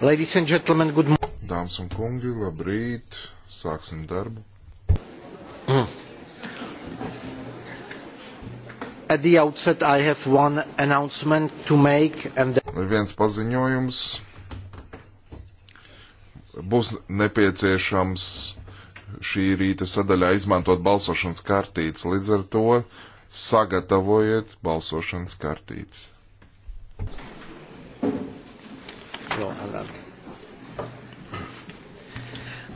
Ladies and gentlemen, good morning. Dāmas un kungi, labrīt. Sāksim darbu. Mm. At the outset I have one announcement to make and then... viens paziņojums. Būs nepieciešams šī rīta sadaļā izmantot balsošanas kartītes, līdz ar to sagatavojiet balsošanas kartītes. No, alarm.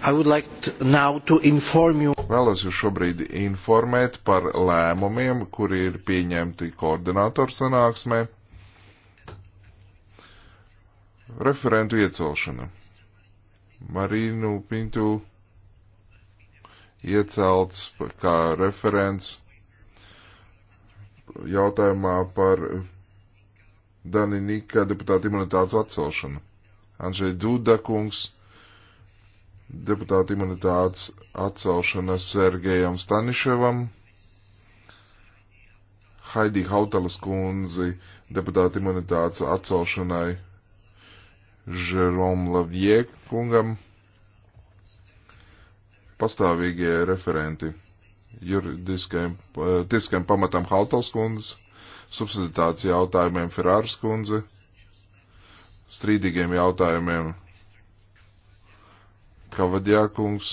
I would like to now to inform you. Vēlos jūs šobrīd informēt par lēmumiem, kuri ir pieņemti koordinātoru sanāksmē. Referentu iecelšana. Marīnu Pintu iecelts kā referents jautājumā par Daninika deputāta imunitātes atcelšanu. Andrzej Duda kungs, deputāta imunitātes atcelšana Sergejam Staniševam, Haidī Hautalas kundzi, deputāta imunitātes atcelšanai Žerom Lavie kungam, pastāvīgie referenti juridiskajiem, eh, tieskajiem pamatam Hautals kundzes, subsiditācija jautājumiem Ferāras kundze, strīdīgiem jautājumiem. Kavadjākungs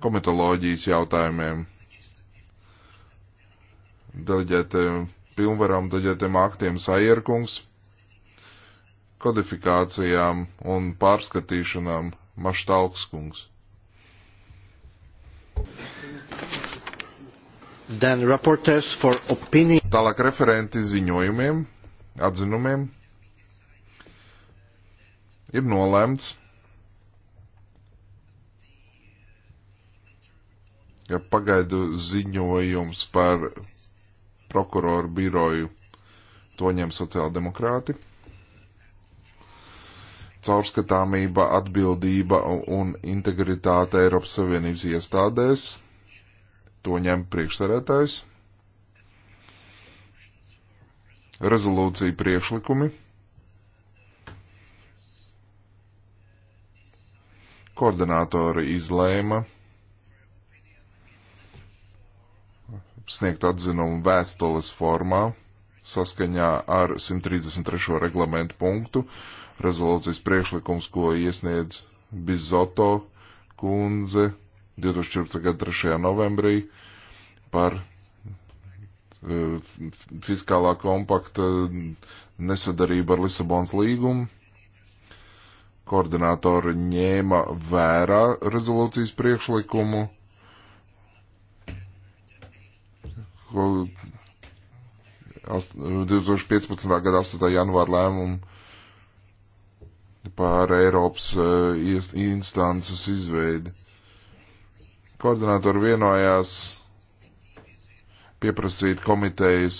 komitoloģijas jautājumiem, deleģētiem pilnvarām, deleģētiem aktiem saierkungs, kodifikācijām un pārskatīšanām maštalkskungs. Tālāk referenti ziņojumiem, atzinumiem ir nolemts, ka pagaidu ziņojums par prokuroru biroju to ņem sociāldemokrāti. Caurskatāmība, atbildība un integritāte Eiropas Savienības iestādēs to ņem priekšsarētājs. Rezolūcija priekšlikumi. Koordinātori izlēma sniegt atzinumu vēstules formā saskaņā ar 133. reglamentu punktu rezolūcijas priekšlikums, ko iesniedz Bizoto kundze 2014. gada 3. novembrī par eh, fiskālā kompakta nesadarību ar Lisabonas līgumu koordinātori ņēma vērā rezolūcijas priekšlikumu, ko 2015. gada 8. janvāra lēmumu par Eiropas e, instances izveidi. Koordinātori vienojās pieprasīt komitejas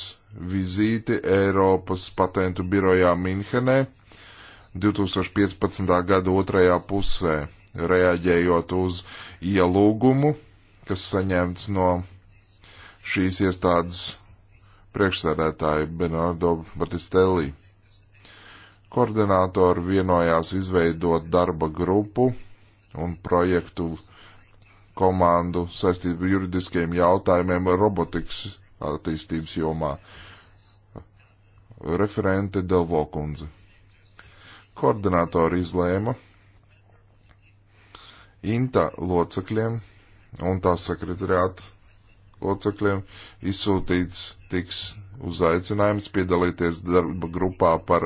vizīti Eiropas patentu birojā Minhenē 2015. gada otrajā pusē, reaģējot uz ielūgumu, kas saņemts no šīs iestādes priekšsēdētāja Bernardo Batistelli. Koordinātori vienojās izveidot darba grupu un projektu komandu saistību juridiskiem jautājumiem robotikas attīstības jomā. Referente Delvo kundze. Koordinātori izlēma INTA locekļiem un tā sekretariāta locekļiem izsūtīts tiks uzaicinājums piedalīties darba grupā par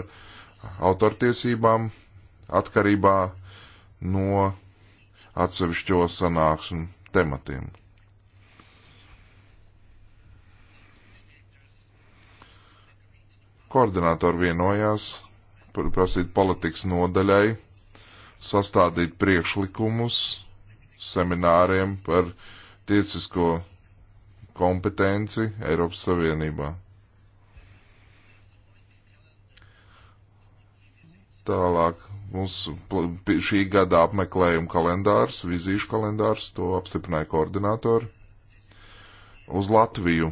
autortiesībām atkarībā no atsevišķo sanāksmu tematiem. Koordinātori vienojās prasīt politikas nodaļai sastādīt priekšlikumus semināriem par tiesisko kompetenci Eiropas Savienībā. Tālāk mūsu šī gada apmeklējuma kalendārs, vizīšu kalendārs, to apstiprināja koordinātori. Uz Latviju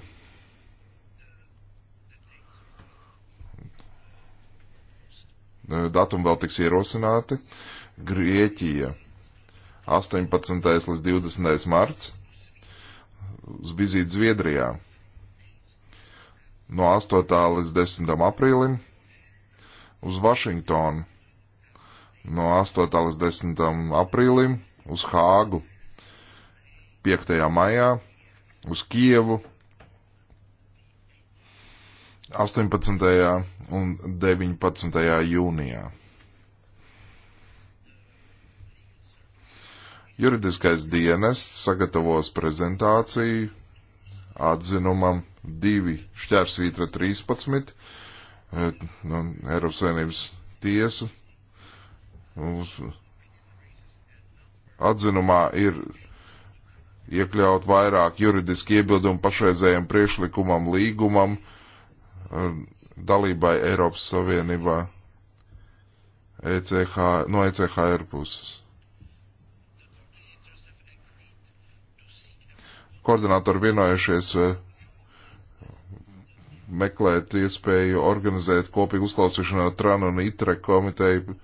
Eh, datumi vēl tiks ierosināti. Grieķija 18. līdz 20. marts uz vizīti Zviedrijā no 8. līdz 10. aprīlim uz Vašingtonu no 8. līdz 10. aprīlim uz Hāgu 5. maijā uz Kievu 18. un 19. jūnijā. Juridiskais dienests sagatavos prezentāciju atzinumam 2 šķērsvītra 13 eh, no Eiropas Savienības tiesu. Atzinumā ir iekļaut vairāk juridiski iebildumi pašreizējiem priekšlikumam, līgumam, uh, dalībai Eiropas Savienībā ECH, no ECHR puses. Koordinātori vienojušies eh, meklēt iespēju organizēt kopīgu uzklausīšanu ar TRAN un ITRE komiteju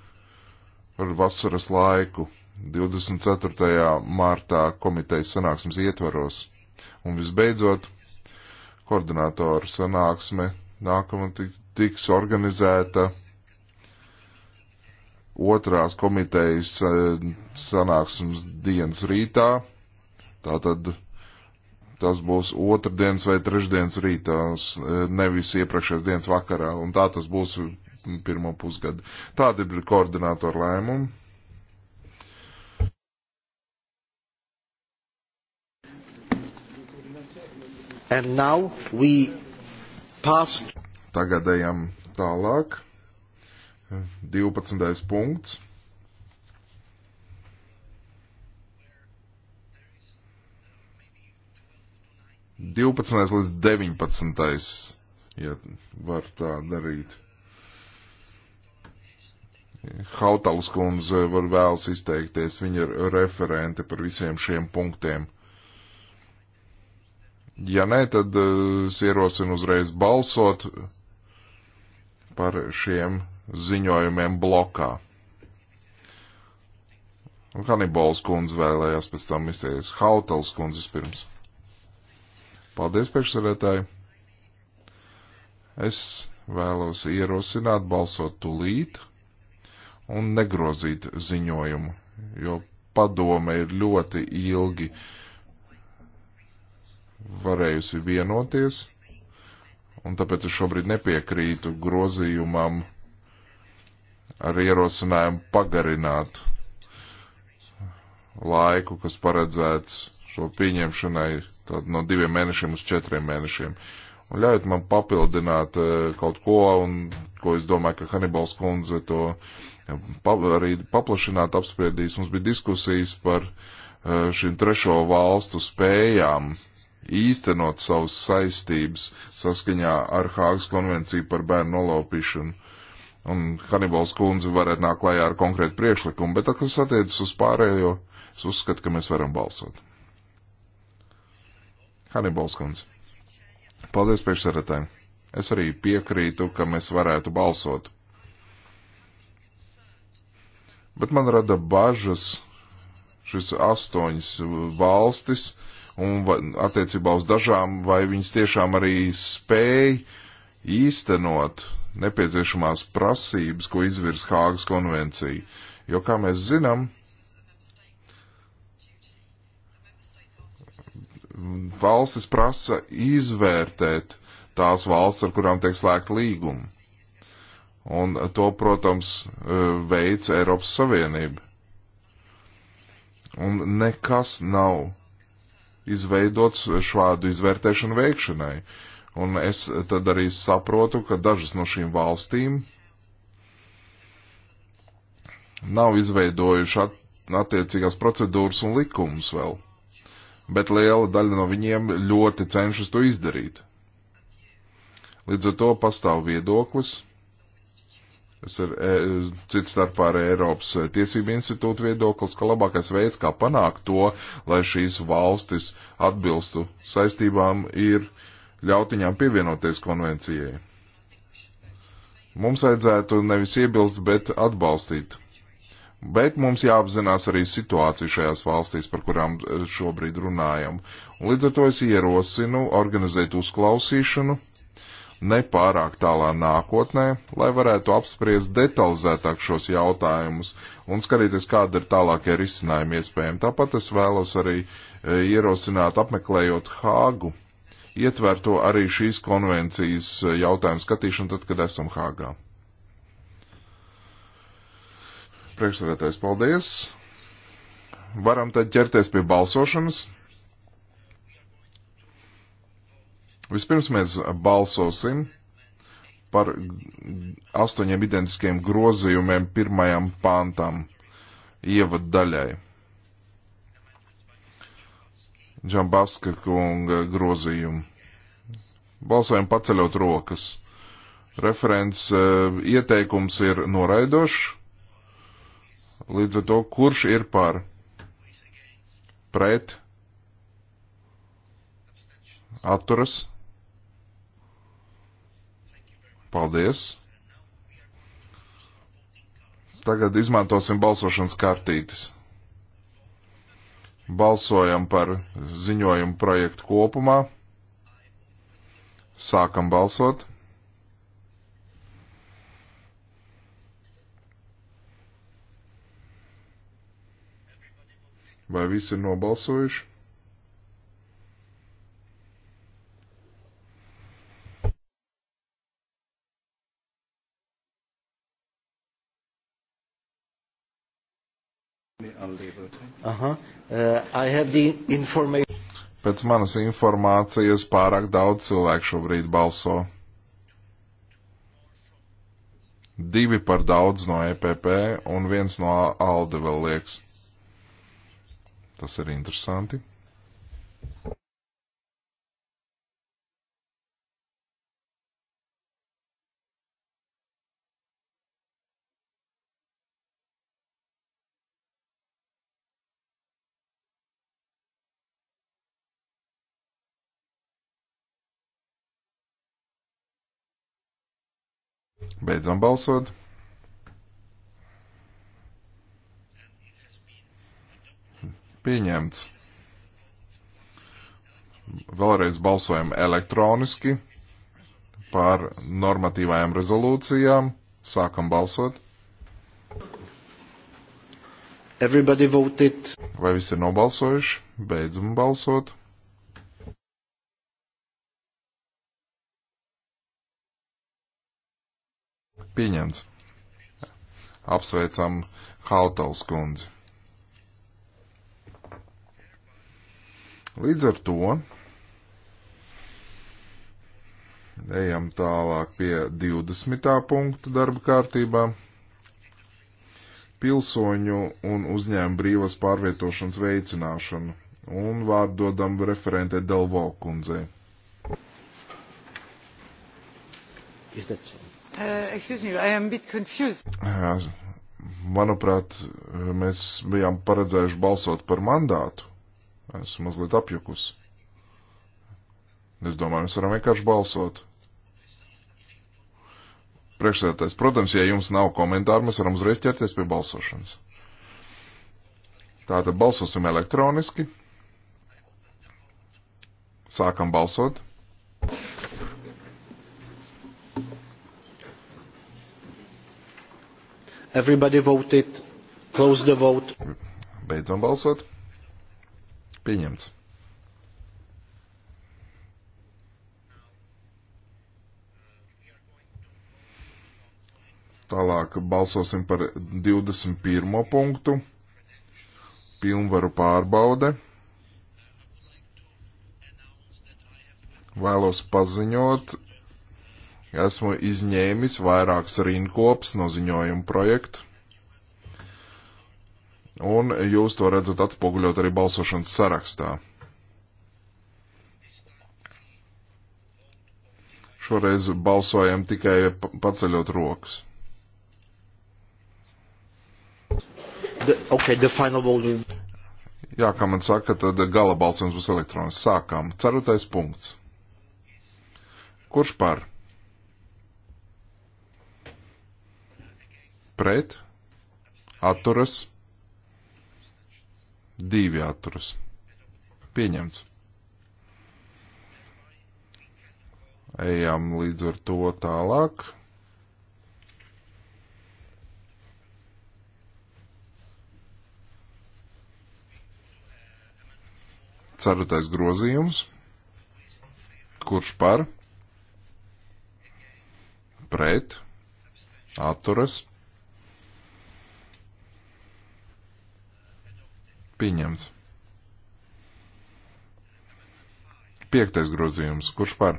par vasaras laiku 24. martā komitejas sanāksmes ietvaros. Un visbeidzot, koordinātoru sanāksme nākamā tiks organizēta otrās komitejas eh, sanāksmes dienas rītā. Tātad tas būs otrdienas vai trešdienas rītā, eh, nevis iepriekšējās dienas vakarā, un tā tas būs pirmo pusgadu. Tāda ir koordinātora lēmuma. And now we Tagad ejam tālāk. 12. punkts. Divpadsmitais līdz deviņpadsmitais, ja var tā darīt. Hautals kundze var vēlas izteikties, viņa ir referente par visiem šiem punktiem. Ja nē, tad eh, es ierosinu uzreiz balsot par šiem ziņojumiem blokā. Nu, Hanibols kundze vēlējās pēc tam izteikties. Hautals kundze vispirms. Paldies, priekšsarētāji. Es vēlos ierosināt balsot tulīt un negrozīt ziņojumu, jo padome ir ļoti ilgi uh, varējusi vienoties, un tāpēc es šobrīd nepiekrītu grozījumam ar ierosinājumu pagarināt laiku, kas paredzēts šo pieņemšanai no diviem mēnešiem uz četriem mēnešiem. Un ļaujiet man papildināt eh, kaut ko, un ko es domāju, ka Hanibals kundze to eh, pa, arī paplašināt apspriedīs. Mums bija diskusijas par eh, šīm trešo valstu spējām īstenot savus saistības saskaņā ar Hāgas konvenciju par bērnu nolaupīšanu. Un Hanibals kundze varētu nākt klājā ar konkrētu priekšlikumu, bet tad, kas attiecas uz pārējo, es uzskatu, ka mēs varam balsot. Hanibals kundze. Paldies priekšsarētājiem. Es arī piekrītu, ka mēs varētu balsot. Bet man rada bažas šis astoņas valstis, uh, un attiecībā uz dažām, vai viņas tiešām arī spēj īstenot nepieciešamās prasības, ko izvirs Hāgas konvencija. Jo, kā mēs zinām, valstis prasa izvērtēt tās valsts, ar kurām tiek slēgta līguma. Un to, protams, e, veids Eiropas Savienība. Un nekas nav izveidots šādu izvērtēšanu veikšanai. Un es tad arī saprotu, ka dažas no šīm valstīm nav izveidojuši at, attiecīgās procedūras un likumus vēl, bet liela daļa no viņiem ļoti cenšas to izdarīt. Līdz ar to pastāv viedoklis, Tas ir e, cits starpā ar Eiropas e, tiesību institūtu viedoklis, ka labākais veids, kā panākt to, lai šīs valstis atbilstu saistībām, ir ļaut viņām pievienoties konvencijai. Mums vajadzētu nevis iebilst, bet atbalstīt. Bet mums jāapzinās arī situācija šajās valstīs, par kurām e, šobrīd runājam. Līdz ar to es ierosinu organizēt uzklausīšanu nepārāk tālā nākotnē, lai varētu apspriest detalizētāk šos jautājumus un skatīties, kāda ir tālākie risinājumi iespējami. Tāpat es vēlos arī e, ierosināt apmeklējot Hāgu, ietverto arī šīs konvencijas e, jautājumu skatīšanu tad, kad esam Hāgā. Priekšsēdētājs, paldies! Varam tad ķerties pie balsošanas. Vispirms mēs balsosim par astoņiem identiskiem grozījumiem pirmajam pantam ievad daļai. Džambaska kunga grozījumu. Balsojam paceļot rokas. Referents eh, ieteikums ir noraidošs. Līdz ar to, kurš ir par? Pret? Atturas? Paldies! Tagad izmantosim balsošanas kartītes. Balsojam par ziņojumu projektu kopumā. Sākam balsot. Vai visi ir nobalsojuši? Aha. Uh, Pēc manas informācijas pārāk daudz cilvēku šobrīd balso. Divi par daudz no EPP un viens no ALDE vēl liekas. Tas ir interesanti. Beidzam balsot. Pieņemts. Vēlreiz balsojam elektroniski par normatīvajām rezolūcijām. Sākam balsot. Everybody voted. Vai visi ir nobalsojuši? Beidzam balsot. Pieņemts. Apsveicam Hautals kundzi. Līdz ar to ejam tālāk pie 20. punkta darba kārtībā. Pilsoņu un uzņēmu brīvas pārvietošanas veicināšanu. Un vārdu dodam referentē Delvo kundzei. Is that so? Uh, uh, Manuprāt, uh, mēs bijām paredzējuši balsot par mandātu. Esmu mazliet apjukus. Es domāju, mēs varam vienkārši balsot. Priekšsēdētājs, protams, ja jums nav komentāru, mēs varam uzreiz ķerties pie balsošanas. Tātad balsosim elektroniski. Sākam balsot. Everybody voted. Close the vote. Beidzam balsot. Pieņemts. Tālāk balsosim par 21. punktu. Pilnvaru pārbaude. Vēlos paziņot, Esmu izņēmis vairākas rinkops no ziņojuma projektu. Un jūs to redzat atpoguļot arī balsošanas sarakstā. Šoreiz balsojam tikai paceļot rokas. The, okay, the final volume. Jā, kā man saka, tad gala balsojums būs elektronisks. Sākam. Ceturtais punkts. Kurš par? pret, atturas, divi atturas. Pieņemts. Ejam līdz ar to tālāk. Ceturtais grozījums. Kurš par? Pret. Atturas Pieņemts. Piektais grozījums. Kurš par?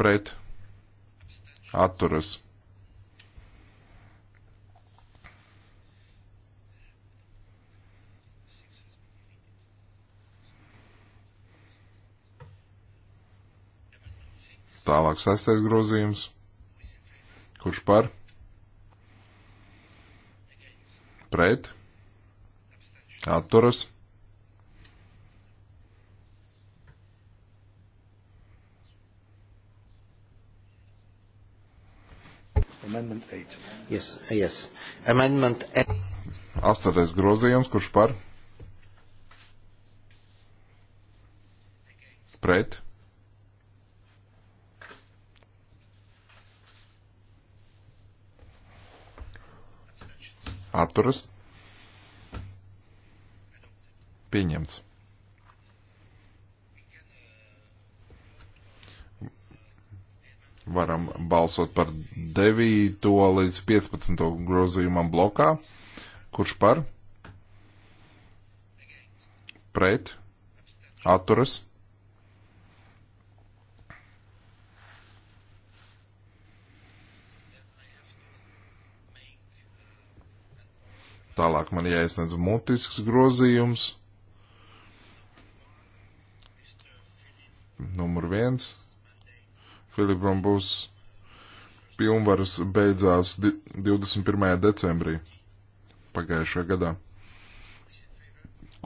Pret. Atturas. Tālāk sastais grozījums. Kurš par? pret, atturas. Amendment 8. Yes, yes. Amendment 8. Astotais grozījums, kurš par? Pret. atturas, pieņemts. Varam balsot par 9. līdz 15. grozījumam blokā. Kurš par? Pret? Atturas? Tālāk man jāiesniedz mutisks grozījums. Numur viens. Filipam būs pilnvaras beidzās 21. decembrī pagājušajā gadā.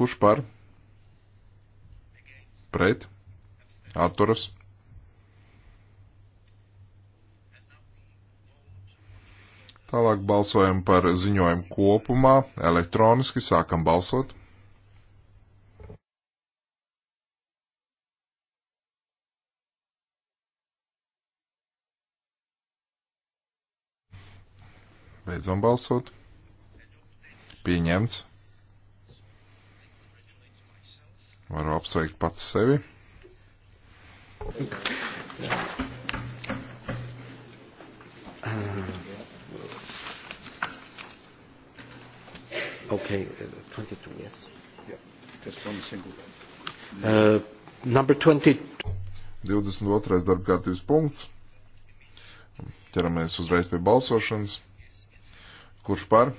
Kurš par? Pret? Atturas? Tālāk balsojam par ziņojumu kopumā. Elektroniski sākam balsot. Beidzam balsot. Pieņemts. Varu apsveikt pats sevi. Yeah. Okay, uh, 22, yes. Yeah, just one single one. Uh, number 20. 22. darba kārtības punkts. Ķeramies uzreiz pie balsošanas. Kurš par?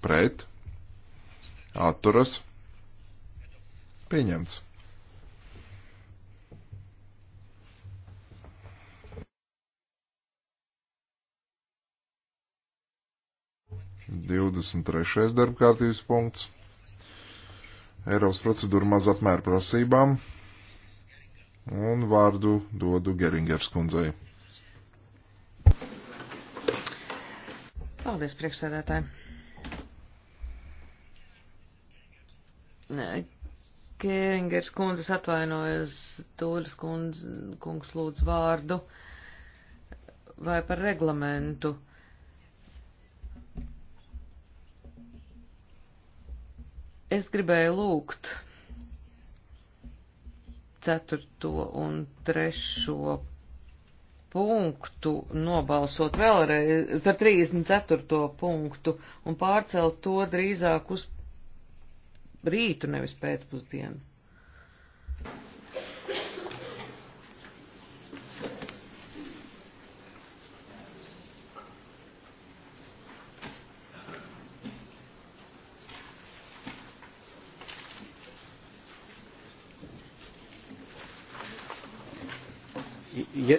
Pret. Atturas. Pieņemts. 23. darbkārtības punkts. Eiropas procedūra maz apmēra prasībām. Un vārdu dodu Geringers kundzei. Paldies, priekšsēdētāji. Kēringers kundzes atvainojas, Tūras kundz, kungs lūdz vārdu vai par reglamentu. Uh, Es gribēju lūgt ceturto un trešo punktu nobalsot vēlreiz ar 34. punktu un pārcelt to drīzāk uz rītu, nevis pēcpusdienu.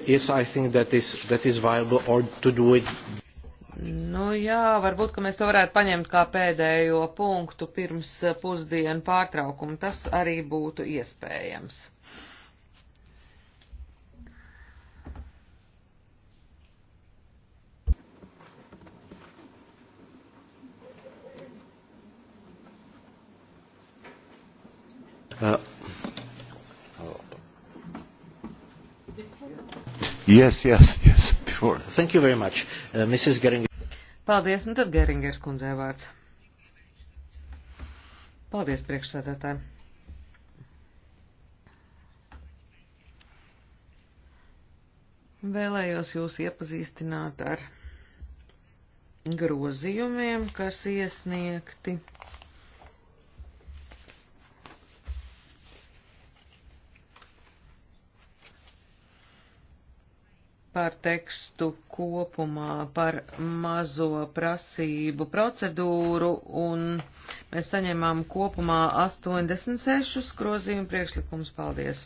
yes, I think that is, that is viable or to do it. Nu jā, varbūt, ka mēs to varētu paņemt kā pēdējo punktu pirms pusdienu pārtraukuma. Tas arī būtu iespējams. Uh, Yes, yes, yes, before. Thank you very much. Uh, Mrs. Geringer. Paldies, un tad Geringers kundzē vārds. Paldies, priekšsēdētāji. Vēlējos jūs iepazīstināt ar grozījumiem, kas iesniegti par tekstu kopumā, par mazo prasību procedūru, un mēs saņemam kopumā 86 grozījumu priekšlikumus. Paldies!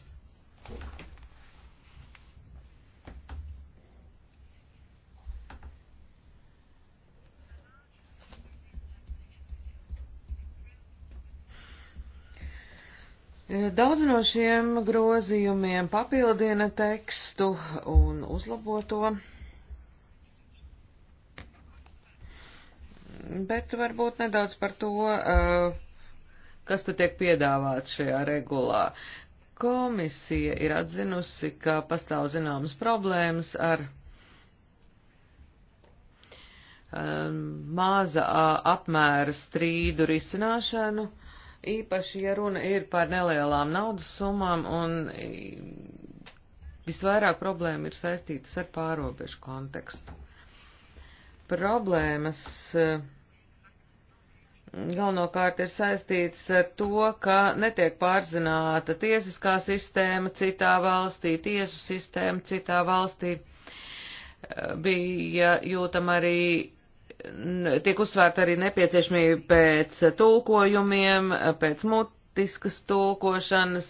Daudz no šiem grozījumiem papildina tekstu un uzlabo to. Bet varbūt nedaudz par to, eh, kas tad tiek piedāvāts šajā regulā. Komisija ir atzinusi, ka pastāv zināmas problēmas ar eh, maza apmēra strīdu risināšanu īpaši, ja runa ir par nelielām naudas summām, un visvairāk problēma ir saistītas ar pārobežu kontekstu. Problēmas e, galvenokārt ir saistītas ar to, ka netiek pārzināta tiesiskā sistēma citā valstī, tiesu sistēma citā valstī. E, bija jūtama arī tiek uzsvērta arī nepieciešamība pēc tulkojumiem, pēc mutiskas tulkošanas,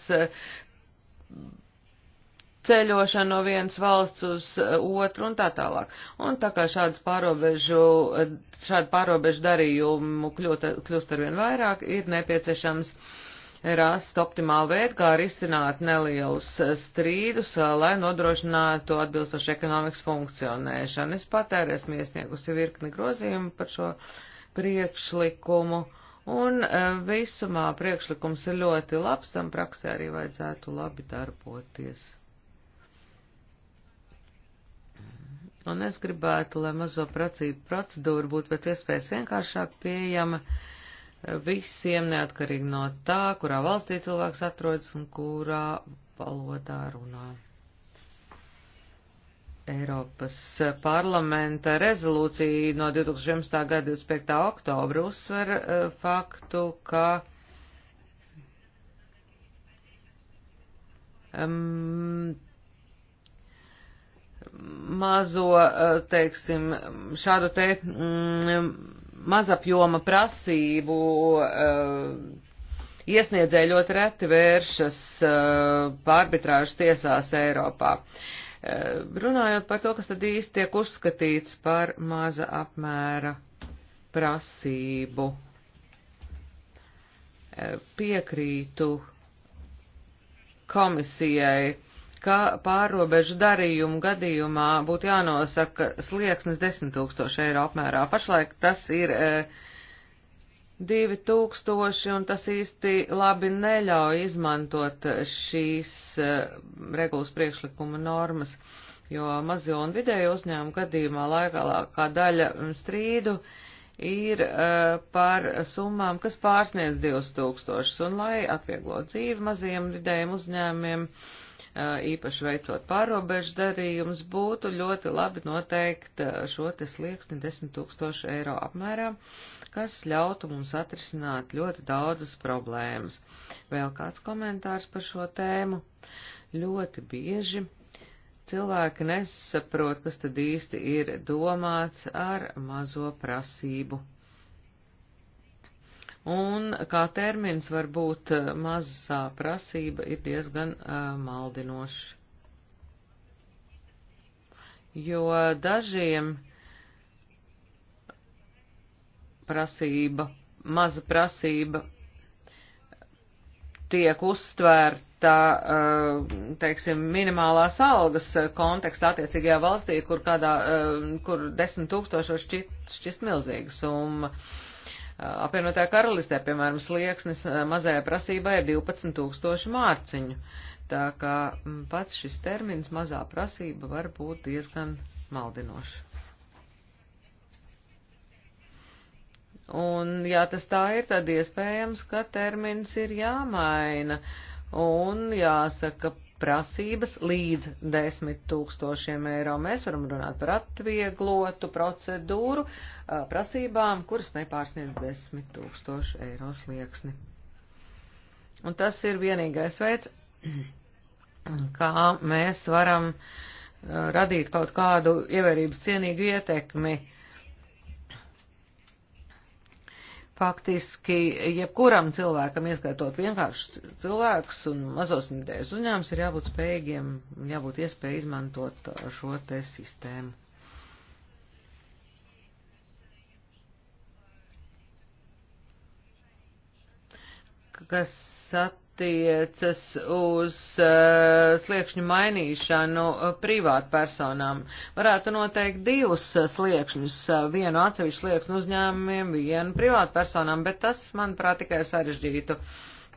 ceļošana no vienas valsts uz e, otru un tā tālāk. Un tā kā šādas pārobežu, šādu pārobežu darījumu kļūst arvien vairāk, ir nepieciešams uh, rast optimālu veidu, kā risināt nelielus strīdus, lai nodrošinātu atbilstošu ekonomikas funkcionēšanu. Es patērēju, esmu iesniegusi virkni grozījumu par šo priekšlikumu. Un visumā priekšlikums ir ļoti labs, tam praksē arī vajadzētu labi darboties. Un es gribētu, lai mazo pracību procedūra būtu pēc iespējas vienkāršāk pieejama. Uh, visiem neatkarīgi no tā, kurā valstī cilvēks atrodas un kurā valodā runā. Eiropas parlamenta rezolūcija no 2011. gada 25. oktobra uzsver e, faktu, ka um, mazo, e, teiksim, šādu te mm, mazapjoma prasību eh, iesniedzēji ļoti reti vēršas eh, pārbitrāžas tiesās Eiropā. Eh, runājot par to, kas tad īsti tiek uzskatīts par maza apmēra prasību, piekrītu komisijai ka pārobežu darījumu gadījumā būtu jānosaka slieksnis 10 tūkstoši eiro apmērā. Pašlaik tas ir e, 2000 un tas īsti labi neļauj izmantot šīs e, regulas priekšlikuma normas, jo mazo un vidēju uzņēmumu gadījumā laikālākā daļa strīdu ir uh, par summām, kas pārsniedz 2000, un lai atvieglo dzīvi mazajiem vidējiem uzņēmumiem, uh, īpaši veicot pārobežu darījumus, būtu ļoti labi noteikt šo te slieksni 10 tūkstošu eiro apmērā, kas ļautu mums atrisināt ļoti daudzas problēmas. Vēl kāds komentārs par šo tēmu? Ļoti bieži cilvēki nesaprot, kas tad īsti ir domāts ar mazo prasību un kā termins var būt eh, mazā prasība ir diezgan uh, maldinošs. Jo dažiem prasība, maza prasība tiek uztvērta, uh, eh, teiksim, minimālās algas kontekstā attiecīgajā valstī, kur kādā, uh, kur desmit tūkstošos šķist, šķist milzīga summa. Um, Apvienotā karalistē, piemēram, slieksnis eh, mazajā prasībā ir 12 tūkstoši mārciņu, tā kā mm, pats šis termins mazā prasība var būt diezgan maldinošs. Un, ja tas tā ir, tad iespējams, ka termins ir jāmaina un jāsaka prasības līdz 10 tūkstošiem eiro. Mēs varam runāt par atvieglotu procedūru prasībām, kuras nepārsniedz 10 tūkstošu eiro slieksni. Un tas ir vienīgais veids, kā mēs varam radīt kaut kādu ievērības cienīgu ietekmi uh, Faktiski, jebkuram cilvēkam, ieskaitot vienkāršus cilvēkus un mazos nedēļas uzņēmums, ir jābūt spējīgiem, jābūt iespēja izmantot uh, šo te sistēmu. Kas at attiecas uz uh, sliekšņu mainīšanu uh, privātpersonām. Varētu noteikt divus uh, sliekšņus, uh, vienu atsevišķu slieksni uzņēmumiem, vienu privātpersonām, bet tas, manuprāt, tikai sarežģītu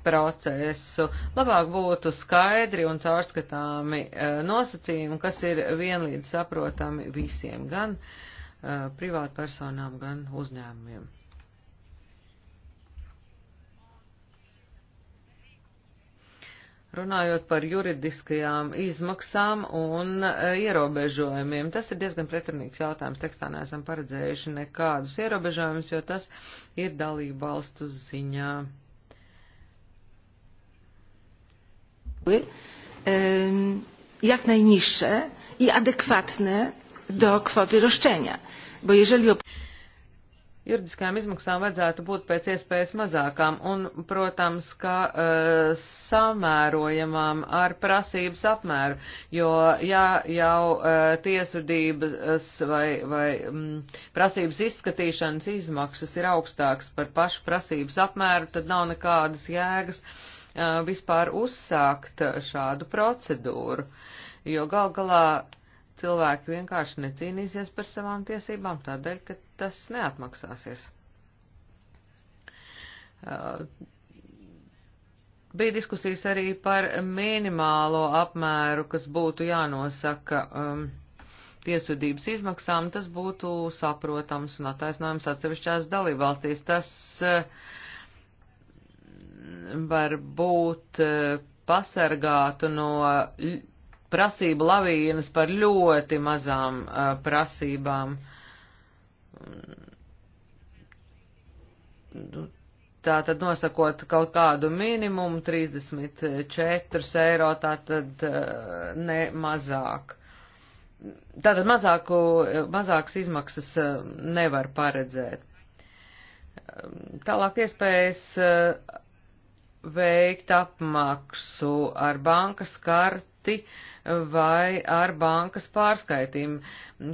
procesu. Labāk būtu skaidri un caurskatāmi uh, nosacījumi, kas ir vienlīdz saprotami visiem, gan uh, privātpersonām, gan uzņēmumiem. Runājot par juridiskajām izmaksām un e, ierobežojumiem, tas ir diezgan pretrunīgs jautājums. Tekstā neesam paredzējuši nekādus ierobežojumus, jo tas ir dalību valstu ziņā. Jak najniższe i adekwatne do kwoty roszczenia, bo jeżeli juridiskajām izmaksām vajadzētu būt pēc iespējas mazākām un, protams, kā uh, eh, samērojamām ar prasības apmēru, jo, ja jau uh, tiesvedības vai, vai mm, prasības izskatīšanas izmaksas ir augstākas par pašu prasības apmēru, tad nav nekādas jēgas uh, vispār uzsākt šādu procedūru, jo gal galā cilvēki vienkārši necīnīsies par savām tiesībām tādēļ, ka tas neatmaksāsies. Uh, bija diskusijas arī par minimālo apmēru, kas būtu jānosaka um, tiesvedības izmaksām. Tas būtu saprotams un attaisnojams atsevišķās dalībvalstīs. Tas uh, var būt uh, pasargātu no. Uh, prasību lavīnas par ļoti mazām uh, prasībām. Tā tad nosakot kaut kādu minimumu 34 eiro, tā tad uh, ne mazāk. Tātad mazāku, mazākas izmaksas uh, nevar paredzēt. Tālāk iespējas uh, veikt apmaksu ar bankas karti konti vai ar bankas pārskaitījumu.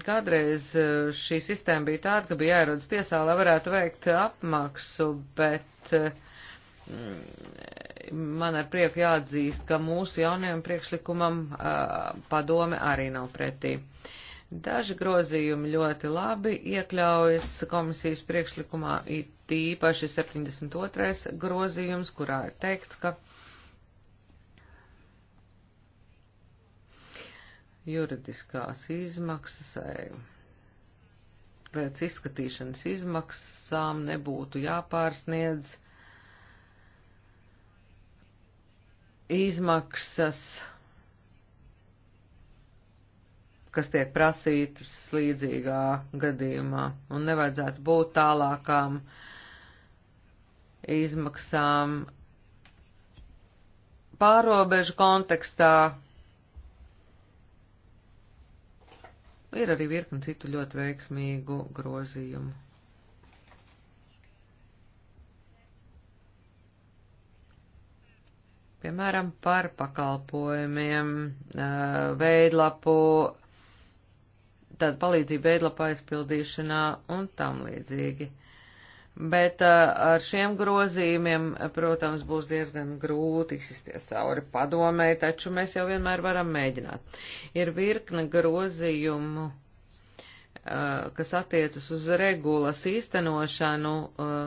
Kādreiz e, šī sistēma bija tāda, ka bija jāierodas tiesā, lai varētu veikt apmaksu, bet e, man ar prieku jāatzīst, ka mūsu jaunajam priekšlikumam e, padome arī nav pretī. Daži grozījumi ļoti labi iekļaujas komisijas priekšlikumā, it īpaši 72. grozījums, kurā ir teikts, ka juridiskās izmaksas lietas izskatīšanas izmaksām nebūtu jāpārsniedz izmaksas, kas tiek prasītas līdzīgā gadījumā, un nevajadzētu būt tālākām izmaksām pārobežu kontekstā, Ir arī virkni citu ļoti veiksmīgu grozījumu. Piemēram, par pakalpojumiem, veidlapu, tāda palīdzība veidlapa aizpildīšanā un tam līdzīgi bet uh, ar šiem grozījumiem, protams, būs diezgan grūti izsisties cauri padomē, taču mēs jau vienmēr varam mēģināt. Ir virkne grozījumu, uh, kas attiecas uz regulas īstenošanu uh,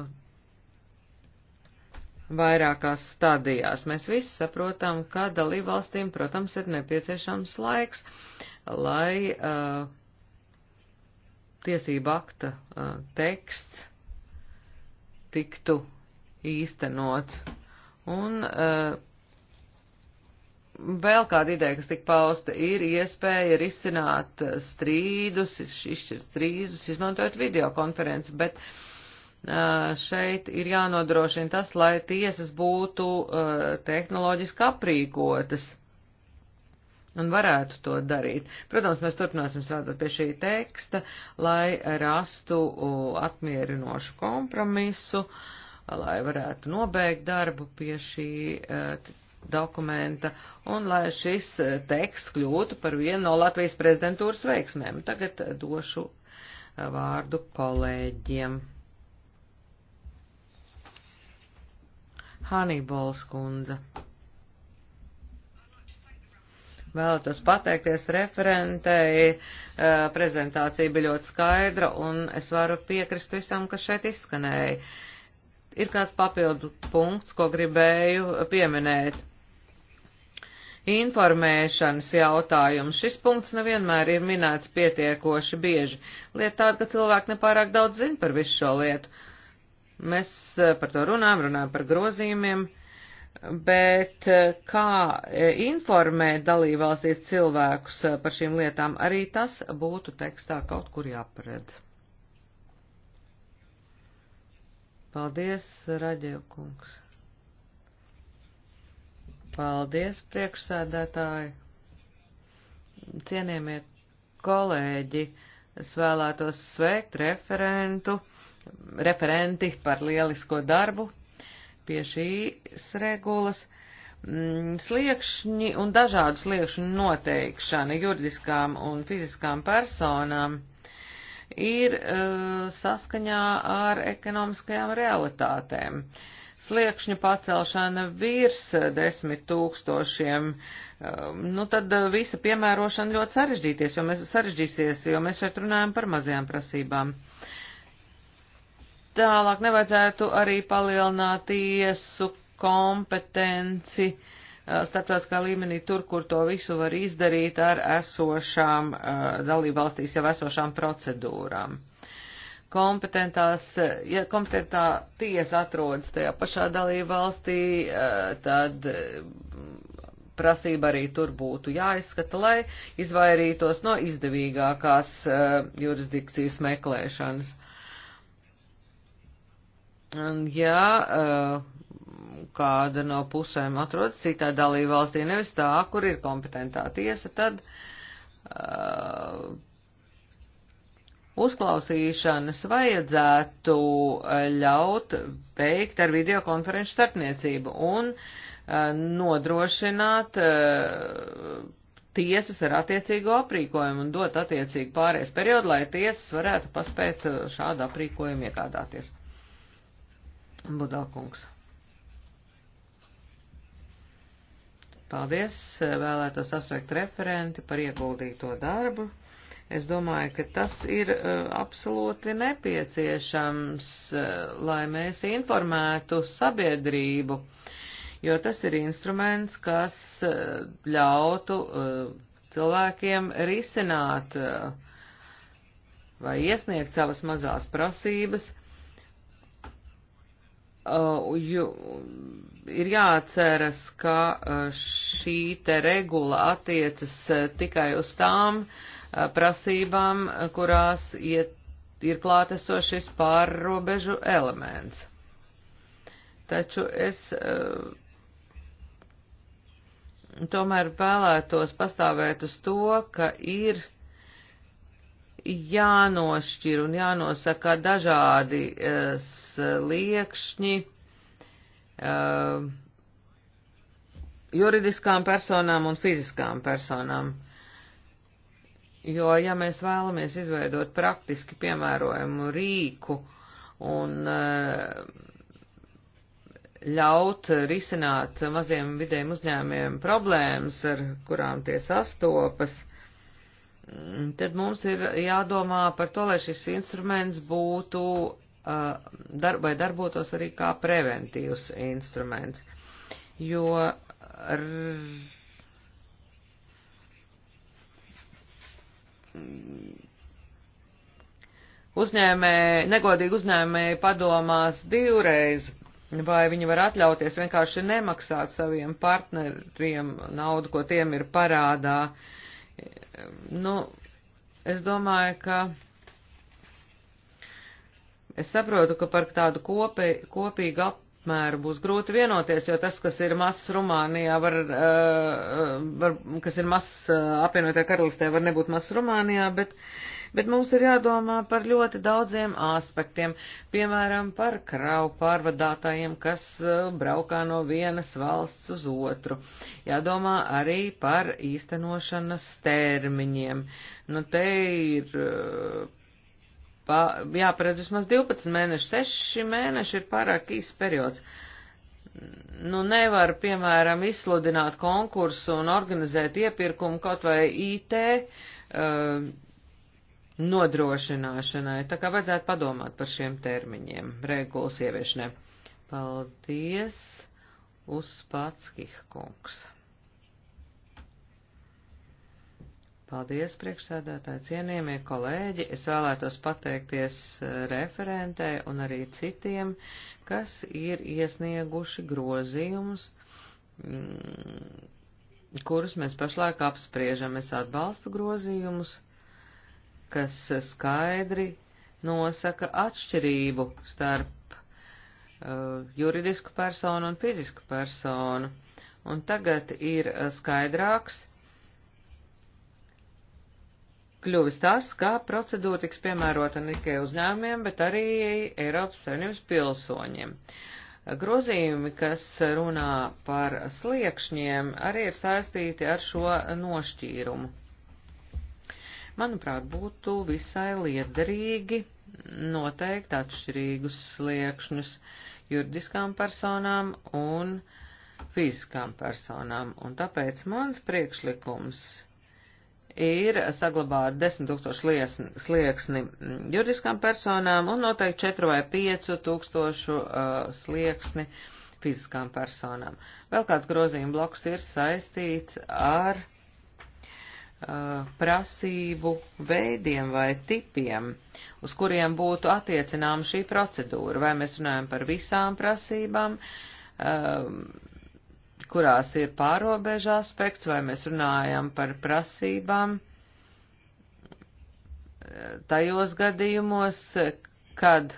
vairākās stadijās. Mēs visi saprotam, ka dalībvalstīm, protams, ir nepieciešams laiks, lai tiesība akta teksts tiktu īstenots. Un uh, vēl kāda ideja, kas tika pausta, ir iespēja risināt strīdus, izšķirt strīdus, izmantojot videokonferenci, bet uh, šeit ir jānodrošina tas, lai tiesas būtu uh, tehnoloģiski aprīkotas un varētu to darīt. Protams, mēs turpināsim strādāt pie šī teksta, lai rastu apmierinošu kompromisu, lai varētu nobeigt darbu pie šī e, dokumenta un lai šis e, teksts kļūtu par vienu no Latvijas prezidentūras veiksmēm. Tagad e, došu vārdu kolēģiem. Hannibals kundze. Vēlētos pateikties referentei, eh, prezentācija bija ļoti skaidra, un es varu piekrist visam, kas šeit izskanēja. Ir kāds papildu punkts, ko gribēju pieminēt. Informēšanas jautājums. Šis punkts nevienmēr ir minēts pietiekoši bieži. Lieta tāda, ka cilvēki nepārāk daudz zina par visu šo lietu. Mēs eh, par to runājam, runājam par grozījumiem. Uh, bet eh, kā eh, informēt dalībvalstīs cilvēkus eh, par šīm lietām, arī tas būtu tekstā kaut kur jāparedz. Paldies, Raģev kungs. Paldies, priekšsēdētāji. Cienījamie kolēģi, es vēlētos sveikt referentu, referenti par lielisko darbu, pie šīs regulas mm, sliekšņi un dažādu sliekšņu noteikšana juridiskām un fiziskām personām ir uh, saskaņā ar ekonomiskajām realitātēm. Sliekšņu pacelšana virs desmit tūkstošiem, uh, nu tad eh, visa piemērošana ļoti sarežģīties, jo mēs sarežģīsies, jo mēs šeit runājam par mazajām prasībām. Uh, Tālāk nevajadzētu arī palielināt tiesu kompetenci uh, starptautiskā līmenī tur, kur to visu var izdarīt ar esošām uh, dalībvalstīs jau esošām procedūrām. Kompetentās, uh, ja kompetentā tiesa atrodas tajā pašā dalībvalstī, tad prasība arī tur būtu jāizskata, lai izvairītos no izdevīgākās jurisdikcijas meklēšanas ja eh, kāda no pusēm atrodas citā dalība valstī, nevis tā, kur ir kompetentā tiesa, tad uh, uzklausīšanas vajadzētu eh, ļaut veikt ar videokonferenču starpniecību un uh, nodrošināt uh, tiesas ar attiecīgo aprīkojumu un dot attiecīgu pārējais periodu, lai tiesas varētu paspēt šādu aprīkojumu iegādāties. Budalkungs. Paldies, vēlētos apsveikt referenti par ieguldīto darbu. Es domāju, ka tas ir uh, absolūti nepieciešams, uh, lai mēs informētu sabiedrību, jo tas ir instruments, kas uh, ļautu cilvēkiem risināt vai iesniegt savas mazās prasības Uh, ir jāatceras, ka uh, šī te regula attiecas uh, tikai uz tām prasībām, kurās iet, ir klātesošis pārrobežu elements. Taču es tomēr vēlētos pastāvēt uz to, ka ir jānošķir un jānosaka dažādi liekšņi uh, juridiskām personām un fiziskām personām. Jo, ja mēs vēlamies izveidot praktiski piemērojumu rīku un uh, ļaut risināt maziem vidējiem uzņēmiem problēmas, ar kurām tie sastopas, mm, tad mums ir jādomā par to, lai šis instruments būtu Uh, dar, vai darbotos arī kā preventīvs instruments. Jo r, uzņēmēji, negodīgi uzņēmēji padomās divreiz, vai viņi var atļauties vienkārši nemaksāt saviem partneriem naudu, ko tiem ir parādā. Nu, es domāju, ka Es saprotu, ka par tādu kopi, kopīgu apmēru būs grūti vienoties, jo tas, kas ir mazs Rumānijā, var, eh, var kas ir mazs eh, apvienotajā karalistē, var nebūt mazs Rumānijā, bet, bet mums ir jādomā par ļoti daudziem aspektiem, piemēram, par kravu pārvadātājiem, kas eh, braukā no vienas valsts uz otru. Jādomā arī par īstenošanas termiņiem. Nu, te ir pa, jāparedz vismaz 12 mēneši, 6 mēneši ir pārāk īsts periods. Nu, nevar, piemēram, izsludināt konkursu un organizēt iepirkumu kaut vai IT uh, nodrošināšanai. Tā kā vajadzētu padomāt par šiem termiņiem, regulas ieviešanai. Paldies, Uspatskih kungs. Paldies, priekšsēdētāji, cienījamie kolēģi. Es vēlētos pateikties eh, referentē un arī citiem, kas ir iesnieguši grozījumus, mm, kurus mēs pašlaik apspriežam. Es atbalstu grozījumus, kas skaidri nosaka atšķirību starp uh, juridisku personu un fizisku personu. Un tagad ir eh, skaidrāks kļuvis tas, ka procedūra tiks piemērota ne tikai uzņēmumiem, bet arī Eiropas Savienības pilsoņiem. Grozījumi, kas runā par sliekšņiem, arī ir saistīti ar šo nošķīrumu. Manuprāt, būtu visai liederīgi noteikt atšķirīgus sliekšņus juridiskām personām un fiziskām personām, un tāpēc mans priekšlikums ir saglabāt 10 tūkstošu slieksni, slieksni juridiskām personām un noteikti 4 vai 5 tūkstošu uh, slieksni fiziskām personām. Vēl kāds grozījuma bloks ir saistīts ar uh, prasību veidiem vai tipiem, uz kuriem būtu attiecināma šī procedūra. Vai mēs runājam par visām prasībām, uh, kurās ir pārobeža aspekts, vai mēs runājam par prasībām tajos gadījumos, kad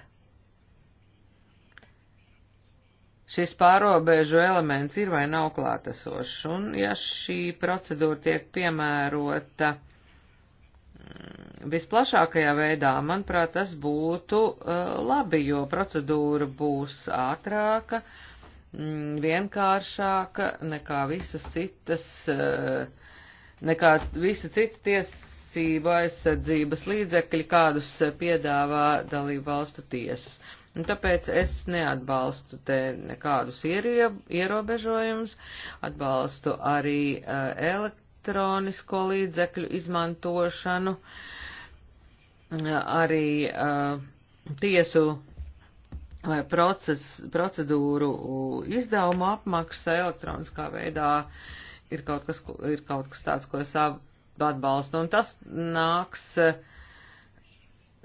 šis pārobežu elements ir vai nav klātesošs, un ja šī procedūra tiek piemērota mm, visplašākajā veidā, manuprāt, tas būtu uh, labi, jo procedūra būs ātrāka, uh, Mm, vienkāršāka nekā visas citas, eh, nekā visi citi tiesību aizsardzības līdzekļi, kādus piedāvā dalību valstu tiesas. Un tāpēc es neatbalstu te nekādus ierobežojumus, atbalstu arī uh, elektronisko līdzekļu izmantošanu, uh, arī uh, tiesu proces, procedūru izdevuma apmaksa elektroniskā veidā ir kaut kas, ir kaut kas tāds, ko es atbalstu. Un tas nāks eh,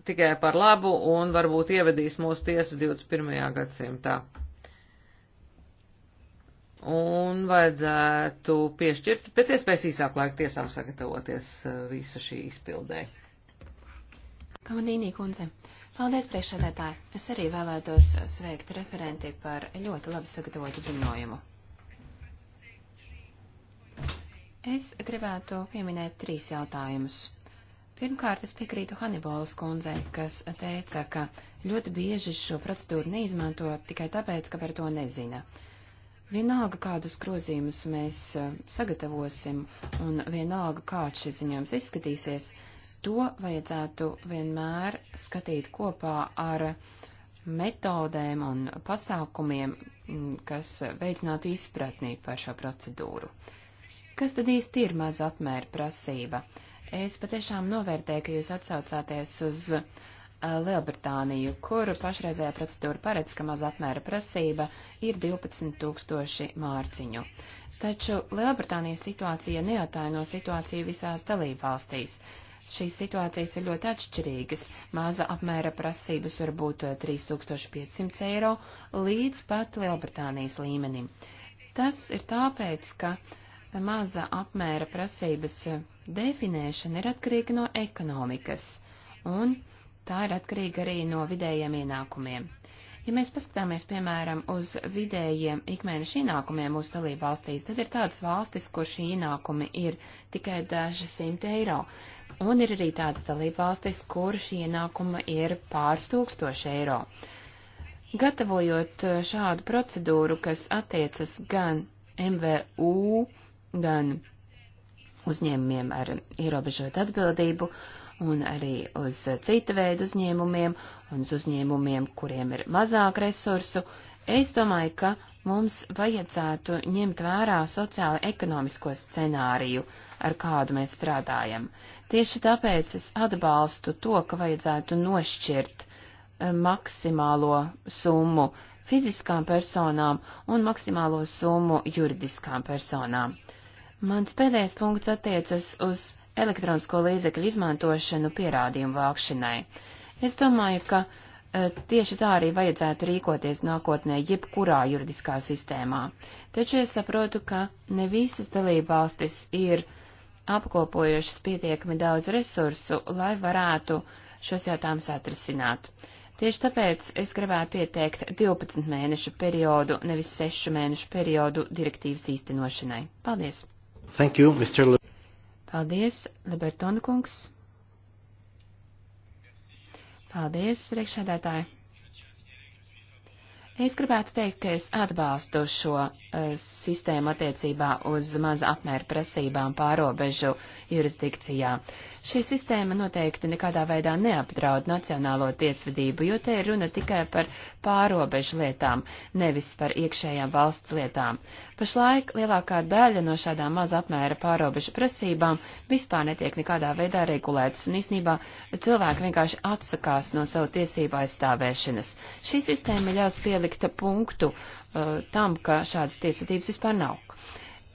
tikai par labu un varbūt ievedīs mūsu tiesas 21. gadsimtā. Un vajadzētu piešķirt pēc iespējas īsāk laika tiesām sagatavoties eh, visu šī izpildē. Kamanīnī kundze. Uh, Paldies, priekšsēdētāji! Es arī vēlētos sveikt referenti par ļoti labi sagatavotu ziņojumu. Es gribētu pieminēt trīs jautājumus. Pirmkārt, es piekrītu Hanibolas kundzei, kas teica, ka ļoti bieži šo procedūru neizmanto tikai tāpēc, ka par to nezina. Vienalga, kādus grozījumus mēs eh, sagatavosim un vienalga, kāds šis ziņojums izskatīsies, uh, To vajadzētu vienmēr skatīt kopā ar metodēm un pasākumiem, mm, kas veicinātu izpratnī par šo procedūru. Kas tad īsti ir maza apmēra prasība? Es patiešām novērtēju, ka jūs atsaucāties uz uh, Lielbritāniju, kur pašreizējā procedūra paredz, ka maza apmēra prasība ir 12 tūkstoši mārciņu. Taču Lielbritānijas situācija neataino situāciju visās dalībvalstīs. valstīs šīs situācijas ir ļoti atšķirīgas. Maza apmēra prasības var būt 3500 eh, eiro līdz pat Lielbritānijas līmenim. Tas ir tāpēc, ka maza apmēra prasības eh, definēšana ir atkarīga no ekonomikas, un tā ir atkarīga arī no vidējiem ienākumiem. Ja mēs paskatāmies, piemēram, uz vidējiem ikmēneša ienākumiem mūsu dalību valstīs, tad ir tādas valstis, kur šī ienākumi ir tikai daži simti eiro. Un ir arī tādas dalībvalstis, kur šī ienākuma ir pāris tūkstoši eiro. Gatavojot eh, šādu procedūru, kas attiecas gan MVU, gan uzņēmumiem ar ierobežotu atbildību, un arī uz cita veida uzņēmumiem un uz uzņēmumiem, kuriem ir mazāk resursu, Es domāju, ka mums vajadzētu ņemt vērā sociāli ekonomisko scenāriju, ar kādu mēs strādājam. Tieši tāpēc es atbalstu to, ka vajadzētu nošķirt eh, maksimālo summu fiziskām personām un maksimālo summu juridiskām personām. Mans pēdējais punkts attiecas uz elektronisko līdzekļu izmantošanu pierādījumu vākšanai. Es domāju, ka Eh, tieši tā arī vajadzētu rīkoties nākotnē jebkurā juridiskā sistēmā. Taču es saprotu, ka ne visas dalībvalstis ir apkopojušas pietiekami daudz resursu, lai varētu šos jautājumus atrisināt. Tieši tāpēc es gribētu ieteikt 12 mēnešu periodu, nevis 6 mēnešu periodu direktīvas īstenošanai. Paldies! Thank you, Mr. Le Paldies, Libertona kungs! Paldies, priekšsēdētāji! Es gribētu teikt, ka es atbalstu šo uh, sistēmu attiecībā uz maza apmēra prasībām pārobežu jurisdikcijā. Šī sistēma noteikti nekādā veidā neapdraud nacionālo tiesvedību, jo te ir runa tikai par pārobežu lietām, nevis par iekšējām valsts lietām. Pašlaik lielākā daļa no šādām maza apmēra pārobežu prasībām vispār netiek nekādā veidā regulētas, un īsnībā cilvēki vienkārši atsakās no savu tiesību aizstāvēšanas. Šī sistēma ļaus pielikt pielikta punktu uh, tam, ka šādas tiesatības vispār nav.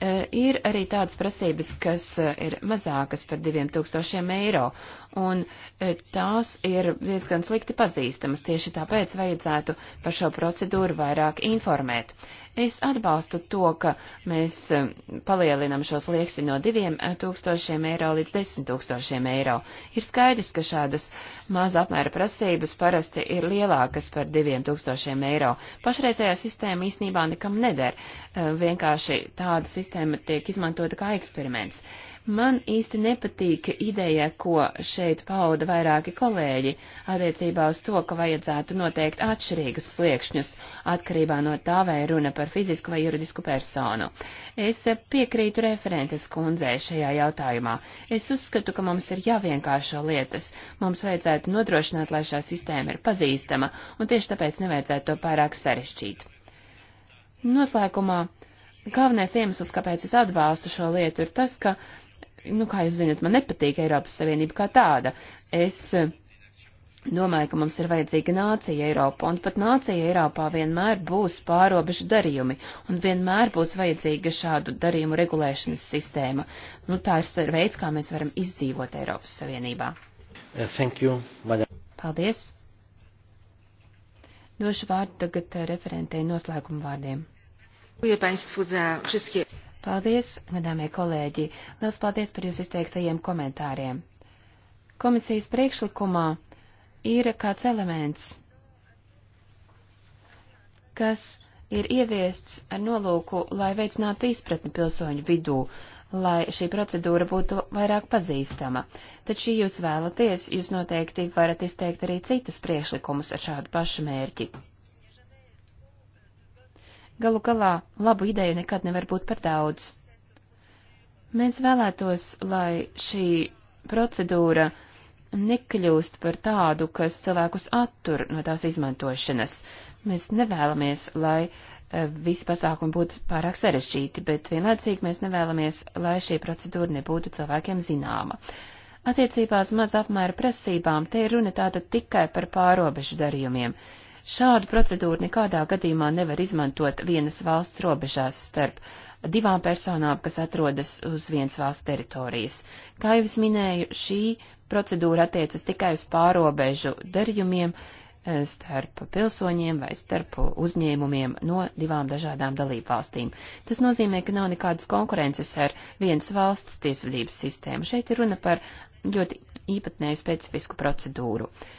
Uh, ir arī tādas prasības, kas uh, ir mazākas par 2000 eiro, un uh, tās ir diezgan slikti pazīstamas. Tieši tāpēc vajadzētu par šo procedūru vairāk informēt. Es atbalstu to, ka mēs eh, palielinam šos lieksi no 2000 eh, eiro līdz 10 000 eiro. Ir skaidrs, ka šādas maza apmēra prasības parasti ir lielākas par 2000 eiro. Pašreizējā sistēma īsnībā nekam neder. Eh, vienkārši tāda sistēma tiek izmantota kā eksperiments. Man īsti nepatīk ideja, ko šeit pauda vairāki kolēģi attiecībā uz to, ka vajadzētu noteikt atšķirīgus sliekšņus atkarībā no tā, vai runa par fizisku vai juridisku personu. Es piekrītu referentes kundzei šajā jautājumā. Es uzskatu, ka mums ir jāvienkāršo lietas. Mums vajadzētu nodrošināt, lai šā sistēma ir pazīstama, un tieši tāpēc nevajadzētu to pārāk sarešķīt. Noslēgumā. Galvenais iemesls, kāpēc es atbalstu šo lietu, ir tas, ka nu, kā jūs zinat, man nepatīk Eiropas Savienība kā tāda. Es eh, domāju, ka mums ir vajadzīga nācija Eiropa, un pat nācija Eiropā vienmēr būs pārobežu darījumi, un vienmēr būs vajadzīga šādu darījumu regulēšanas sistēma. Nu, tā ir veids, kā mēs varam izdzīvot Eiropas Savienībā. Uh, thank you, madam. Paldies. Došu vārdu tagad uh, referentei noslēguma vārdiem. Dziękuję Państwu za wszystkie Paldies, gadāmie kolēģi! Liels paldies par jūs izteiktajiem komentāriem! Komisijas priekšlikumā ir kāds elements, kas ir ieviests ar nolūku, lai veicinātu izpratni pilsoņu vidū, lai šī procedūra būtu vairāk pazīstama. Taču, ja jūs vēlaties, jūs noteikti varat izteikt arī citus priekšlikumus ar šādu pašu mērķi. Galu galā labu ideju nekad nevar būt par daudz. Mēs vēlētos, lai šī procedūra nekļūst par tādu, kas cilvēkus attur no tās izmantošanas. Mēs nevēlamies, lai e, visi pasākumi būtu pārāk sarežģīti, bet vienlaicīgi mēs nevēlamies, lai šī procedūra nebūtu cilvēkiem zināma. Attiecībās maz apmēra prasībām te ir runa tātad tikai par pārobežu darījumiem. Šādu procedūru nekādā gadījumā nevar izmantot vienas valsts robežās starp divām personām, kas atrodas uz vienas valsts teritorijas. Kā jau es minēju, šī procedūra attiecas tikai uz pārobežu darījumiem eh, starp pilsoņiem vai starp uzņēmumiem no divām dažādām dalībvalstīm. Tas nozīmē, ka nav nekādas konkurences ar vienas valsts tiesvedības sistēmu. Šeit ir runa par ļoti īpatnēju specifisku procedūru. Uh,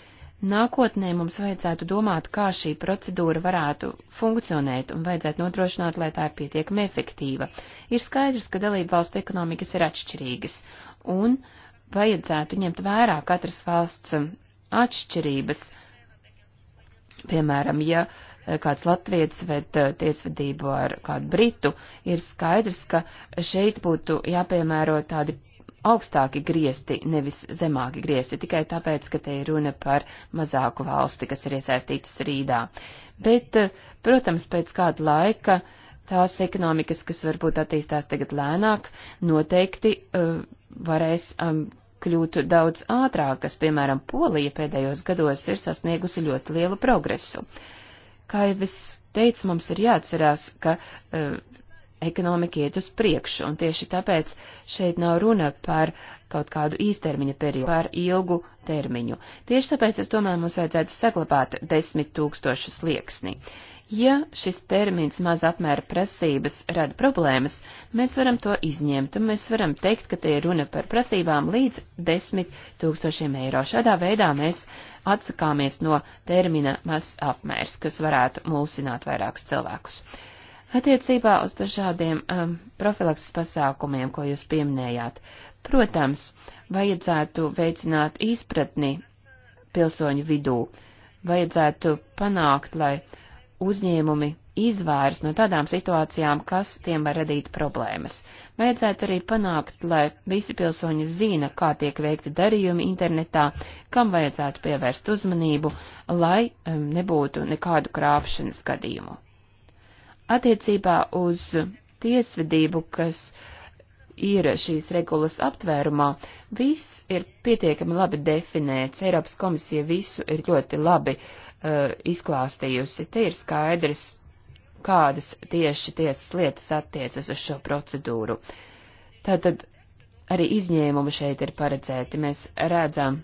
Nākotnē mums vajadzētu domāt, kā šī procedūra varētu funkcionēt un vajadzētu nodrošināt, lai tā ir pietiekami efektīva. Ir skaidrs, ka dalību valstu ekonomikas ir atšķirīgas un vajadzētu ņemt vērā katras valsts atšķirības. Piemēram, ja kāds latvietis ved eh, tiesvedību ar kādu britu, ir skaidrs, ka šeit būtu jāpiemēro tādi augstāki griesti, nevis zemāki griesti, tikai tāpēc, ka te ir runa par mazāku valsti, kas ir iesaistītas rīdā. Bet, eh, protams, pēc kāda laika tās ekonomikas, kas varbūt attīstās tagad lēnāk, noteikti uh, varēs um, kļūt daudz ātrākas, piemēram, Polija pēdējos gados ir sasniegusi ļoti lielu progresu. Kā jau es teicu, mums ir jāatcerās, ka uh, ekonomika iet uz priekšu, un tieši tāpēc šeit nav runa par kaut kādu īstermiņa periodu, par ilgu termiņu. Tieši tāpēc es domāju, mums vajadzētu saglabāt desmit tūkstošu slieksni. Ja šis termins maz apmēra prasības rada problēmas, mēs varam to izņemt, un mēs varam teikt, ka te ir runa par prasībām līdz desmit tūkstošiem eiro. Šādā veidā mēs atsakāmies no termina maz apmērs, kas varētu mulsināt vairākus cilvēkus. Attiecībā uz dažādiem um, profilakses pasākumiem, ko jūs pieminējāt, protams, vajadzētu veicināt izpratni pilsoņu vidū, vajadzētu panākt, lai uzņēmumi izvairs no tādām situācijām, kas tiem var radīt problēmas. Vajadzētu arī panākt, lai visi pilsoņi zina, kā tiek veikti darījumi internetā, kam vajadzētu pievērst uzmanību, lai um, nebūtu nekādu krāpšanas gadījumu. Attiecībā uz tiesvedību, kas ir šīs regulas aptvērumā, viss ir pietiekami labi definēts. Eiropas komisija visu ir ļoti labi uh, izklāstījusi. Te ir skaidrs, kādas tieši tiesas lietas attiecas uz šo procedūru. Tātad arī izņēmumi šeit ir paredzēti. Mēs redzam,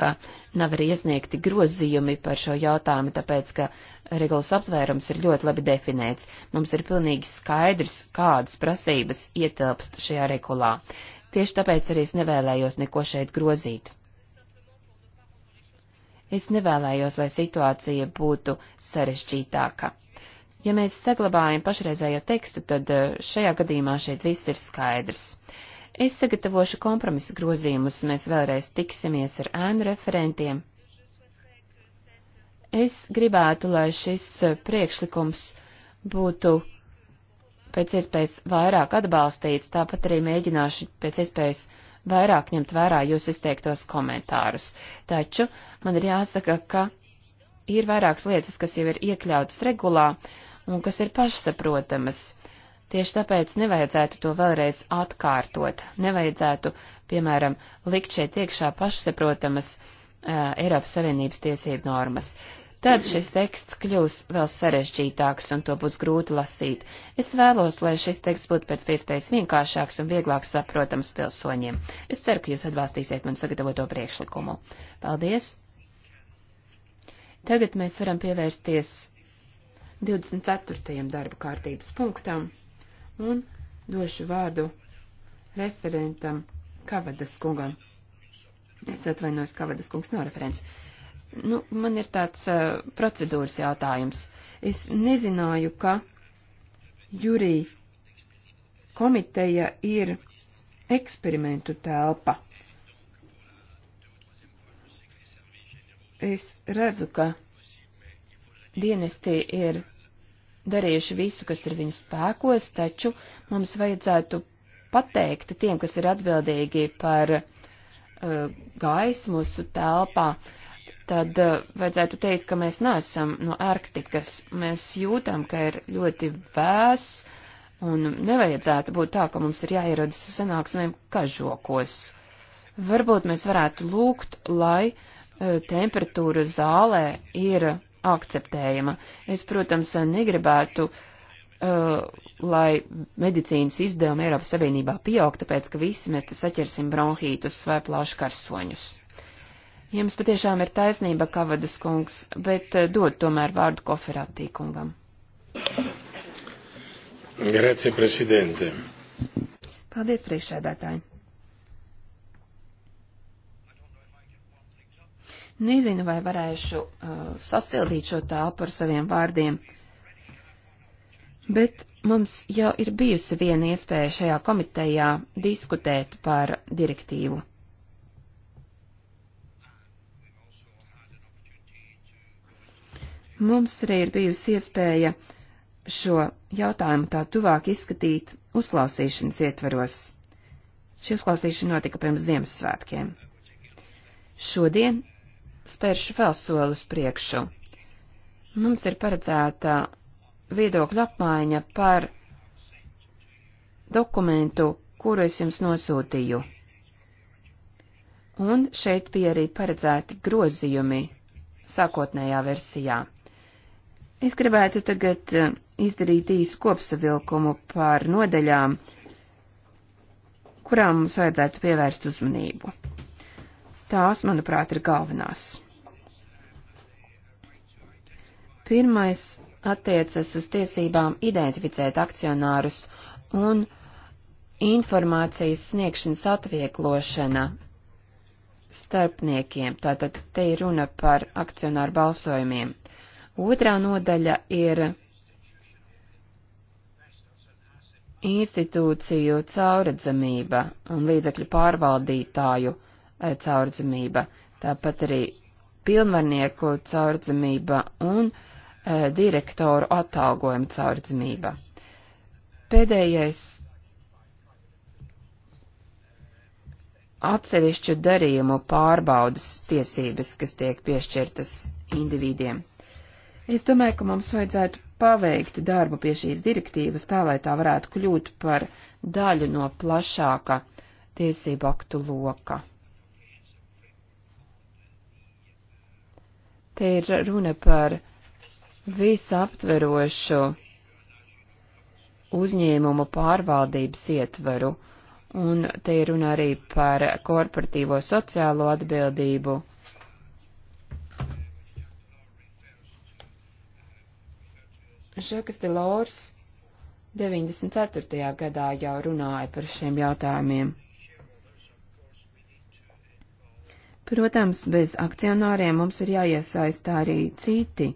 ka nav arī iesniegti grozījumi par šo jautājumu, tāpēc, ka regulas aptvērums ir ļoti labi definēts. Mums ir pilnīgi skaidrs, kādas prasības ietilpst šajā regulā. Tieši tāpēc arī es nevēlējos neko šeit grozīt. Es nevēlējos, lai situācija būtu sarežģītāka. Ja mēs saglabājam pašreizējo tekstu, tad eh, šajā gadījumā šeit viss ir skaidrs. Uh, Es sagatavošu kompromisu grozījumus, un mēs vēlreiz tiksimies ar ēnu referentiem. Es gribētu, lai šis eh, priekšlikums būtu pēc iespējas vairāk atbalstīts, tāpat arī mēģināšu pēc iespējas vairāk ņemt vērā jūs izteiktos komentārus. Taču man ir jāsaka, ka ir vairākas lietas, kas jau ir iekļautas regulā un kas ir pašsaprotamas. Tieši tāpēc nevajadzētu to vēlreiz atkārtot, nevajadzētu, piemēram, likt šeit iekšā pašsaprotamas uh, Eiropas Savienības tiesību normas. Tad šis teksts kļūs vēl sarežģītāks un to būs grūti lasīt. Es vēlos, lai šis teksts būtu pēc iespējas vienkāršāks un vieglāk saprotams pilsoņiem. Es ceru, ka jūs atbalstīsiet man sagatavoto priekšlikumu. Paldies! Tagad mēs varam pievērsties 24. darba kārtības punktam un došu vārdu referentam Kavadas kungam. Es atvainos, Kavadas kungs nav referents. Nu, man ir tāds uh, procedūras jautājums. Es nezināju, ka jūrī komiteja ir eksperimentu telpa. Es redzu, ka dienestī ir darījuši visu, kas ir viņu spēkos, taču mums vajadzētu pateikt tiem, kas ir atbildīgi par uh, eh, gaismu mūsu telpā, tad uh, vajadzētu teikt, ka mēs neesam no Arktikas. Mēs jūtam, ka ir ļoti vēs, un nevajadzētu būt tā, ka mums ir jāierodas uz sanāksmēm kažokos. Varbūt mēs varētu lūgt, lai uh, temperatūra zālē ir akceptējama. Es, protams, negribētu, uh, lai medicīnas izdevumi Eiropas Savienībā pieaug, tāpēc, ka visi mēs te saķersim bronhītus vai plāškarsoņus. Jums patiešām ir taisnība, Kavadas kungs, bet uh, dod tomēr vārdu koferātī kungam. Grazie, prezidente. Paldies, priekšsēdētāji. Nezinu, vai varēšu uh, sasildīt šo tālpu ar saviem vārdiem, bet mums jau ir bijusi viena iespēja šajā komitejā diskutēt par direktīvu. Mums arī ir bijusi iespēja šo jautājumu tā tuvāk izskatīt uzklausīšanas ietvaros. Šī uzklausīšana notika pirms Ziemassvētkiem. Šodien spēršu vēl solis priekšu. Mums ir paredzēta viedokļa apmaiņa par dokumentu, kuru es jums nosūtīju. Un šeit bija arī paredzēti grozījumi sākotnējā versijā. Es gribētu tagad eh, izdarīt īsu kopsavilkumu par nodeļām, kurām mums vajadzētu pievērst uzmanību. Tās, manuprāt, ir galvenās. Pirmais attiecas uz tiesībām identificēt akcionārus un informācijas sniegšanas atvieglošana starpniekiem, tātad te ir runa par akcionāru balsojumiem. Otrā nodaļa ir institūciju cauredzamība un līdzekļu pārvaldītāju Eh, caurdzamība, tāpat arī pilnvarnieku caurdzamība un eh, direktoru atalgojuma caurdzamība. Pēdējais atsevišķu darījumu pārbaudas tiesības, kas tiek piešķirtas individiem. Es domāju, ka mums vajadzētu paveikt darbu pie šīs direktīvas tā, lai tā varētu kļūt par daļu no plašāka tiesību aktu loka. Te ir runa par visaptverošu uzņēmumu pārvaldības ietvaru, un te ir runa arī par korporatīvo sociālo atbildību. Žakas Delors 94. gadā jau runāja par šiem jautājumiem. Protams, bez akcionāriem mums ir jāiesaistā arī citi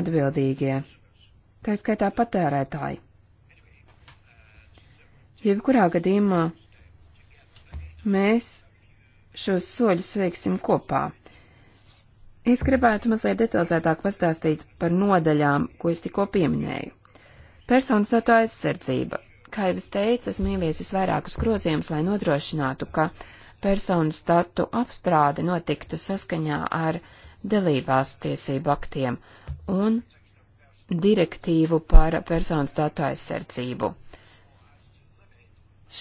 atbildīgie, tā skaitā patērētāji. Jebkurā gadījumā mēs šos soļus veiksim kopā. Es gribētu mazliet detalizētāk pastāstīt par nodaļām, ko es tikko pieminēju. Personas datu aizsardzība, Kā jau es teicu, esmu ieviesis vairākus grozījumus, lai nodrošinātu, ka personas datu apstrāde notiktu saskaņā ar dalībās tiesību aktiem un direktīvu par personas datu aizsardzību.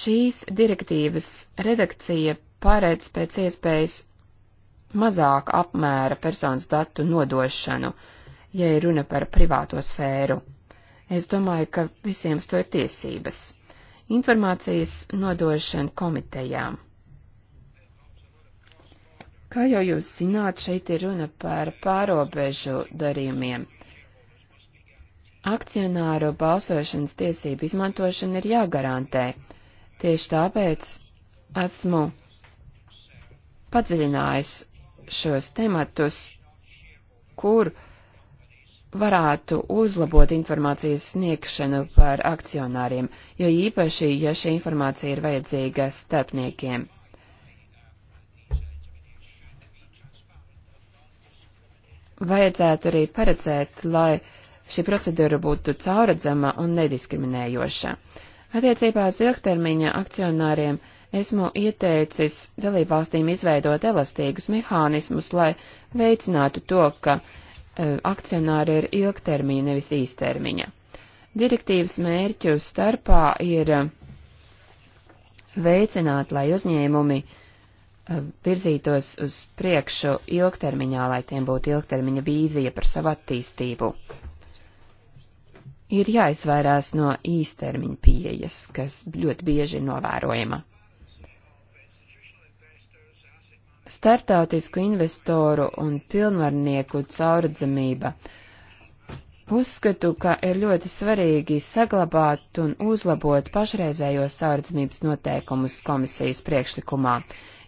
Šīs direktīvas redakcija paredz pēc iespējas mazāka apmēra personas datu nodošanu, ja ir runa par privāto sfēru. Es domāju, ka visiem to ir tiesības. Informācijas nodošana komitejām. Kā jau jūs zināt, šeit ir runa par pārobežu darījumiem. Akcionāru balsošanas tiesību izmantošana ir jāgarantē. Tieši tāpēc esmu padziļinājis šos tematus, kur varētu uzlabot informācijas sniegšanu par akcionāriem, jo īpaši, ja šī informācija ir vajadzīga starpniekiem. Vajadzētu arī paredzēt, lai šī procedūra būtu cauradzama un nediskriminējoša. Attiecībā uz ilgtermiņa akcionāriem esmu ieteicis dalībvalstīm izveidot elastīgus mehānismus, lai veicinātu to, ka E, akcionāri ir ilgtermiņa, nevis īstermiņa. Direktīvas mērķu starpā ir e, veicināt, lai uzņēmumi e, virzītos uz priekšu ilgtermiņā, lai tiem būtu ilgtermiņa vīzija par savu attīstību. Ir jāizvairās no īstermiņa pieejas, kas ļoti bieži ir novērojama. startautisku investoru un pilnvarnieku cauradzamība. Uzskatu, ka ir ļoti svarīgi saglabāt un uzlabot pašreizējos cauradzamības noteikumus komisijas priekšlikumā,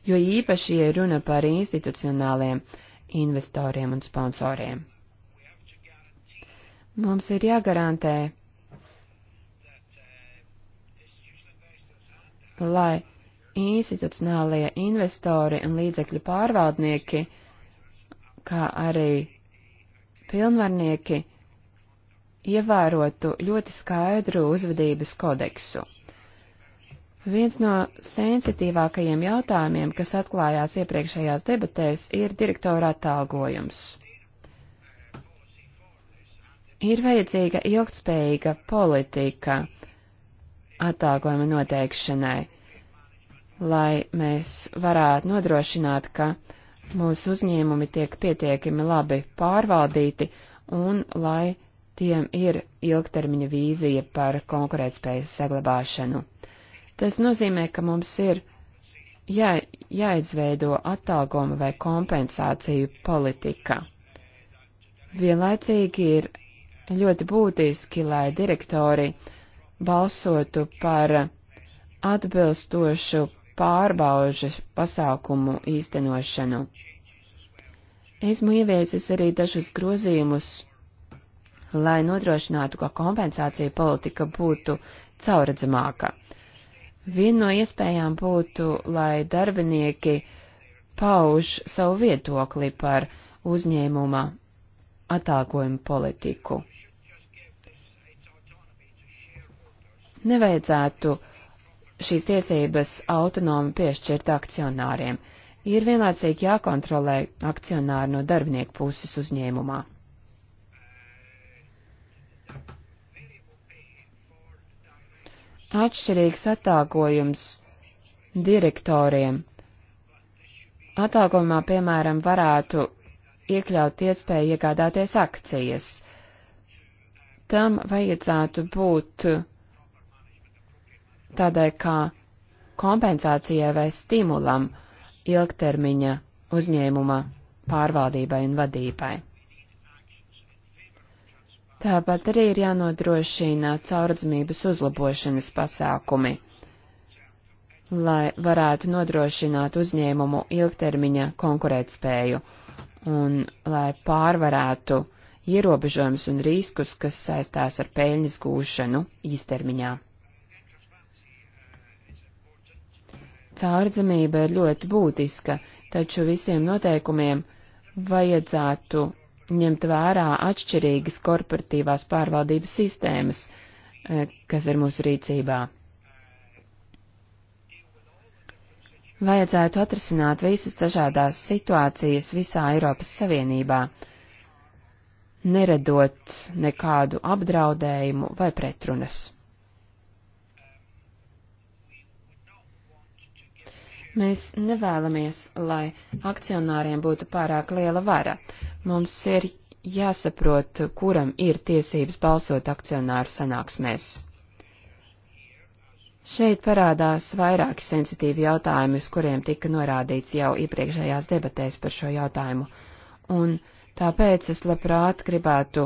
jo īpaši, ja runa par institucionāliem investoriem un sponsoriem. Mums ir jāgarantē, lai institucionālie investori un līdzekļu pārvaldnieki, kā arī pilnvarnieki, ievērotu ļoti skaidru uzvedības kodeksu. Viens no sensitīvākajiem jautājumiem, kas atklājās iepriekšējās debatēs, ir direktora atalgojums. Ir vajadzīga ilgtspējīga politika atalgojuma noteikšanai lai mēs varētu nodrošināt, ka mūsu uzņēmumi tiek pietiekami labi pārvaldīti un lai tiem ir ilgtermiņa vīzija par konkurētspējas saglabāšanu. Tas nozīmē, ka mums ir jā, jāizveido atalgojuma vai kompensāciju politika. Vienlaicīgi ir ļoti būtiski, lai direktori balsotu par atbilstošu pārbaužu pasākumu īstenošanu. Esmu ieviesis arī dažus grozījumus, lai nodrošinātu, ka kompensācija politika būtu cauredzamāka. Viena no iespējām būtu, lai darbinieki pauž savu viedokli par uzņēmuma atalgojumu politiku. Nevajadzētu šīs tiesības autonomi piešķirt akcionāriem. Ir vienlaicīgi jākontrolē akcionāri no darbinieku puses uzņēmumā. Atšķirīgs atāgojums direktoriem. Atāgojumā, piemēram, varētu iekļaut iespēju iegādāties akcijas. Tam vajadzētu būt uh, tādai kā kompensācijai vai stimulam ilgtermiņa uzņēmuma pārvaldībai un vadībai. Tāpat arī ir jānodrošina caurredzamības uzlabošanas pasākumi, lai varētu nodrošināt uzņēmumu ilgtermiņa konkurētspēju un lai pārvarētu ierobežojumus un riskus, kas saistās ar peļņas gūšanu īstermiņā. Caurdzamība ir ļoti būtiska, taču visiem noteikumiem vajadzētu ņemt vērā atšķirīgas korporatīvās pārvaldības sistēmas, e, kas ir mūsu rīcībā. Vajadzētu atrisināt visas dažādās situācijas visā Eiropas Savienībā, neredot nekādu apdraudējumu vai pretrunas. Mēs nevēlamies, lai akcionāriem būtu pārāk liela vara. Mums ir jāsaprot, kuram ir tiesības balsot akcionāru sanāksmēs. Šeit parādās vairāki sensitīvi jautājumi, uz kuriem tika norādīts jau iepriekšējās debatēs par šo jautājumu, un tāpēc es labprāt gribētu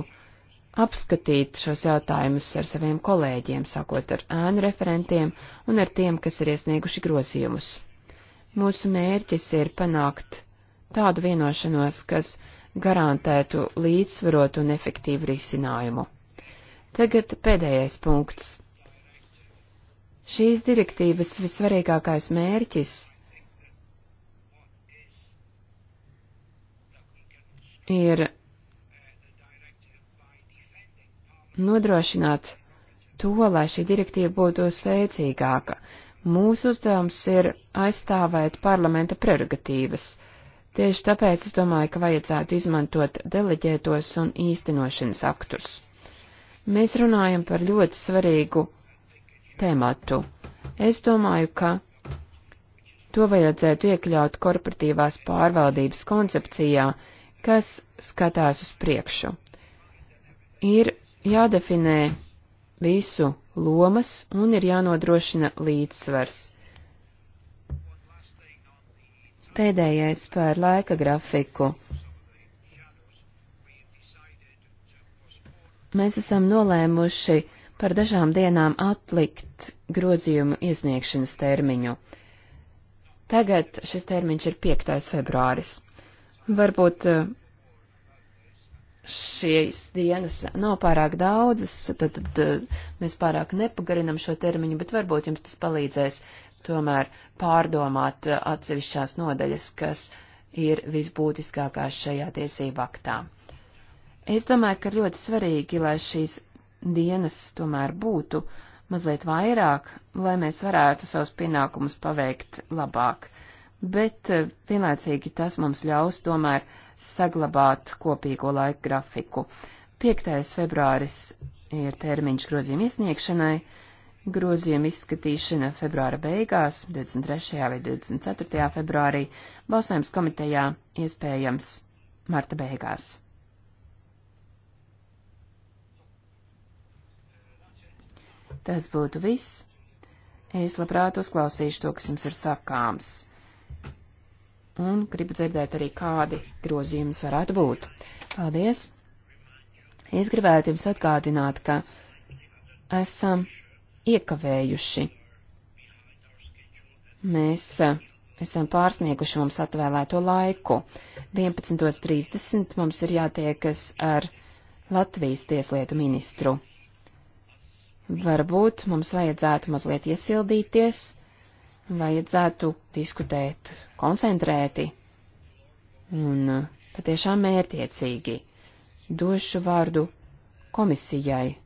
apskatīt šos jautājumus ar saviem kolēģiem, sākot ar ēnu referentiem un ar tiem, kas ir iesnieguši grozījumus. Mūsu mērķis ir panākt tādu vienošanos, kas garantētu līdzsvarotu un efektīvu risinājumu. Tagad pēdējais punkts. Šīs direktīvas visvarīgākais mērķis ir nodrošināt to, lai šī direktīva būtu spēcīgāka, Mūsu uzdevums ir aizstāvēt parlamenta prerogatīvas. Tieši tāpēc es domāju, ka vajadzētu izmantot deleģētos un īstenošanas aktus. Mēs runājam par ļoti svarīgu tēmatu. Es domāju, ka to vajadzētu iekļaut korporatīvās pārvaldības koncepcijā, kas skatās uz priekšu. Ir jādefinē visu lomas un ir jānodrošina līdzsvars. Pēdējais par laika grafiku. Mēs esam nolēmuši par dažām dienām atlikt grozījumu iesniegšanas termiņu. Tagad šis termiņš ir 5. februāris. Varbūt eh, šīs dienas nav pārāk daudzas, tad, tad eh, mēs pārāk nepagarinam šo termiņu, bet varbūt jums tas palīdzēs tomēr pārdomāt eh, atsevišķās nodaļas, kas ir visbūtiskākās šajā tiesību aktā. Es domāju, ka ļoti svarīgi, lai šīs dienas tomēr būtu mazliet vairāk, lai mēs varētu savus pienākumus paveikt labāk bet eh, vienlaicīgi tas mums ļaus tomēr saglabāt kopīgo laika grafiku. 5. februāris ir termiņš grozījuma iesniegšanai, grozījuma izskatīšana februāra beigās, 23. vai 24. februārī, balsojums komitejā iespējams marta beigās. Tas būtu viss. Es labprāt uzklausīšu to, kas jums ir sakāms un gribu dzirdēt arī, kādi grozījums varētu būt. Paldies! Es gribētu jums atgādināt, ka esam iekavējuši. Mēs esam pārsnieguši mums atvēlēto laiku. 11.30 mums ir jātiekas ar Latvijas tieslietu ministru. Varbūt mums vajadzētu mazliet iesildīties vajadzētu diskutēt koncentrēti un patiešām mērtiecīgi. Došu vārdu komisijai,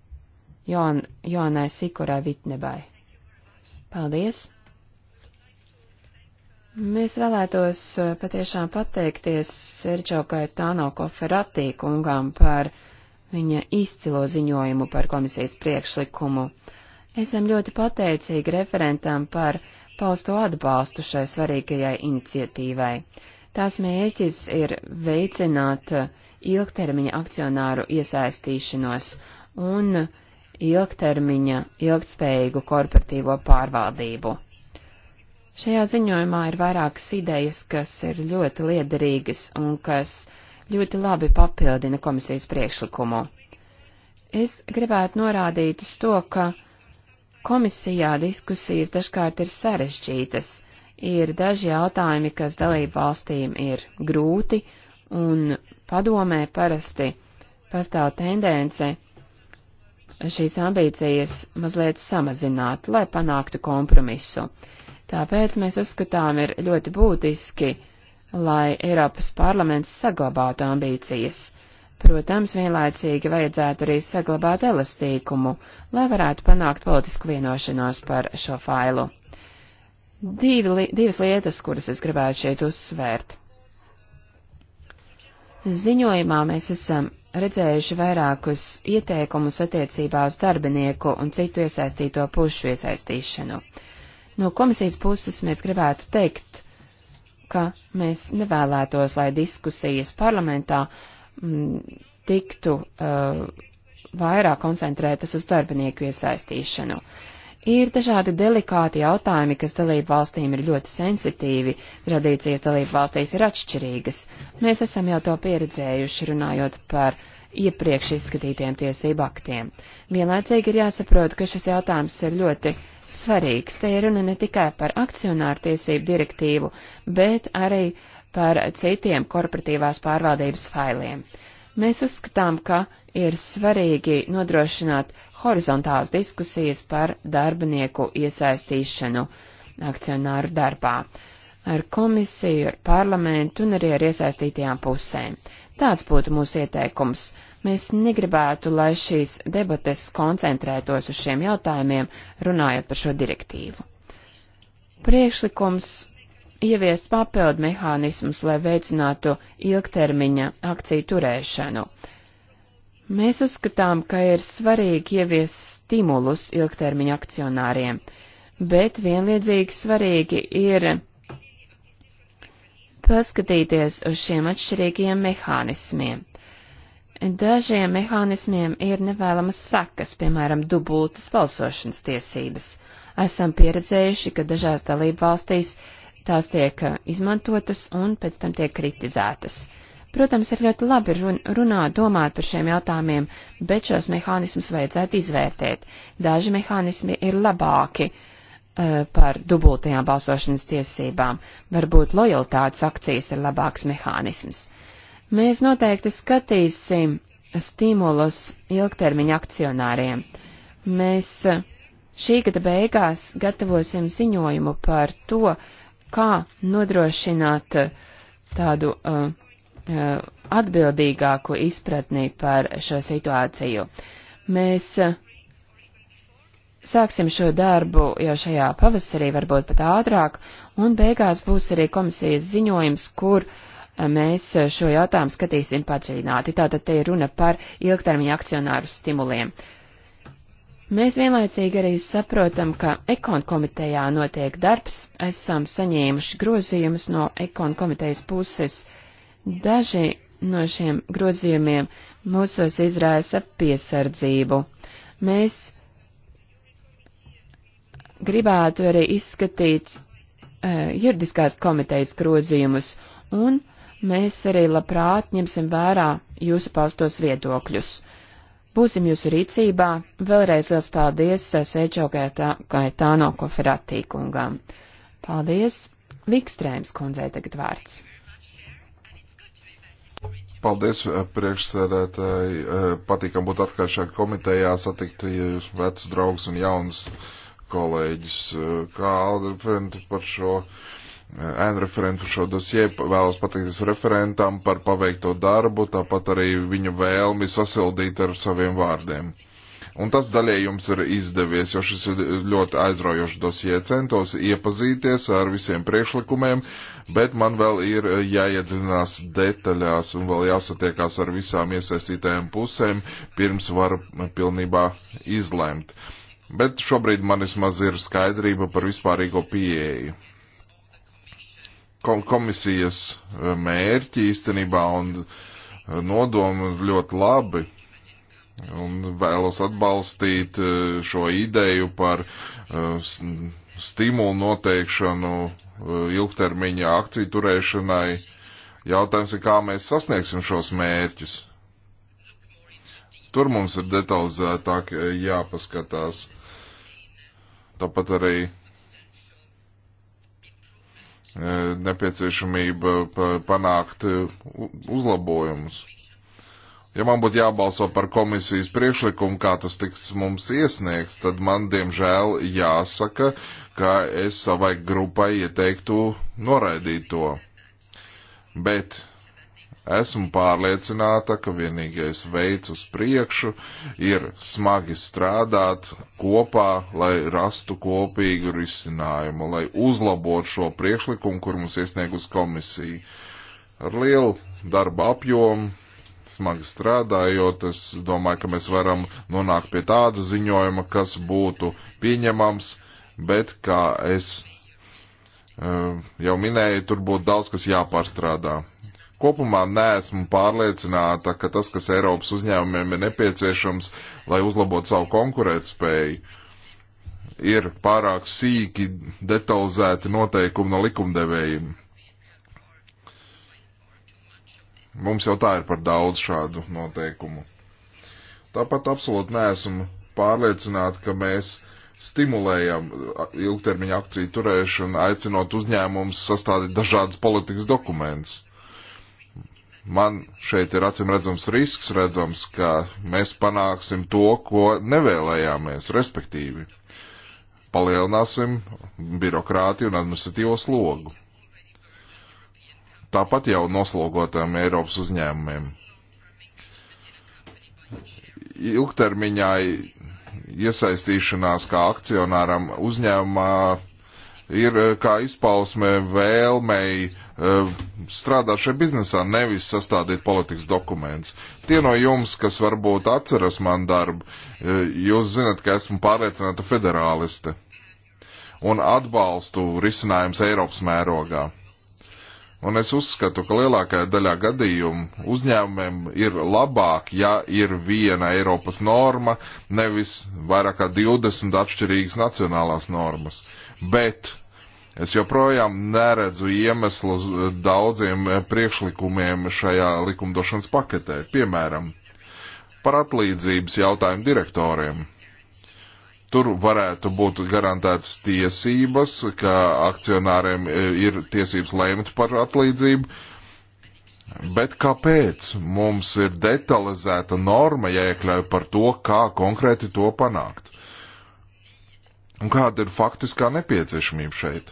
Joan, Joanai Sikurai Vitnebai. Paldies! Mēs vēlētos eh, patiešām pateikties Sergio Kaitāno Koferatī kungām par viņa izcilo ziņojumu par komisijas priekšlikumu. Esam ļoti pateicīgi referentam par pausto atbalstu šai svarīgajai iniciatīvai. Tās mērķis ir veicināt ilgtermiņa akcionāru iesaistīšanos un ilgtermiņa ilgtspējīgu korporatīvo pārvaldību. Šajā ziņojumā ir vairākas idejas, kas ir ļoti liederīgas un kas ļoti labi papildina komisijas priekšlikumu. Es gribētu norādīt uz to, ka Komisijā diskusijas dažkārt ir sarežģītas. Ir daži jautājumi, kas dalību valstīm ir grūti, un padomē parasti pastāv tendence šīs ambīcijas mazliet samazināt, lai panāktu kompromisu. Tāpēc mēs uzskatām ir ļoti būtiski, lai Eiropas parlaments saglabātu ambīcijas Protams, vienlaicīgi vajadzētu arī saglabāt elastīkumu, lai varētu panākt politisku vienošanos par šo failu. Divi, divas lietas, kuras es gribētu šeit uzsvērt. Ziņojumā mēs esam redzējuši vairākus ieteikumus attiecībā uz darbinieku un citu iesaistīto pušu iesaistīšanu. No komisijas puses mēs gribētu teikt, ka mēs nevēlētos, lai diskusijas parlamentā uh, tiktu uh, vairāk koncentrētas uz darbinieku iesaistīšanu. Ir dažādi delikāti jautājumi, kas dalību valstīm ir ļoti sensitīvi, tradīcijas dalību valstīs ir atšķirīgas. Mēs esam jau to pieredzējuši runājot par iepriekš izskatītiem tiesību aktiem. Vienlaicīgi ir jāsaprot, ka šis jautājums ir ļoti svarīgs. Te ir runa ne tikai par akcionāru tiesību direktīvu, bet arī uh, par citiem korporatīvās pārvaldības failiem. Mēs uzskatām, ka ir svarīgi nodrošināt horizontālas diskusijas par darbinieku iesaistīšanu akcionāru darbā ar komisiju, ar parlamentu un arī ar iesaistītajām pusēm. Tāds būtu mūsu ieteikums. Mēs negribētu, lai šīs debates koncentrētos uz šiem jautājumiem, runājot par šo direktīvu. Priekšlikums ieviest papildu mehānismus, lai veicinātu ilgtermiņa akciju turēšanu. Mēs uzskatām, ka ir svarīgi ieviest stimulus ilgtermiņa akcionāriem, bet vienlīdzīgi svarīgi ir paskatīties uz šiem atšķirīgiem mehānismiem. Dažiem mehānismiem ir nevēlamas sekas, piemēram, dubultas balsošanas tiesības. Esam pieredzējuši, ka dažās dalību valstīs tās tiek eh, izmantotas un pēc tam tiek kritizētas. Protams, ir ļoti labi runāt, domāt par šiem jautājumiem, bet šos mehānismus vajadzētu izvērtēt. Daži mehānismi ir labāki uh, par dubultajām balsošanas tiesībām. Varbūt lojalitātes akcijas ir labāks mehānisms. Mēs noteikti skatīsim stimulus ilgtermiņa akcionāriem. Mēs eh, šī gada beigās gatavosim ziņojumu par to, kā nodrošināt uh, tādu uh, uh, atbildīgāku izpratni par šo situāciju. Mēs uh, sāksim šo darbu jau šajā pavasarī, varbūt pat ātrāk, un beigās būs arī komisijas ziņojums, kur uh, mēs šo jautājumu skatīsim padziļināti. Tātad te ir runa par ilgtermiņa akcionāru stimuliem. Uh, Mēs vienlaicīgi arī saprotam, ka ekon komitejā notiek darbs, esam saņēmuši grozījumus no ekon komitejas puses. Daži no šiem grozījumiem mūsos izrāsa piesardzību. Mēs gribētu arī izskatīt e, juridiskās komitejas grozījumus, un mēs arī labprāt ņemsim vērā jūsu paustos viedokļus. Būsim jūsu rīcībā. Vēlreiz liels paldies eh, Sēčo Gaitāno Koferatī kungām. Paldies! Vikstrēms kundzei tagad vārds. Paldies, eh, priekšsēdētāji. Eh, patīkam būt atkārt šajā komitejā, satikt jūs vecus draugus un jauns kolēģis. Kā Alderprint par šo uh, ēnu referentu šo dosie, vēlos pateikties referentam par paveikto darbu, tāpat arī viņa vēlmi sasildīt ar saviem vārdiem. Un tas daļai jums ir izdevies, jo šis ir ļoti aizraujošs dosie. Centos iepazīties ar visiem priekšlikumiem, bet man vēl ir jāiedzinās detaļās un vēl jāsatiekās ar visām iesaistītajām pusēm, pirms varu pilnībā izlemt. Bet šobrīd man vismaz ir skaidrība par vispārīgo pieeju komisijas eh, mērķi īstenībā un eh, nodomi ļoti labi. Un vēlos atbalstīt eh, šo ideju par stimulu noteikšanu ilgtermiņa akciju turēšanai. Jautājums ir, kā mēs sasniegsim šos mērķus. Tur mums ir detalizētāk jāpaskatās. Tāpat arī E, nepieciešamība panākt e, uzlabojumus. Ja man būtu jābalso par komisijas priekšlikumu, kā tas tiks mums iesniegts, tad man, diemžēl, jāsaka, ka es savai grupai ieteiktu noraidīt to. Bet Esmu pārliecināta, ka vienīgais veids uz priekšu ir smagi strādāt kopā, lai rastu kopīgu risinājumu, lai uzlabotu šo priekšlikumu, kur mums iesniegus komisija. Ar lielu darba apjomu, smagi strādājot, es domāju, ka mēs varam nonākt pie tāda ziņojuma, kas būtu pieņemams, bet kā es eh, jau minēju, tur būtu daudz, kas jāpārstrādā. Kopumā neesmu pārliecināta, ka tas, kas Eiropas uzņēmumiem ir nepieciešams, lai uzlabotu savu konkurētspēju, ir pārāk sīki detalizēti noteikumi no likumdevējiem. Mums jau tā ir par daudz šādu noteikumu. Tāpat absolūti neesmu pārliecināti, ka mēs stimulējam ilgtermiņa akciju turēšanu, aicinot uzņēmumus sastādīt dažādas politikas dokumentus man šeit ir acim redzams risks, redzams, ka mēs panāksim to, ko nevēlējāmies, respektīvi palielināsim birokrātiju un administratīvo slogu. Tāpat jau noslogotām Eiropas uzņēmumiem. Ilgtermiņā iesaistīšanās kā akcionāram uzņēmumā ir eh, kā izpausme vēlmei eh, strādāt šajā biznesā, nevis sastādīt politikas dokumentus. Tie no jums, kas varbūt atceras man darbu, eh, jūs zinat, ka esmu pārliecināta federāliste un atbalstu risinājums Eiropas mērogā. Un es uzskatu, ka lielākajā daļā gadījumu uzņēmumiem ir labāk, ja ir viena Eiropas norma, nevis vairāk kā 20 atšķirīgas nacionālās normas. Uh, bet es joprojām neredzu iemeslu eh, daudziem eh, priekšlikumiem šajā likumdošanas paketē. Piemēram, par atlīdzības jautājumu direktoriem. Tur varētu būt garantētas tiesības, ka akcionāriem eh, ir tiesības lēmt par atlīdzību, Bet kāpēc mums ir detalizēta norma jāiekļauj par to, kā konkrēti to panākt? Un kāda ir faktiskā nepieciešamība šeit?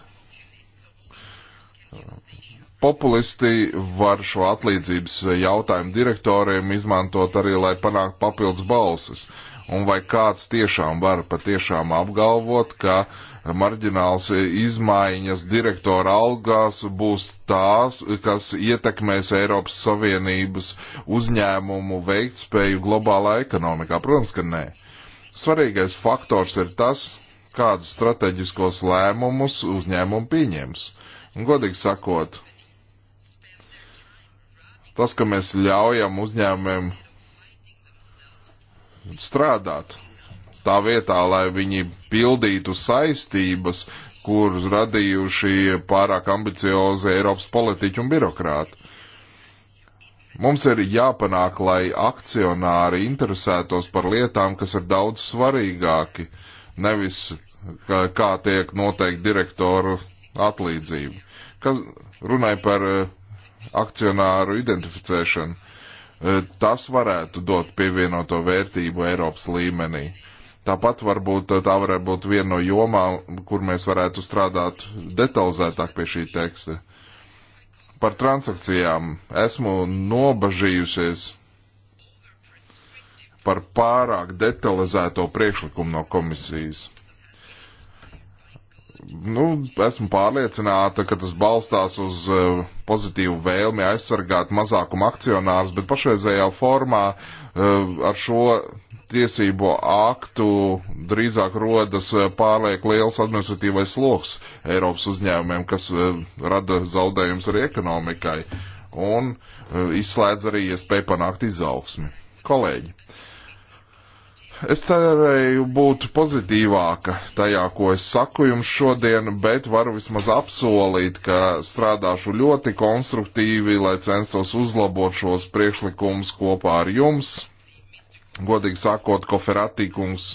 Populisti var šo atlīdzības jautājumu direktoriem izmantot arī, lai panāktu papildus balsis. Un vai kāds tiešām var patiešām apgalvot, ka marģināls izmaiņas direktora algās būs tās, kas ietekmēs Eiropas Savienības uzņēmumu veiktspēju globālā ekonomikā? Protams, ka nē. Svarīgais faktors ir tas, kādus strateģiskos lēmumus uzņēmumu pieņems. Un, godīgi sakot, tas, ka mēs ļaujam uzņēmumiem strādāt tā vietā, lai viņi pildītu saistības, kur radījuši pārāk ambiciozi Eiropas politiķi un birokrāti. Mums ir jāpanāk, lai akcionāri interesētos par lietām, kas ir daudz svarīgāki nevis kā, kā tiek noteikti direktoru atlīdzība. Kas runāja par eh, akcionāru identificēšanu, eh, tas varētu dot pievienoto vērtību Eiropas līmenī. Tāpat varbūt eh, tā varētu būt viena no jomām, kur mēs varētu strādāt detalizētāk pie šī teksta. Par transakcijām esmu nobažījusies par pārāk detalizēto priekšlikumu no komisijas. Nu, esmu pārliecināta, ka tas balstās uz e, pozitīvu vēlmi aizsargāt mazākumu akcionārus, bet pašreizējā formā e, ar šo tiesību aktu drīzāk rodas e, pārliek liels administratīvais sloks Eiropas uzņēmumiem, kas rada zaudējums arī ekonomikai un izslēdz arī iespēju panākt izaugsmi. Kolēģi, uh, Es cerēju būt pozitīvāka tajā, ko es saku jums šodien, bet varu vismaz apsolīt, ka strādāšu ļoti konstruktīvi, lai censtos uzlabot šos priekšlikumus kopā ar jums. Godīgi sakot, koferatīkums,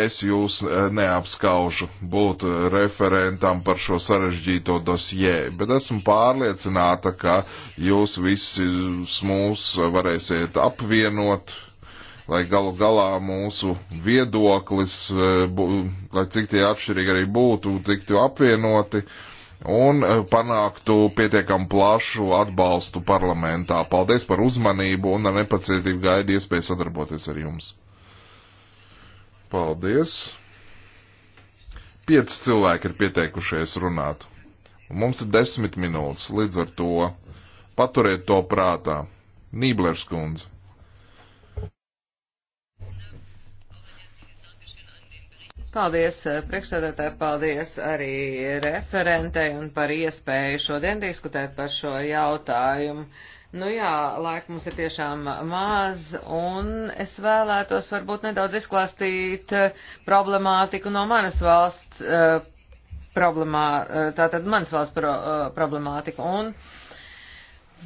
es jūs eh, neapskaužu būt eh, referentam par šo sarežģīto dosjē, bet esmu pārliecināta, ka jūs visus eh, mūs varēsiet apvienot lai galu galā mūsu viedoklis, e, lai cik tie atšķirīgi arī būtu, tiktu apvienoti un e, panāktu pietiekam plašu atbalstu parlamentā. Paldies par uzmanību un ar nepacietību gaidu iespēju sadarboties ar jums. Paldies. Pieci cilvēki ir pieteikušies runāt. Mums ir desmit minūtes, līdz ar to paturiet to prātā. Nīblers kundze. Paldies eh, priekšsēdētāji, paldies arī referentei un par iespēju šodien diskutēt par šo jautājumu. Nu jā, laika mums ir tiešām maz, un es vēlētos varbūt nedaudz izklāstīt eh, problemātiku no manas valsts eh, problemā, tātad manas valsts pro, problemātiku. Un,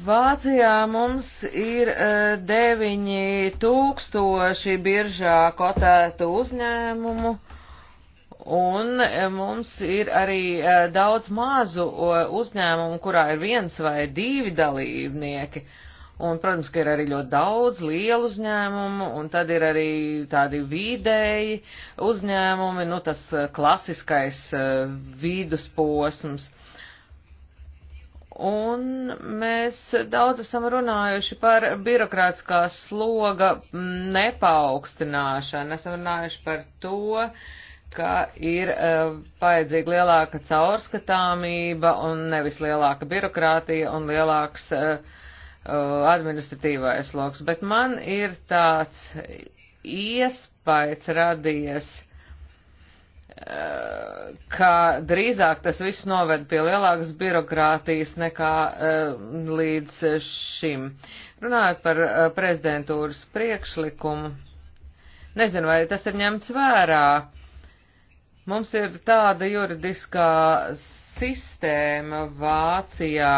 Vācijā mums ir 9000 biržā kotētu uzņēmumu, Un e, mums ir arī e, daudz mazu uzņēmumu, kurā ir viens vai divi dalībnieki. Un, protams, ka ir arī ļoti daudz lielu uzņēmumu, un tad ir arī tādi vidēji uzņēmumi, nu tas e, klasiskais vidusposms. Un mēs daudz esam runājuši par birokrātiskā sloga nepaukstināšanu, esam runājuši par to, uh, ka ir uh, vajadzīga lielāka caurskatāmība un nevis lielāka birokrātija un lielāks uh, administratīvais loks, bet man ir tāds iespējas radies, uh, ka drīzāk tas viss noved pie lielākas birokrātijas nekā līdz šim. Runājot par prezidentūras priekšlikumu, nezinu, vai tas ir ņemts vērā Mums ir tāda juridiskā sistēma Vācijā.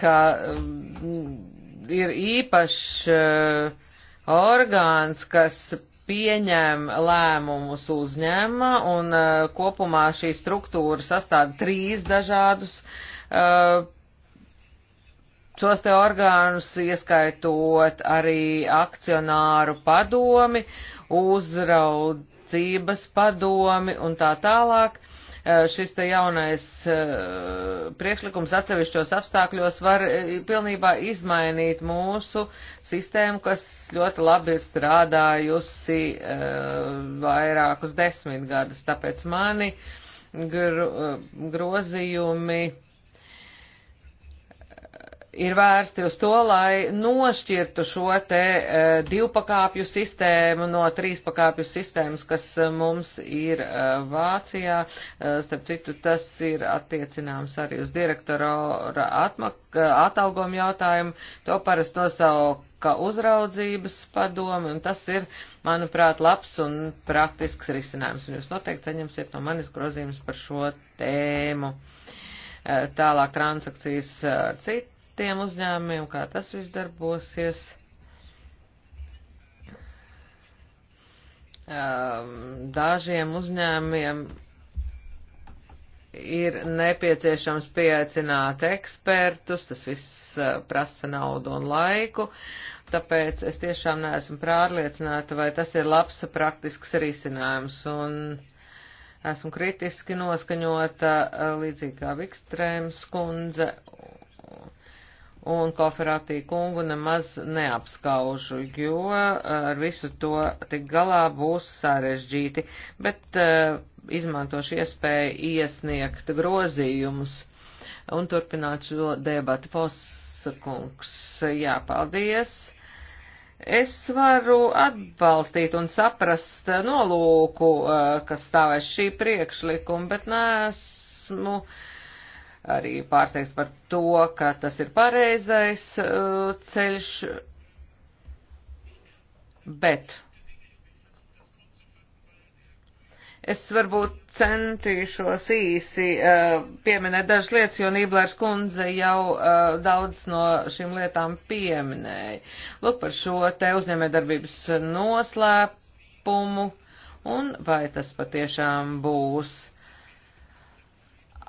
ka mm, ir īpašs orgāns, kas pieņem lēmumus uzņēma, un kopumā šī struktūra sastāv trīs dažādus uh, šos te orgānus, ieskaitot arī akcionāru padomi, uzraudzības padomi un tā tālāk. E, šis te jaunais e, priekšlikums atsevišķos apstākļos var e, pilnībā izmainīt mūsu sistēmu, kas ļoti labi ir strādājusi vairākus desmitgadus. Tāpēc mani grozījumi ir vērsti uz to, lai nošķirtu šo te uh, divpakāpju sistēmu no trīspakāpju sistēmas, kas e, mums ir uh, Vācijā. Uh, starp citu, tas ir attiecināms arī uz direktora atalgojumu jautājumu. To parasti nosauka uzraudzības padomi, un tas ir, manuprāt, labs un praktisks risinājums. Un jūs noteikti saņemsiet no manis grozījumus par šo tēmu. Tālāk transakcijas ar citu tiem uzņēmumiem, kā tas viss darbosies. Dažiem uzņēmiem ir nepieciešams pieaicināt ekspertus, tas viss prasa naudu un laiku, tāpēc es tiešām neesmu pārliecināta, vai tas ir labs praktisks risinājums. Un, esmu kritiski noskaņota līdzīgi kā Vikstrēms kundze un Koferatī kungu nemaz neapskaužu, jo eh, ar visu to tik galā būs sarežģīti, bet uh, izmantošu iespēju iesniegt grozījumus un turpināt šo debatu. Fosakungs, jā, paldies! Es varu atbalstīt un saprast nolūku, uh, kas stāvēs šī priekšlikuma, bet nesmu. Uh, arī pārsteigts par to, ka tas ir pareizais uh, ceļš, bet es varbūt centīšos īsi uh, pieminēt dažas lietas, jo Nīblērs kundze jau uh, daudz no šīm lietām pieminēja. Lūk par šo te uzņēmējdarbības noslēpumu un vai tas patiešām būs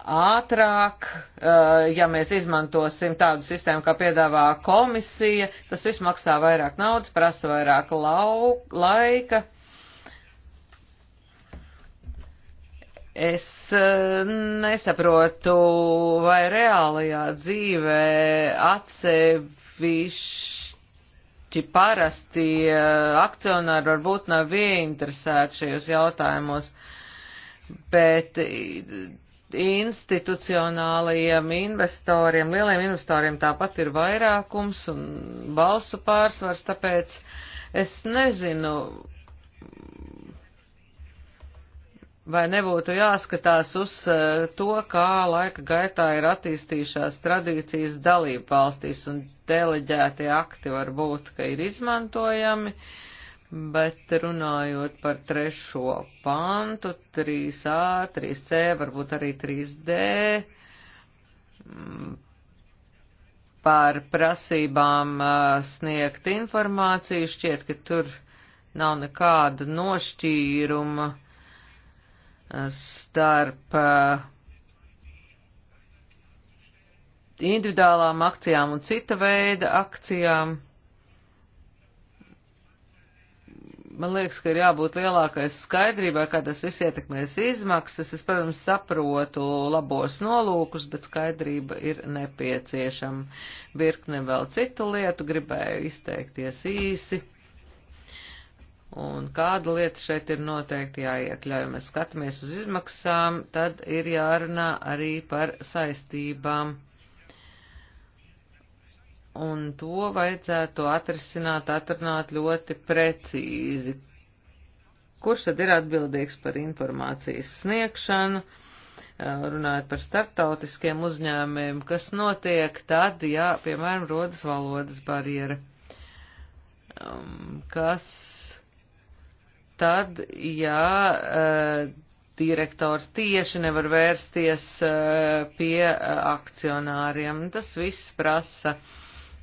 ātrāk, eh, ja mēs izmantosim tādu sistēmu, kā piedāvā komisija, tas viss maksā vairāk naudas, prasa vairāk lau, laika. Es eh, nesaprotu, vai reālajā dzīvē atsevišķi parasti eh, akcionāri varbūt nav ieinteresēti šajos jautājumos, bet institucionālajiem investoriem, lieliem investoriem tāpat ir vairākums un balsu pārsvars, tāpēc es nezinu, vai nebūtu jāskatās uz eh, to, kā laika gaitā ir attīstījušās tradīcijas dalību valstīs un deleģētie akti var būt, ka ir izmantojami. Uh, Bet runājot par trešo pantu, 3A, 3C, varbūt arī 3D, mm, par prasībām sniegt informāciju, šķiet, ka tur nav nekāda nošķīruma starp individuālām akcijām un cita veida akcijām. Man liekas, ka ir jābūt lielākai skaidrībai, kā tas viss ietekmēs izmaksas. Es, protams, saprotu labos nolūkus, bet skaidrība ir nepieciešama. Virkne vēl citu lietu, gribēju izteikties īsi. Un kāda lieta šeit ir noteikti jāiekļauj? Ja mēs skatāmies uz izmaksām, tad ir jārunā arī par saistībām un to vajadzētu atrisināt, atrunāt ļoti precīzi. Kurš tad ir atbildīgs par informācijas sniegšanu, eh, runājot par starptautiskiem uzņēmumiem, kas notiek tad, ja, piemēram, rodas valodas barjera, um, kas tad, ja eh, direktors tieši nevar vērsties eh, pie akcionāriem, tas viss prasa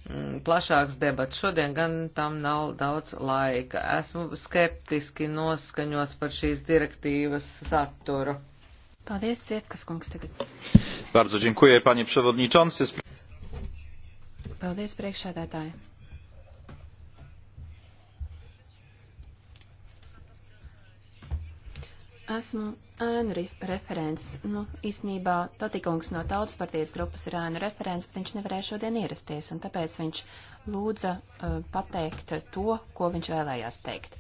Mm, plašāks debats. Šodien gan tam nav daudz laika. Esmu skeptiski noskaņots par šīs direktīvas saturu. Paldies, Cietkas kungs tagad. Bardzo dziękuję, panie przewodniczący. Paldies, priekšsēdētāji. Esmu ēnu referents. Nu, īstenībā Totikungs no Tautas partijas grupas ir ēnu referents, bet viņš nevarēja šodien ierasties, un tāpēc viņš lūdza uh, pateikt to, ko viņš vēlējās teikt.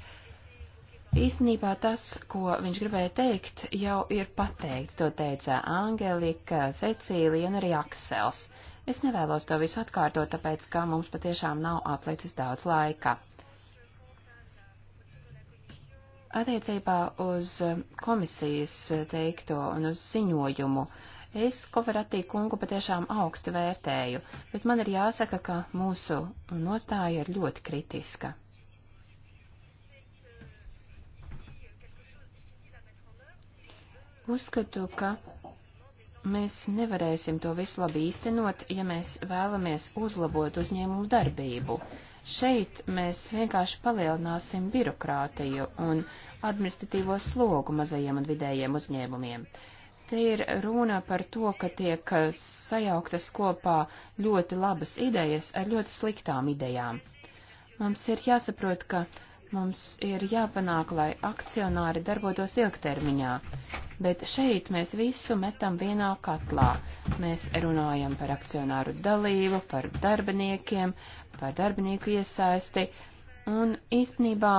Īstenībā tas, ko viņš gribēja teikt, jau ir pateikt. To teica Angelika, Cecīlija un arī Aksels. Es nevēlos to visu atkārtot, tāpēc, ka mums patiešām nav atlicis daudz laika. Attiecībā uz um, komisijas uh, teikto un uz ziņojumu. Es Koferatī kungu patiešām augstu vērtēju, bet man ir jāsaka, ka mūsu nostāja ir ļoti kritiska. Uzskatu, ka mēs nevarēsim to visu labi īstenot, ja mēs vēlamies uzlabot uzņēmumu darbību. Šeit mēs vienkārši palielināsim birokrātiju un administratīvo slogu mazajiem un vidējiem uzņēmumiem. Te ir runa par to, ka tiek sajauktas kopā ļoti labas idejas ar ļoti sliktām idejām. Mums ir jāsaprot, ka Mums ir jāpanāk, lai akcionāri darbotos ilgtermiņā, bet šeit mēs visu metam vienā katlā. Mēs runājam par akcionāru dalību, par darbiniekiem, par darbinieku iesaisti, un īstenībā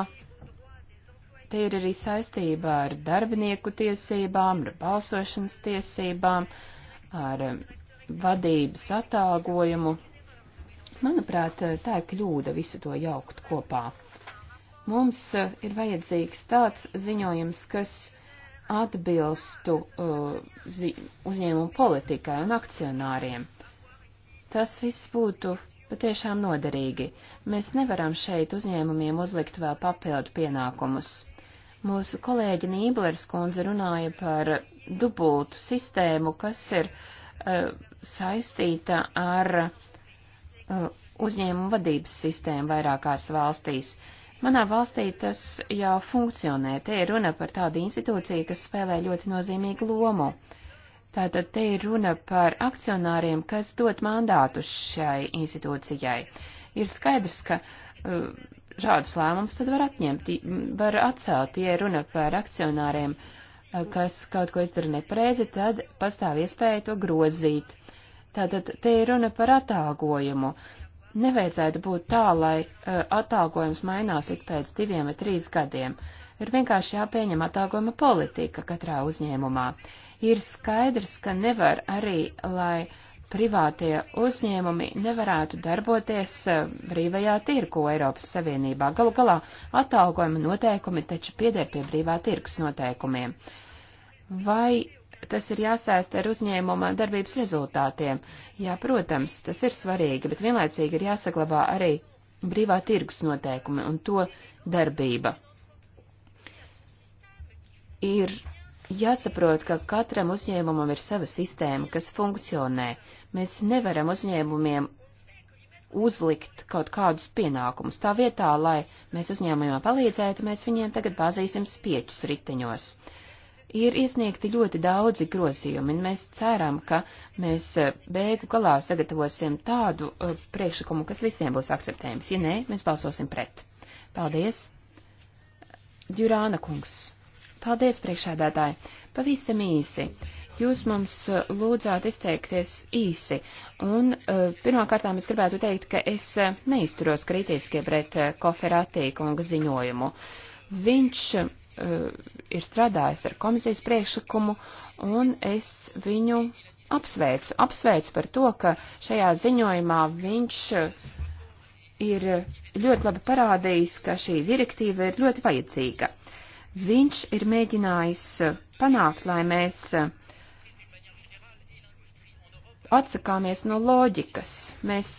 Te ir arī saistība ar darbinieku tiesībām, ar balsošanas tiesībām, ar um, vadības atalgojumu. Manuprāt, tā ir kļūda visu to jaukt kopā. Mums eh, ir vajadzīgs tāds ziņojums, kas atbilstu uh, zi, uzņēmumu politikai un akcionāriem. Tas viss būtu patiešām noderīgi. Mēs nevaram šeit uzņēmumiem uzlikt vēl papildu pienākumus. Mūsu kolēģi Nīblers kundze runāja par dubultu sistēmu, kas ir uh, saistīta ar uh, uzņēmumu vadības sistēmu vairākās valstīs. Uh, Manā valstī tas jau funkcionē. Te ir runa par tādu institūciju, kas spēlē ļoti nozīmīgu lomu. Tātad te ir runa par akcionāriem, kas dot mandātu šai institūcijai. Ir skaidrs, ka uh, šādus lēmumus tad var atņemt, var atcelt, ja runa par akcionāriem, uh, kas kaut ko izdara nepareizi, tad pastāv iespēja to grozīt. Tātad te ir runa par atalgojumu. Uh, nevajadzētu būt tā, lai uh, atalgojums mainās ik pēc diviem vai trīs gadiem. Ir vienkārši jāpieņem atalgojuma politika katrā uzņēmumā. Ir skaidrs, ka nevar arī, lai privātie uzņēmumi nevarētu darboties uh, brīvajā tirku Eiropas Savienībā. Galu galā atalgojuma noteikumi taču pieder pie brīvā tirkus noteikumiem. Vai ka tas ir jāsaista ar uzņēmuma darbības rezultātiem. Jā, protams, tas ir svarīgi, bet vienlaicīgi ir jāsaglabā arī brīvā tirgus noteikumi un to darbība. Ir jāsaprot, ka katram uzņēmumam ir sava sistēma, kas funkcionē. Mēs nevaram uzņēmumiem uzlikt kaut kādus pienākumus. Tā vietā, lai mēs uzņēmumiem palīdzētu, mēs viņiem tagad bāzīsim spieķus riteņos. Ir iesniegti ļoti daudzi grozījumi, un mēs ceram, ka mēs eh, beigu galā sagatavosim tādu uh, priekšlikumu, kas visiem būs akceptējams. Ja nē, mēs balsosim pret. Paldies! Djurāna kungs. Paldies, priekšādātāji! Pavisam īsi. Jūs mums eh, lūdzāt izteikties īsi, un uh, pirmkārtām es gribētu teikt, ka es neizturos kritiski pret uh, koferatī kunga ziņojumu. Viņš Eh, ir strādājis ar komisijas priekšlikumu, un es viņu apsveicu. Apsveicu par to, ka šajā ziņojumā viņš eh, ir ļoti labi parādījis, ka šī direktīva ir ļoti vajadzīga. Viņš ir mēģinājis eh, panākt, lai mēs atsakāmies no loģikas. Mēs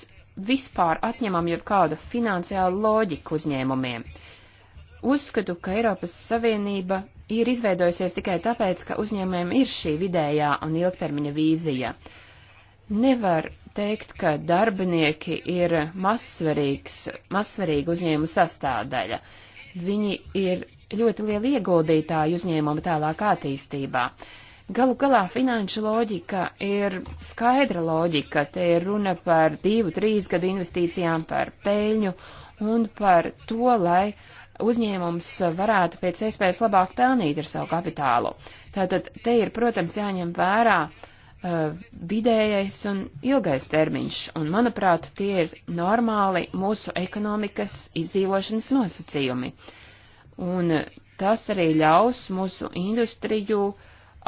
vispār atņemam jau kādu finansiālu loģiku uzņēmumiem. Uh, uzskatu, ka Eiropas Savienība ir izveidojusies tikai tāpēc, ka uzņēmējiem ir šī vidējā un ilgtermiņa vīzija. Nevar teikt, ka darbinieki ir mazsvarīgs, mazsvarīga uzņēmuma sastāvdaļa. Viņi ir ļoti lieli ieguldītāji uzņēmuma tālākā attīstībā. Galu galā finanšu loģika ir skaidra loģika, te ir runa par divu, trīs gadu investīcijām, par peļņu un par to, lai uh, uzņēmums varētu pēc iespējas labāk pelnīt ar savu kapitālu. Tātad te ir, protams, jāņem vērā uh, vidējais un ilgais termiņš, un, manuprāt, tie ir normāli mūsu ekonomikas izdzīvošanas nosacījumi. Un uh, tas arī ļaus mūsu industriju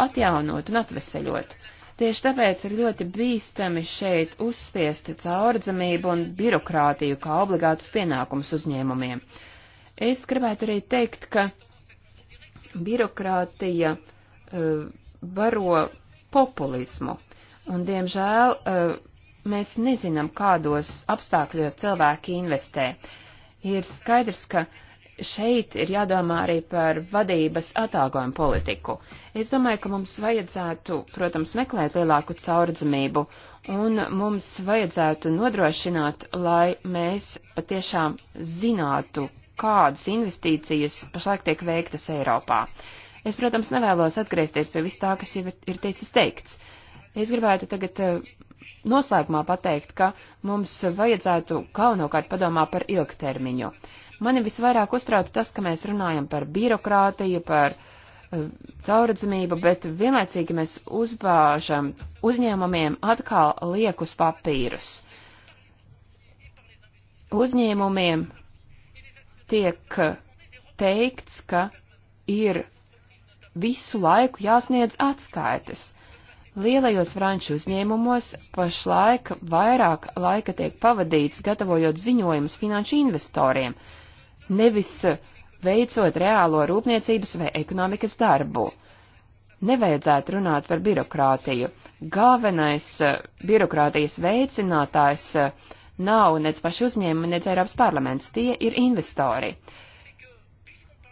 atjaunot un atveseļot. Tieši tāpēc ir ļoti bīstami šeit uzspiest caurdzamību un birokrātiju kā obligātus pienākumus uzņēmumiem. Uh, Es gribētu arī teikt, ka birokrātija uh, eh, baro populismu, un, diemžēl, uh, mēs nezinām, kādos apstākļos cilvēki investē. Ir skaidrs, ka šeit ir jādomā arī par vadības atalgojumu politiku. Es domāju, ka mums vajadzētu, protams, meklēt lielāku caurdzamību, un mums vajadzētu nodrošināt, lai mēs patiešām zinātu, kādas investīcijas pašlaik tiek veiktas Eiropā. Es, protams, nevēlos atgriezties pie vis tā, kas jau ir teicis teikts. Es gribētu tagad eh, noslēgumā pateikt, ka mums vajadzētu galvenokārt padomā par ilgtermiņu. Mani visvairāk uztrauc tas, ka mēs runājam par birokrātiju, par eh, caurredzamību, bet vienlaicīgi mēs uzbāžam uzņēmumiem atkal liekus papīrus. Uzņēmumiem tiek teikts, ka ir visu laiku jāsniedz atskaites. Lielajos franču uzņēmumos pašlaik vairāk laika tiek pavadīts gatavojot ziņojumus finanšu investoriem, nevis veicot reālo rūpniecības vai ekonomikas darbu. Nevajadzētu runāt par birokrātiju. Galvenais eh, birokrātijas veicinātājs uh, nav nec paši uzņēmumi, nec Eiropas parlaments. Tie ir investori.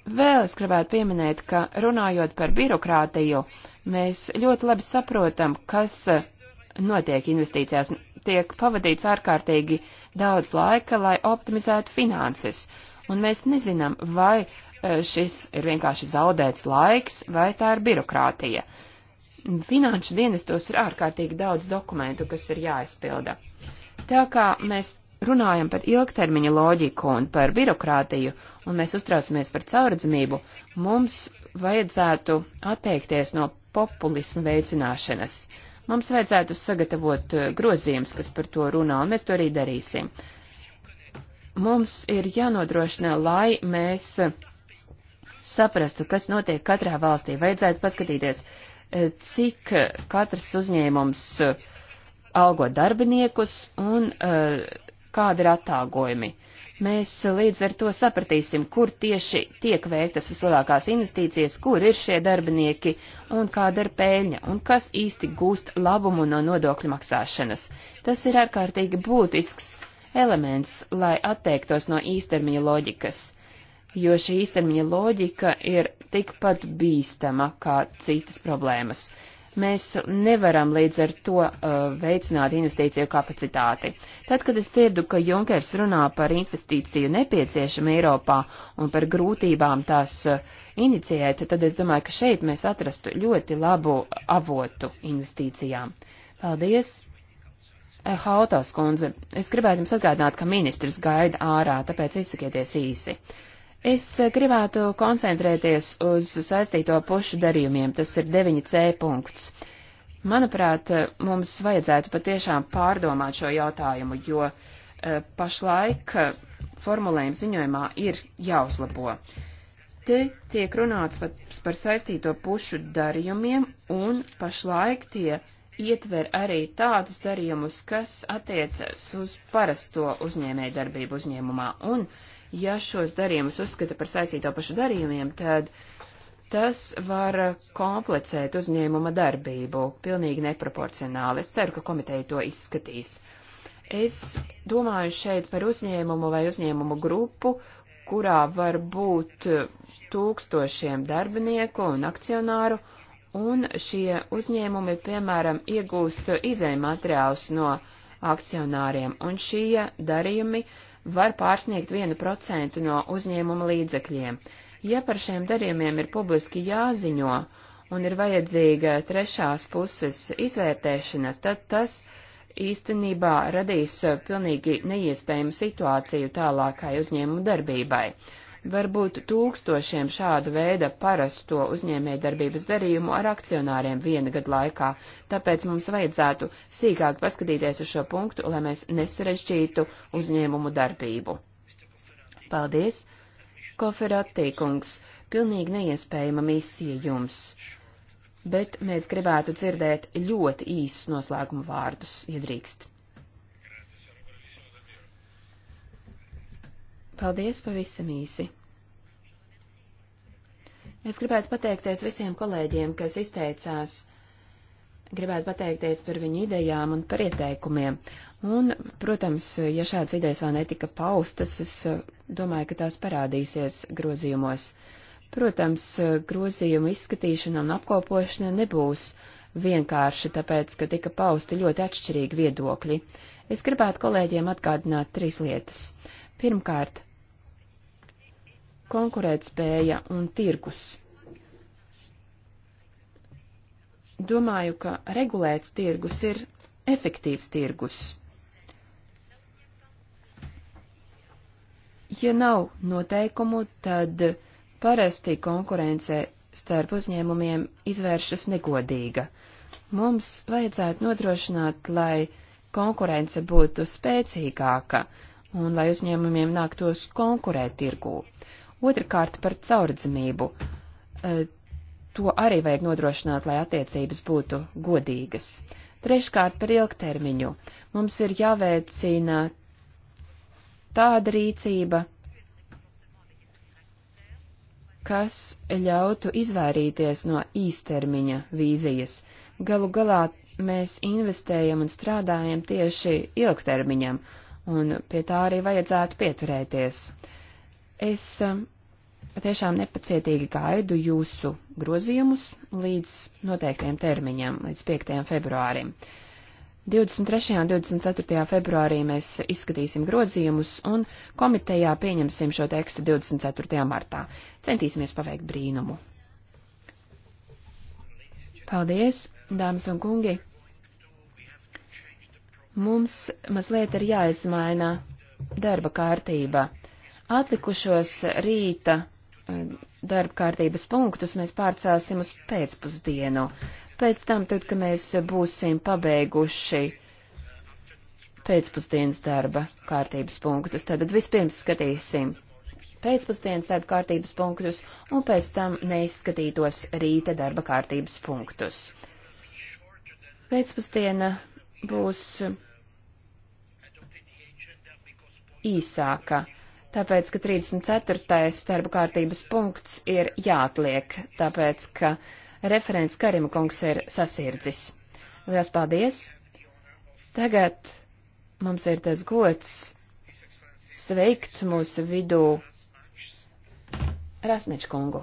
Vēl es gribētu pieminēt, ka runājot par birokrātiju, mēs ļoti labi saprotam, kas notiek investīcijās. Tiek pavadīts ārkārtīgi daudz laika, lai optimizētu finanses. Un mēs nezinām, vai e, šis ir vienkārši zaudēts laiks, vai tā ir birokrātija. Finanšu dienestos ir ārkārtīgi daudz dokumentu, kas ir jāizpilda. Tā kā mēs runājam par ilgtermiņa loģiku un par birokrātiju, un mēs uztraucamies par caurredzamību, mums vajadzētu atteikties no populismu veicināšanas. Mums vajadzētu sagatavot eh, grozījums, kas par to runā, un mēs to arī darīsim. Mums ir jānodrošina, lai mēs saprastu, kas notiek katrā valstī. Vajadzētu paskatīties, eh, cik katrs uzņēmums uh, algot darbiniekus un uh, kādi ir atāgojumi. Mēs līdz ar to sapratīsim, kur tieši tiek veiktas vislielākās investīcijas, kur ir šie darbinieki un kāda ir pēļņa un kas īsti gūst labumu no nodokļu maksāšanas. Tas ir ārkārtīgi būtisks elements, lai atteiktos no īstermiņa loģikas, jo šī īstermiņa loģika ir tikpat bīstama kā citas problēmas. Mēs nevaram līdz ar to uh, veicināt investīciju kapacitāti. Tad, kad es dzirdu, ka Junkers runā par investīciju nepieciešamu Eiropā un par grūtībām tās uh, inicijēt, tad es domāju, ka šeit mēs atrastu ļoti labu avotu investīcijām. Paldies! Eh, Hautās kundze, es gribētu jums atgādināt, ka ministrs gaida ārā, tāpēc izsakieties īsi. Uh, Es gribētu koncentrēties uz saistīto pušu darījumiem, tas ir 9C punkts. Manuprāt, mums vajadzētu patiešām pārdomāt šo jautājumu, jo eh, pašlaik eh, formulējums ziņojumā ir jāuzlabo. Te tiek runāts par saistīto pušu darījumiem, un pašlaik tie ietver arī tādus darījumus, kas attiecas uz parasto uzņēmējdarbību uzņēmumā, un uh, Ja šos darījumus uzskata par saistīto pašu darījumiem, tad tas var komplicēt uzņēmuma darbību pilnīgi neproporcionāli. Es ceru, ka komiteja to izskatīs. Es domāju šeit par uzņēmumu vai uzņēmumu grupu, kurā var būt tūkstošiem darbinieku un akcionāru, un šie uzņēmumi, piemēram, iegūst izējumateriālus no akcionāriem, un šie darījumi uh, var pārsniegt 1% no uzņēmuma līdzekļiem. Ja par šiem darījumiem ir publiski jāziņo un ir vajadzīga trešās puses izvērtēšana, tad tas īstenībā radīs pilnīgi neiespējamu situāciju tālākai uzņēmumu darbībai varbūt tūkstošiem šāda veida parasto uzņēmējdarbības darījumu ar akcionāriem viena gada laikā, tāpēc mums vajadzētu sīkāk paskatīties uz šo punktu, lai mēs nesarežģītu uzņēmumu darbību. Paldies, Koferatī kungs, pilnīgi neiespējama misija jums, bet mēs gribētu dzirdēt ļoti īsus noslēguma vārdus, ja drīkst. Paldies pavisam īsi. Es gribētu pateikties visiem kolēģiem, kas izteicās. Gribētu pateikties par viņu idejām un par ieteikumiem. Un, protams, ja šādas idejas vēl netika paustas, es eh, domāju, ka tās parādīsies grozījumos. Protams, eh, grozījumu izskatīšana un apkopošana nebūs vienkārši tāpēc, ka tika pausti ļoti atšķirīgi viedokļi. Es gribētu kolēģiem atgādināt trīs lietas. Pirmkārt, konkurētspēja un tirgus. Domāju, ka regulēts tirgus ir efektīvs tirgus. Ja nav noteikumu, tad parasti konkurence starp uzņēmumiem izvēršas negodīga. Mums vajadzētu nodrošināt, lai konkurence būtu spēcīgāka un lai uzņēmumiem nāktos konkurēt tirgū. Otrakārt par caurdzamību. Eh, to arī vajag nodrošināt, lai attiecības būtu godīgas. Treškārt par ilgtermiņu. Mums ir jāveicina tāda rīcība, kas ļautu izvairīties no īstermiņa vīzijas. Galu galā mēs investējam un strādājam tieši ilgtermiņam, un pie tā arī vajadzētu pieturēties. Es eh, patiešām nepacietīgi gaidu jūsu grozījumus līdz noteiktiem termiņam, līdz 5. februārim. 23. un 24. februārī mēs izskatīsim grozījumus un komitejā pieņemsim šo tekstu 24. martā. Centīsimies paveikt brīnumu. Paldies, dāmas un kungi! Mums mazliet ir jāizmaina darba kārtība. Atlikušos rīta eh, darba kārtības punktus mēs pārcāsim uz pēcpusdienu. Pēc tam, tad, kad mēs būsim pabeiguši pēcpusdienas darba kārtības punktus, tad vispirms skatīsim pēcpusdienas darba kārtības punktus un pēc tam neizskatītos rīta darba kārtības punktus. Pēcpusdiena būs īsāka tāpēc, ka 34. darba kārtības punkts ir jāatliek, tāpēc, ka referents Karima kungs ir sasirdzis. Lielas paldies! Tagad mums ir tas gods sveikt mūsu vidū Rasničkungu.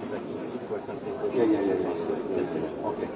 that's a key sequence and things. Yeah, yeah, yeah, yeah. That's it. Okay.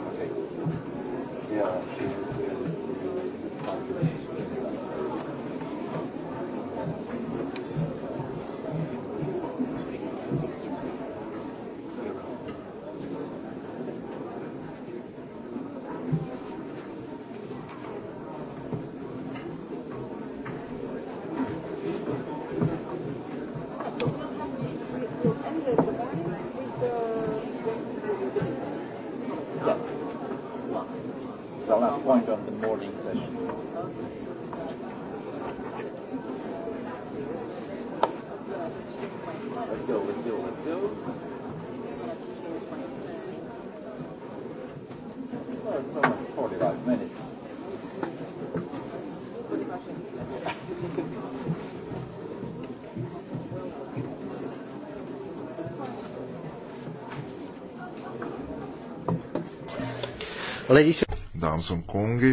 Dāmas un kungi,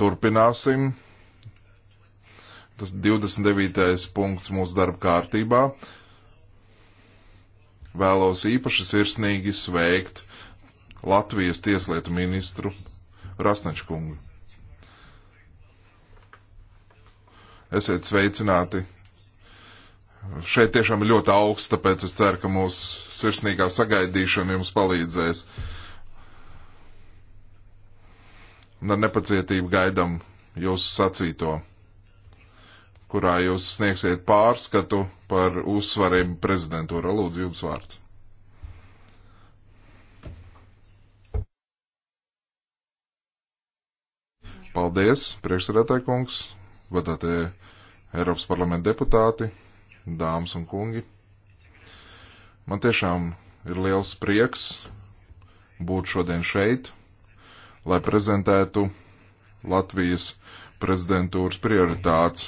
turpināsim. Tas 29. punkts mūsu darba kārtībā. Vēlos īpaši sirsnīgi sveikt Latvijas tieslietu ministru Rasnečkungu. Esiet sveicināti Šeit tiešām ir ļoti augsts, tāpēc es ceru, ka mūsu sirsnīgā sagaidīšana jums palīdzēs. Un ar nepacietību gaidam jūsu sacīto, kurā jūs sniegsiet pārskatu par uzsvariem prezidentūra. Lūdzu, jums vārds. Paldies, priekšsēdētāji kungs, vadātie Eiropas parlamenta deputāti, dāmas un kungi. Man tiešām ir liels prieks būt šodien šeit, lai prezentētu Latvijas prezidentūras prioritātes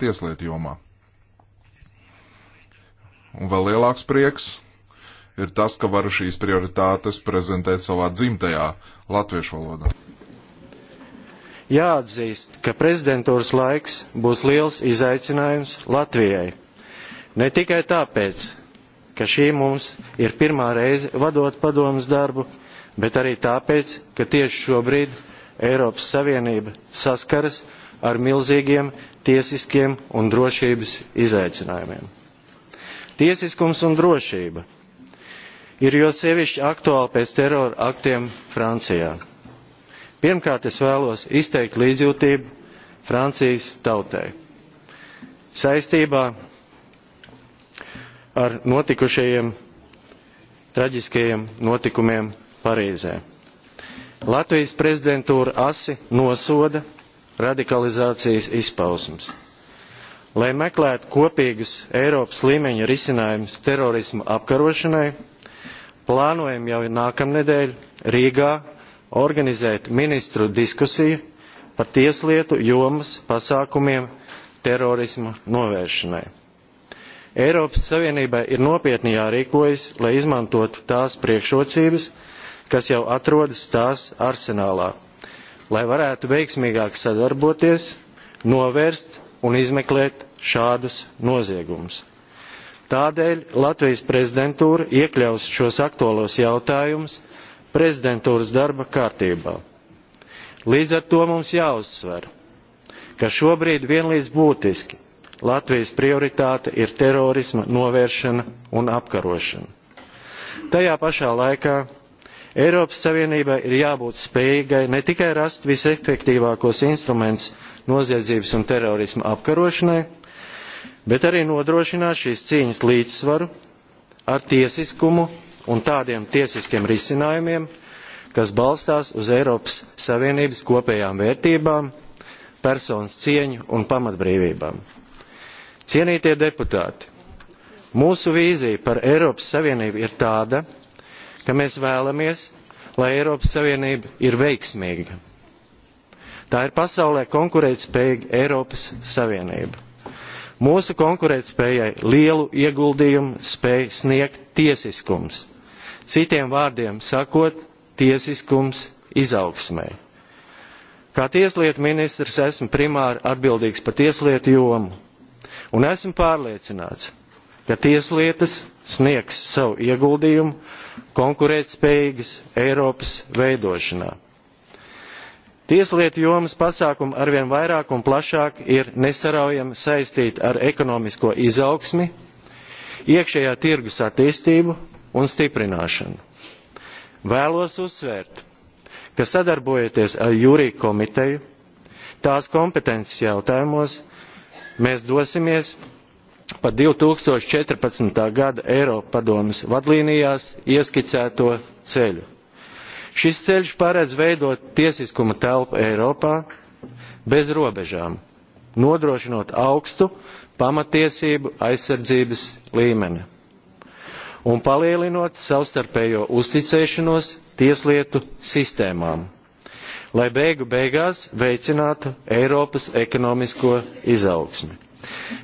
tieslietu jomā. Un vēl lielāks prieks ir tas, ka varu šīs prioritātes prezentēt savā dzimtajā latviešu valodā. Jāatzīst, ka prezidentūras laiks būs liels izaicinājums Latvijai. Ne tikai tāpēc, ka šī mums ir pirmā reize vadot padomas darbu, bet arī tāpēc, ka tieši šobrīd Eiropas Savienība saskaras ar milzīgiem tiesiskiem un drošības izaicinājumiem. Tiesiskums un drošība ir jo sevišķi aktuāli pēc terora aktiem Francijā. Pirmkārt, es vēlos izteikt līdzjūtību Francijas tautai saistībā ar notikušajiem traģiskajiem notikumiem Parīzē. Latvijas prezidentūra asi nosoda radikalizācijas izpausmes. Lai meklētu kopīgus Eiropas līmeņa risinājumus terorismu apkarošanai, plānojam jau nākamnedēļ Rīgā organizēt ministru diskusiju par tieslietu jomas pasākumiem terorisma novēršanai Eiropas Savienībai ir nopietni jārīkojas, lai izmantotu tās priekšrocības, kas jau atrodas tās arsenālā, lai varētu veiksmīgāk sadarboties, novērst un izmeklēt šādus noziegumus. Tādēļ Latvijas prezidentūra iekļaus šos aktuālos jautājumus prezidentūras darba kārtībā. Līdz ar to mums jāuzsver, ka šobrīd vienlīdz būtiski Latvijas prioritāte ir terorisma novēršana un apkarošana. Tajā pašā laikā Eiropas Savienībai ir jābūt spējīgai ne tikai rast visefektīvākos instrumentus noziedzības un terorisma apkarošanai, bet arī nodrošināt šīs cīņas līdzsvaru ar tiesiskumu un tādiem tiesiskiem risinājumiem, kas balstās uz Eiropas Savienības kopējām vērtībām, personas cieņu un pamatbrīvībām. Cienītie deputāti, mūsu vīzija par Eiropas Savienību ir tāda, ka mēs vēlamies, lai Eiropas Savienība ir veiksmīga. Tā ir pasaulē konkurētspējīga Eiropas Savienība. Mūsu konkurētspējai lielu ieguldījumu spēj sniegt tiesiskums. Citiem vārdiem sakot, tiesiskums izaugsmē. Kā tieslietu ministrs esmu primāri atbildīgs par tieslietu jomu Un esmu pārliecināts, ka tieslietas sniegs savu ieguldījumu konkurētspējīgas Eiropas veidošanā. Tieslietu jomas pasākumi arvien vairāk un plašāk ir nesaraujami saistīti ar ekonomisko izaugsmi, iekšējā tirgus attīstību un stiprināšanu. Vēlos uzsvērt, ka sadarbojoties ar jūriju komiteju, tās kompetences jautājumos mēs dosimies pa 2014. gada Eiropadomes vadlīnijās ieskicēto ceļu. Šis ceļš paredz veidot tiesiskuma telpu Eiropā bez robežām, nodrošinot augstu pamatiesību aizsardzības līmeni un palielinot savstarpējo uzticēšanos tieslietu sistēmām lai beigu beigās veicinātu Eiropas ekonomisko izaugsmi.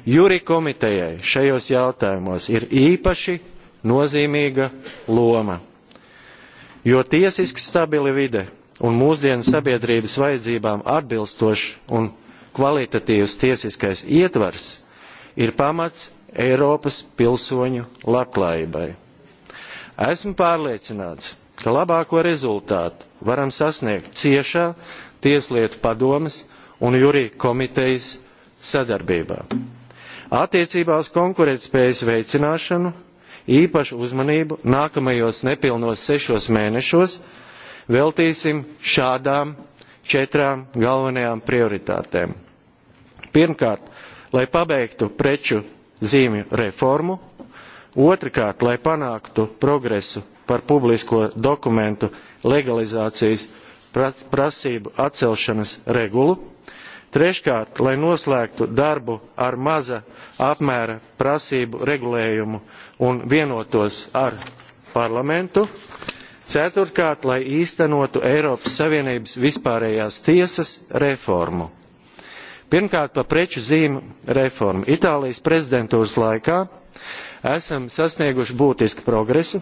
Juri komitejai šajos jautājumos ir īpaši nozīmīga loma, jo tiesiski stabili vide un mūsdienu sabiedrības vajadzībām atbilstošs un kvalitatīvs tiesiskais ietvars ir pamats Eiropas pilsoņu labklājībai. Esmu pārliecināts, ka labāko rezultātu varam sasniegt ciešā tieslietu padomes un jurī komitejas sadarbībā. Attiecībā uz konkurētspējas veicināšanu īpašu uzmanību nākamajos nepilnos sešos mēnešos veltīsim šādām četrām galvenajām prioritātēm. Pirmkārt, lai pabeigtu preču zīmju reformu, otrkārt, lai panāktu progresu par publisko dokumentu legalizācijas prasību atcelšanas regulu. Treškārt, lai noslēgtu darbu ar maza apmēra prasību regulējumu un vienotos ar parlamentu. Ceturtkārt, lai īstenotu Eiropas Savienības vispārējās tiesas reformu pirmkārt par preču zīmju reformu itālijas prezidentūras laikā esam sasnieguši būtisku progresu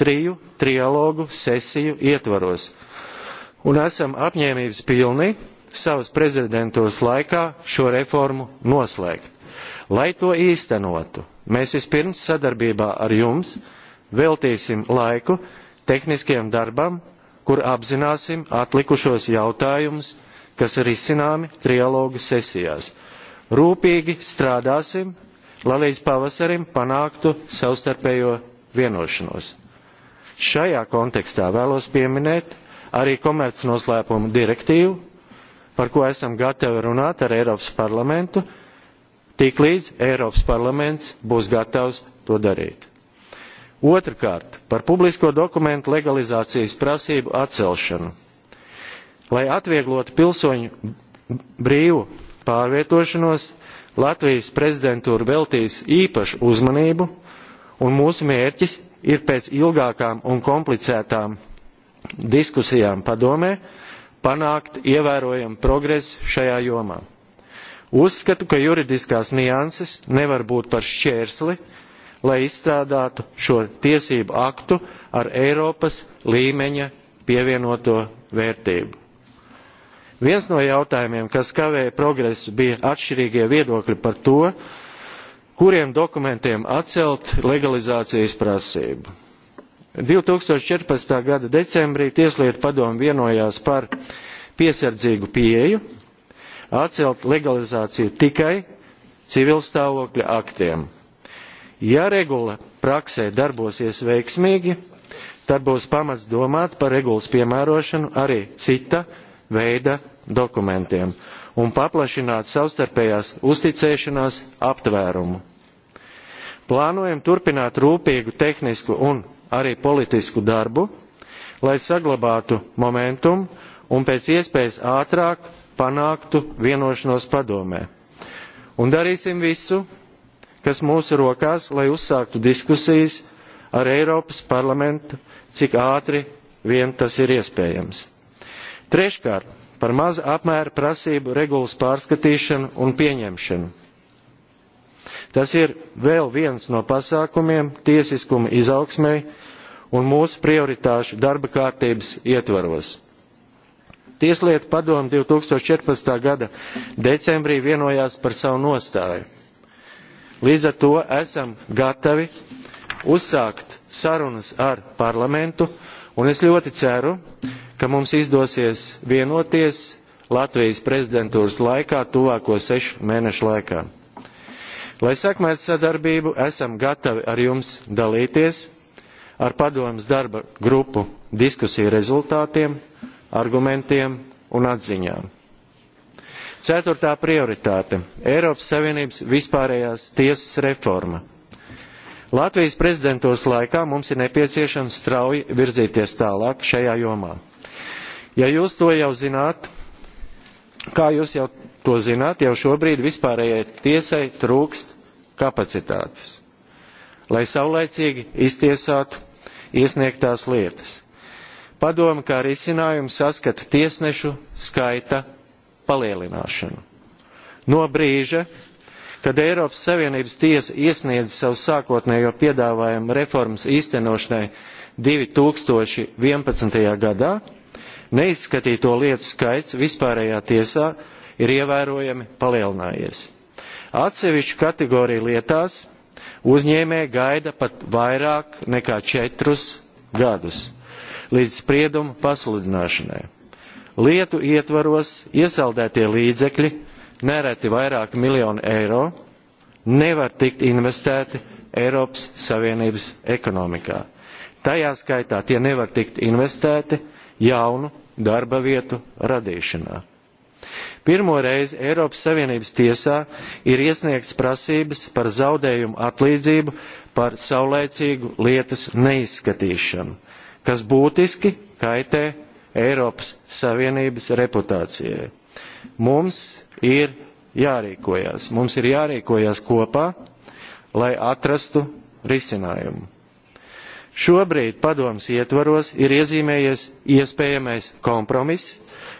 triju trialogu sesiju ietvaros un esam apņēmības pilni savas prezidentūras laikā šo reformu noslēgt. Lai to īstenotu, mēs vispirms sadarbībā ar jums veltīsim laiku tehniskiem darbam, kur apzināsim atlikušos jautājumus kas ir izcināmi trialoga sesijās. Rūpīgi strādāsim, lai līdz pavasarim panāktu savstarpējo vienošanos. Šajā kontekstā vēlos pieminēt arī komercnoslēpumu direktīvu, par ko esam gatavi runāt ar Eiropas parlamentu, tiklīdz Eiropas parlaments būs gatavs to darīt. Otrakārt, par publisko dokumentu legalizācijas prasību atcelšanu lai atvieglotu pilsoņu brīvu pārvietošanos latvijas prezidentūra veltīs īpašu uzmanību un mūsu mērķis ir pēc ilgākām un komplicētām diskusijām padomē panākt ievērojamu progresu šajā jomā. Uzskatu, ka juridiskās nianses nevar būt par šķērsli, lai izstrādātu šo tiesību aktu ar Eiropas līmeņa pievienoto vērtību. Viens no jautājumiem, kas kavēja progresu, bija atšķirīgie viedokļi par to, kuriem dokumentiem atcelt legalizācijas prasību. 2014. gada decembrī Tieslietu padomu vienojās par piesardzīgu pieeju, atcelt legalizāciju tikai civilstāvokļa aktiem. Ja regula praksē darbosies veiksmīgi, tad būs pamats domāt par regulas piemērošanu arī cita veida dokumentiem un paplašināt savstarpējās uzticēšanās aptvērumu. Plānojam turpināt rūpīgu tehnisku un arī politisku darbu, lai saglabātu momentumu un pēc iespējas ātrāk panāktu vienošanos padomē. Un darīsim visu, kas mūsu rokās, lai uzsāktu diskusijas ar Eiropas parlamentu, cik ātri vien tas ir iespējams. Treškārt, par maza apmēra prasību regulas pārskatīšanu un pieņemšanu. Tas ir vēl viens no pasākumiem tiesiskuma izaugsmai un mūsu prioritāšu darba kārtības ietvaros. Tieslietu padomu 2014. gada decembrī vienojās par savu nostāju. Līdz ar to esam gatavi uzsākt sarunas ar parlamentu, un es ļoti ceru, ka mums izdosies vienoties Latvijas prezidentūras laikā tuvāko sešu mēnešu laikā. Lai sekmētu sadarbību, esam gatavi ar jums dalīties ar padomas darba grupu diskusiju rezultātiem, argumentiem un atziņām. Ceturtā prioritāte - Eiropas Savienības vispārējās tiesas reforma. Latvijas prezidentūras laikā mums ir nepieciešams strauji virzīties tālāk šajā jomā. Ja jūs to jau zināt, kā jūs jau to zināt, jau šobrīd vispārējai tiesai trūkst kapacitātes, lai saulēcīgi iztiesātu iesniegtās lietas. Padomi kā risinājumu saskata tiesnešu skaita palielināšanu. No brīža, kad Eiropas Savienības tiesa iesniedz savu sākotnējo piedāvājumu reformas īstenošanai 2011. gadā, neizskatīto lietu skaits vispārējā tiesā ir ievērojami palielinājies. Atsevišķu kategoriju lietās uzņēmēji gaida pat vairāk nekā četrus gadus līdz spriedumu pasludināšanai. Lietu ietvaros iesaldētie līdzekļi, nereti vairāk miljonu eiro, nevar tikt investēti Eiropas Savienības ekonomikā. Tajā skaitā tie nevar tikt investēti jaunu darba vietu radīšanā. Pirmo reizi Eiropas Savienības tiesā ir iesniegts prasības par zaudējumu atlīdzību par saulēcīgu lietas neizskatīšanu, kas būtiski kaitē Eiropas Savienības reputācijai. Mums ir jārīkojas, mums ir jārīkojas kopā, lai atrastu risinājumu. Šobrīd padomas ietvaros ir iezīmējies iespējamais kompromiss,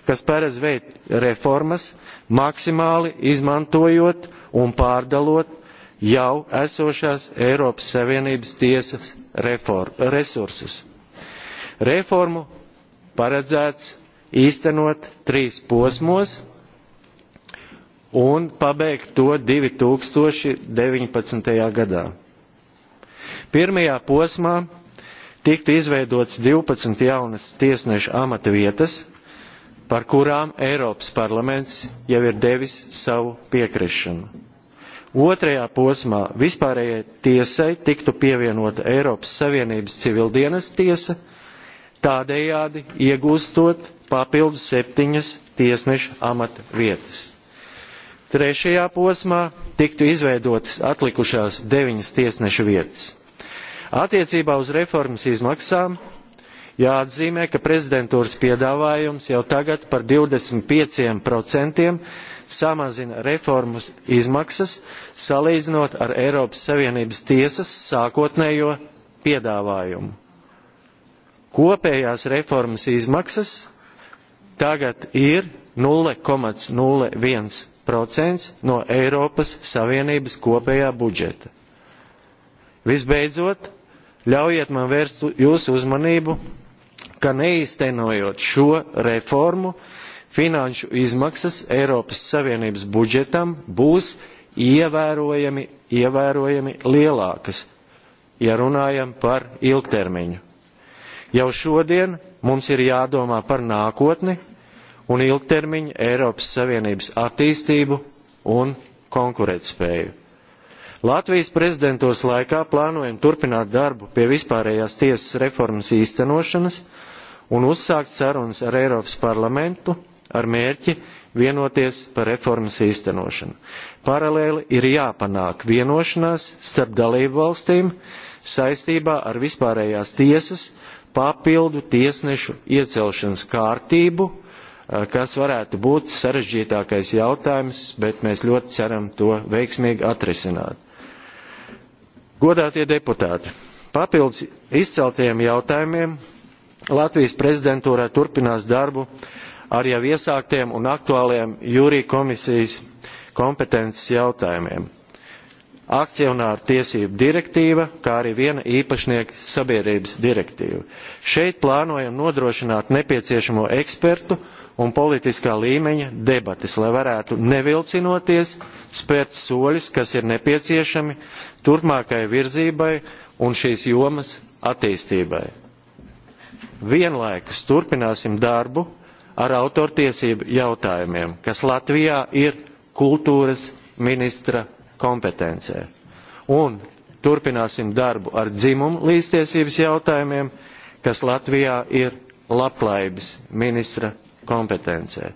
kas paredz veikt reformas, maksimāli izmantojot un pārdalot jau esošās Eiropas Savienības tiesas reform, resursus. Reformu paredzēts īstenot trīs posmos un pabeigt to 2019. gadā. Pirmajā posmā tiktu izveidots 12 jaunas tiesnešu amata vietas, par kurām Eiropas parlaments jau ir devis savu piekrišanu. Otrajā posmā vispārējai tiesai tiktu pievienota Eiropas Savienības civildienas tiesa, tādējādi iegūstot papildus septiņas tiesneša amata vietas. Trešajā posmā tiktu izveidotas atlikušās deviņas tiesneša vietas attiecībā uz reformas izmaksām jāatzīmē ka prezidentūras piedāvājums jau tagad par divdesmit pieciem procentiem samazina reformu izmaksas salīdzinot ar Eiropas Savienības tiesas sākotnējo piedāvājumu. Kopējās reformas izmaksas tagad ir 0,01% no Eiropas Savienības kopējā budžeta. Visbeidzot, ļaujiet man vērst jūsu uzmanību, ka neīstenojot šo reformu, finanšu izmaksas Eiropas Savienības budžetam būs ievērojami, ievērojami lielākas, ja runājam par ilgtermiņu. Jau šodien mums ir jādomā par nākotni un ilgtermiņu Eiropas Savienības attīstību un konkurētspēju. Latvijas prezidentūras laikā plānojam turpināt darbu pie vispārējās tiesas reformas īstenošanas un uzsākt sarunas ar Eiropas parlamentu ar mērķi vienoties par reformas īstenošanu. Paralēli ir jāpanāk vienošanās starp dalību valstīm saistībā ar vispārējās tiesas papildu tiesnešu iecelšanas kārtību, eh, kas varētu būt sarežģītākais jautājums, bet mēs ļoti ceram to veiksmīgi atrisināt. Godātie deputāti, papildus izceltiem jautājumiem Latvijas prezidentūrā turpinās darbu ar jau iesāktiem un aktuāliem jūrī komisijas kompetences jautājumiem. Akcionāru tiesību direktīva, kā arī viena īpašnieka sabiedrības direktīva. Šeit plānojam nodrošināt nepieciešamo ekspertu un politiskā līmeņa debates, lai varētu nevilcinoties spērt soļus, kas ir nepieciešami turpmākai virzībai un šīs jomas attīstībai. Vienlaikus turpināsim darbu ar autortiesību jautājumiem, kas Latvijā ir kultūras ministra kompetencē. Un turpināsim darbu ar dzimumu līdztiesības jautājumiem, kas Latvijā ir labklājības ministra kompetencē.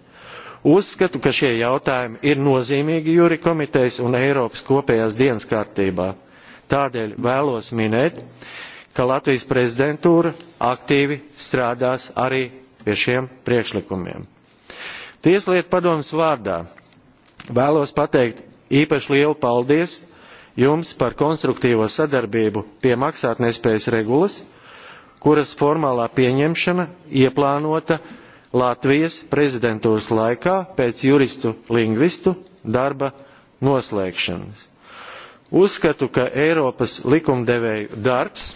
Uzskatu, ka šie jautājumi ir nozīmīgi jūri komitejas un Eiropas kopējās dienas kārtībā. Tādēļ vēlos minēt, ka Latvijas prezidentūra aktīvi strādās arī pie šiem priekšlikumiem. Tieslietu padomas vārdā vēlos pateikt īpaši lielu paldies jums par konstruktīvo sadarbību pie maksātnespējas regulas, kuras formālā pieņemšana ieplānota Latvijas prezidentūras laikā pēc juristu lingvistu darba noslēgšanas. Uzskatu, ka Eiropas likumdevēju darbs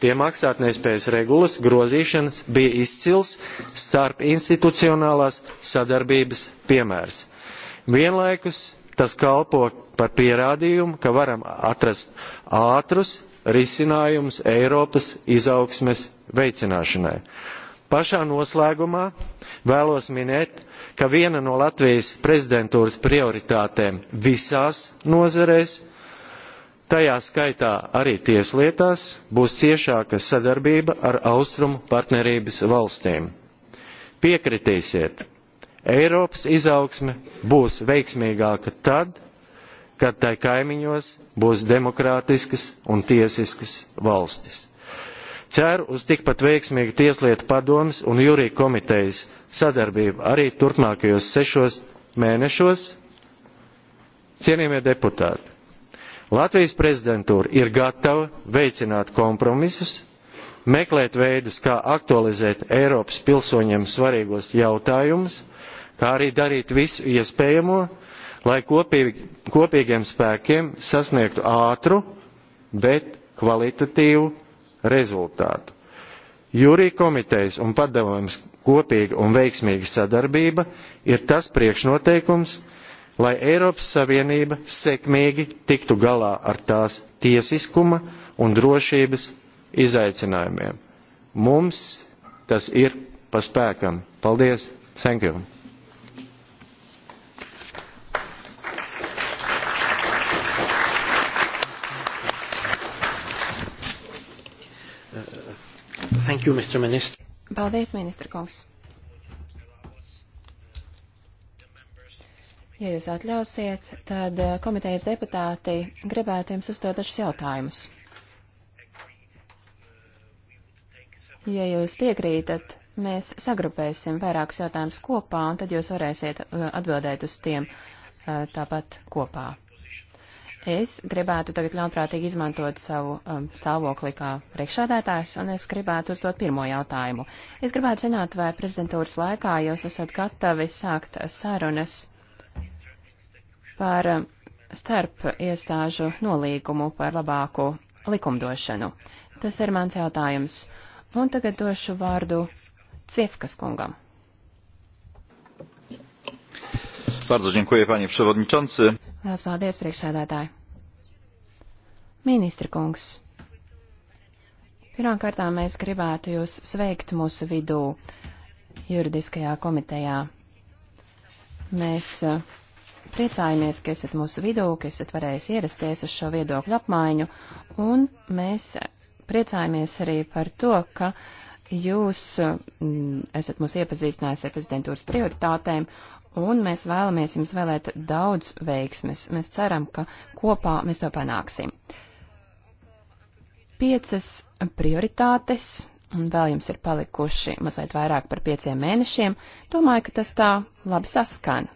pie maksātnespējas regulas grozīšanas bija izcils starp institucionālās sadarbības piemērs. Vienlaikus tas kalpo par pierādījumu, ka varam atrast ātrus risinājumus Eiropas izaugsmes veicināšanai pašā noslēgumā vēlos minēt ka viena no latvijas prezidentūras prioritātēm visās nozarēs tajā skaitā arī tieslietās būs ciešāka sadarbība ar austrumu partnerības valstīm. piekritīsiet eiropas izaugsme būs veiksmīgāka tad kad tai kaimiņos būs demokrātiskas un tiesiskas valstis. Ceru uz tikpat veiksmīgu Tieslietu padomas un jūrija komitejas sadarbību arī turpmākajos sešos mēnešos. Cienījamie deputāti, Latvijas prezidentūra ir gatava veicināt kompromisus, meklēt veidus, kā aktualizēt Eiropas pilsoņiem svarīgos jautājumus, kā arī darīt visu iespējamo, lai kopīgi, kopīgiem spēkiem sasniegtu ātru, bet kvalitatīvu rezultātu. Jūrija komitejas un padomjas kopīga un veiksmīga sadarbība ir tas priekšnoteikums, lai Eiropas Savienība sekmīgi tiktu galā ar tās tiesiskuma un drošības izaicinājumiem. Mums tas ir pa spēkam. Paldies! Thank you. you, Mr. Minister. Paldies, ministra kungs. Ja jūs atļausiet, tad eh, komitejas deputāti gribētu jums uzdot dažus jautājumus. Ja jūs piekrītat, mēs sagrupēsim vairākus jautājumus kopā, un tad jūs varēsiet eh, atbildēt uz tiem eh, tāpat kopā. Es gribētu tagad ļaunprātīgi izmantot savu um, stāvokli kā priekšādātājs, un es gribētu uzdot pirmo jautājumu. Es gribētu zināt, vai prezidentūras laikā jūs esat gatavi sākt sarunas par um, starp iestāžu nolīgumu par labāku likumdošanu. Tas ir mans jautājums. Un tagad došu vārdu Cievkas kungam. Bardzo dziękuję, panie przewodniczący. Lielas paldies, priekšsēdētāji. Ministra kungs, pirmkārtām mēs gribētu jūs sveikt mūsu vidū juridiskajā komitejā. Mēs eh, priecājamies, ka esat mūsu vidū, ka esat varējis ierasties uz šo viedokļu apmaiņu, un mēs eh, priecājamies arī par to, ka jūs mm, esat mūs iepazīstinājis ar prezidentūras prioritātēm, un mēs vēlamies jums vēlēt daudz veiksmes. Mēs ceram, ka kopā mēs to panāksim. Uh, piecas prioritātes, un vēl jums ir palikuši mazliet vairāk par pieciem mēnešiem. Domāju, ka tas tā labi saskan.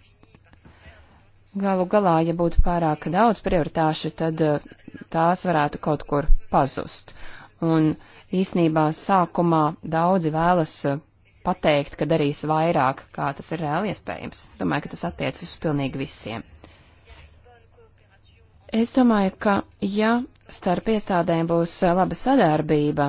Galu galā, ja būtu pārāk daudz prioritāšu, tad eh, tās varētu kaut kur pazust. Un īsnībā sākumā daudzi vēlas eh, pateikt, ka darīs vairāk, kā tas ir reāli iespējams. Domāju, ka tas attiecas uz pilnīgi visiem. Es domāju, ka ja starp iestādēm būs eh, laba sadarbība,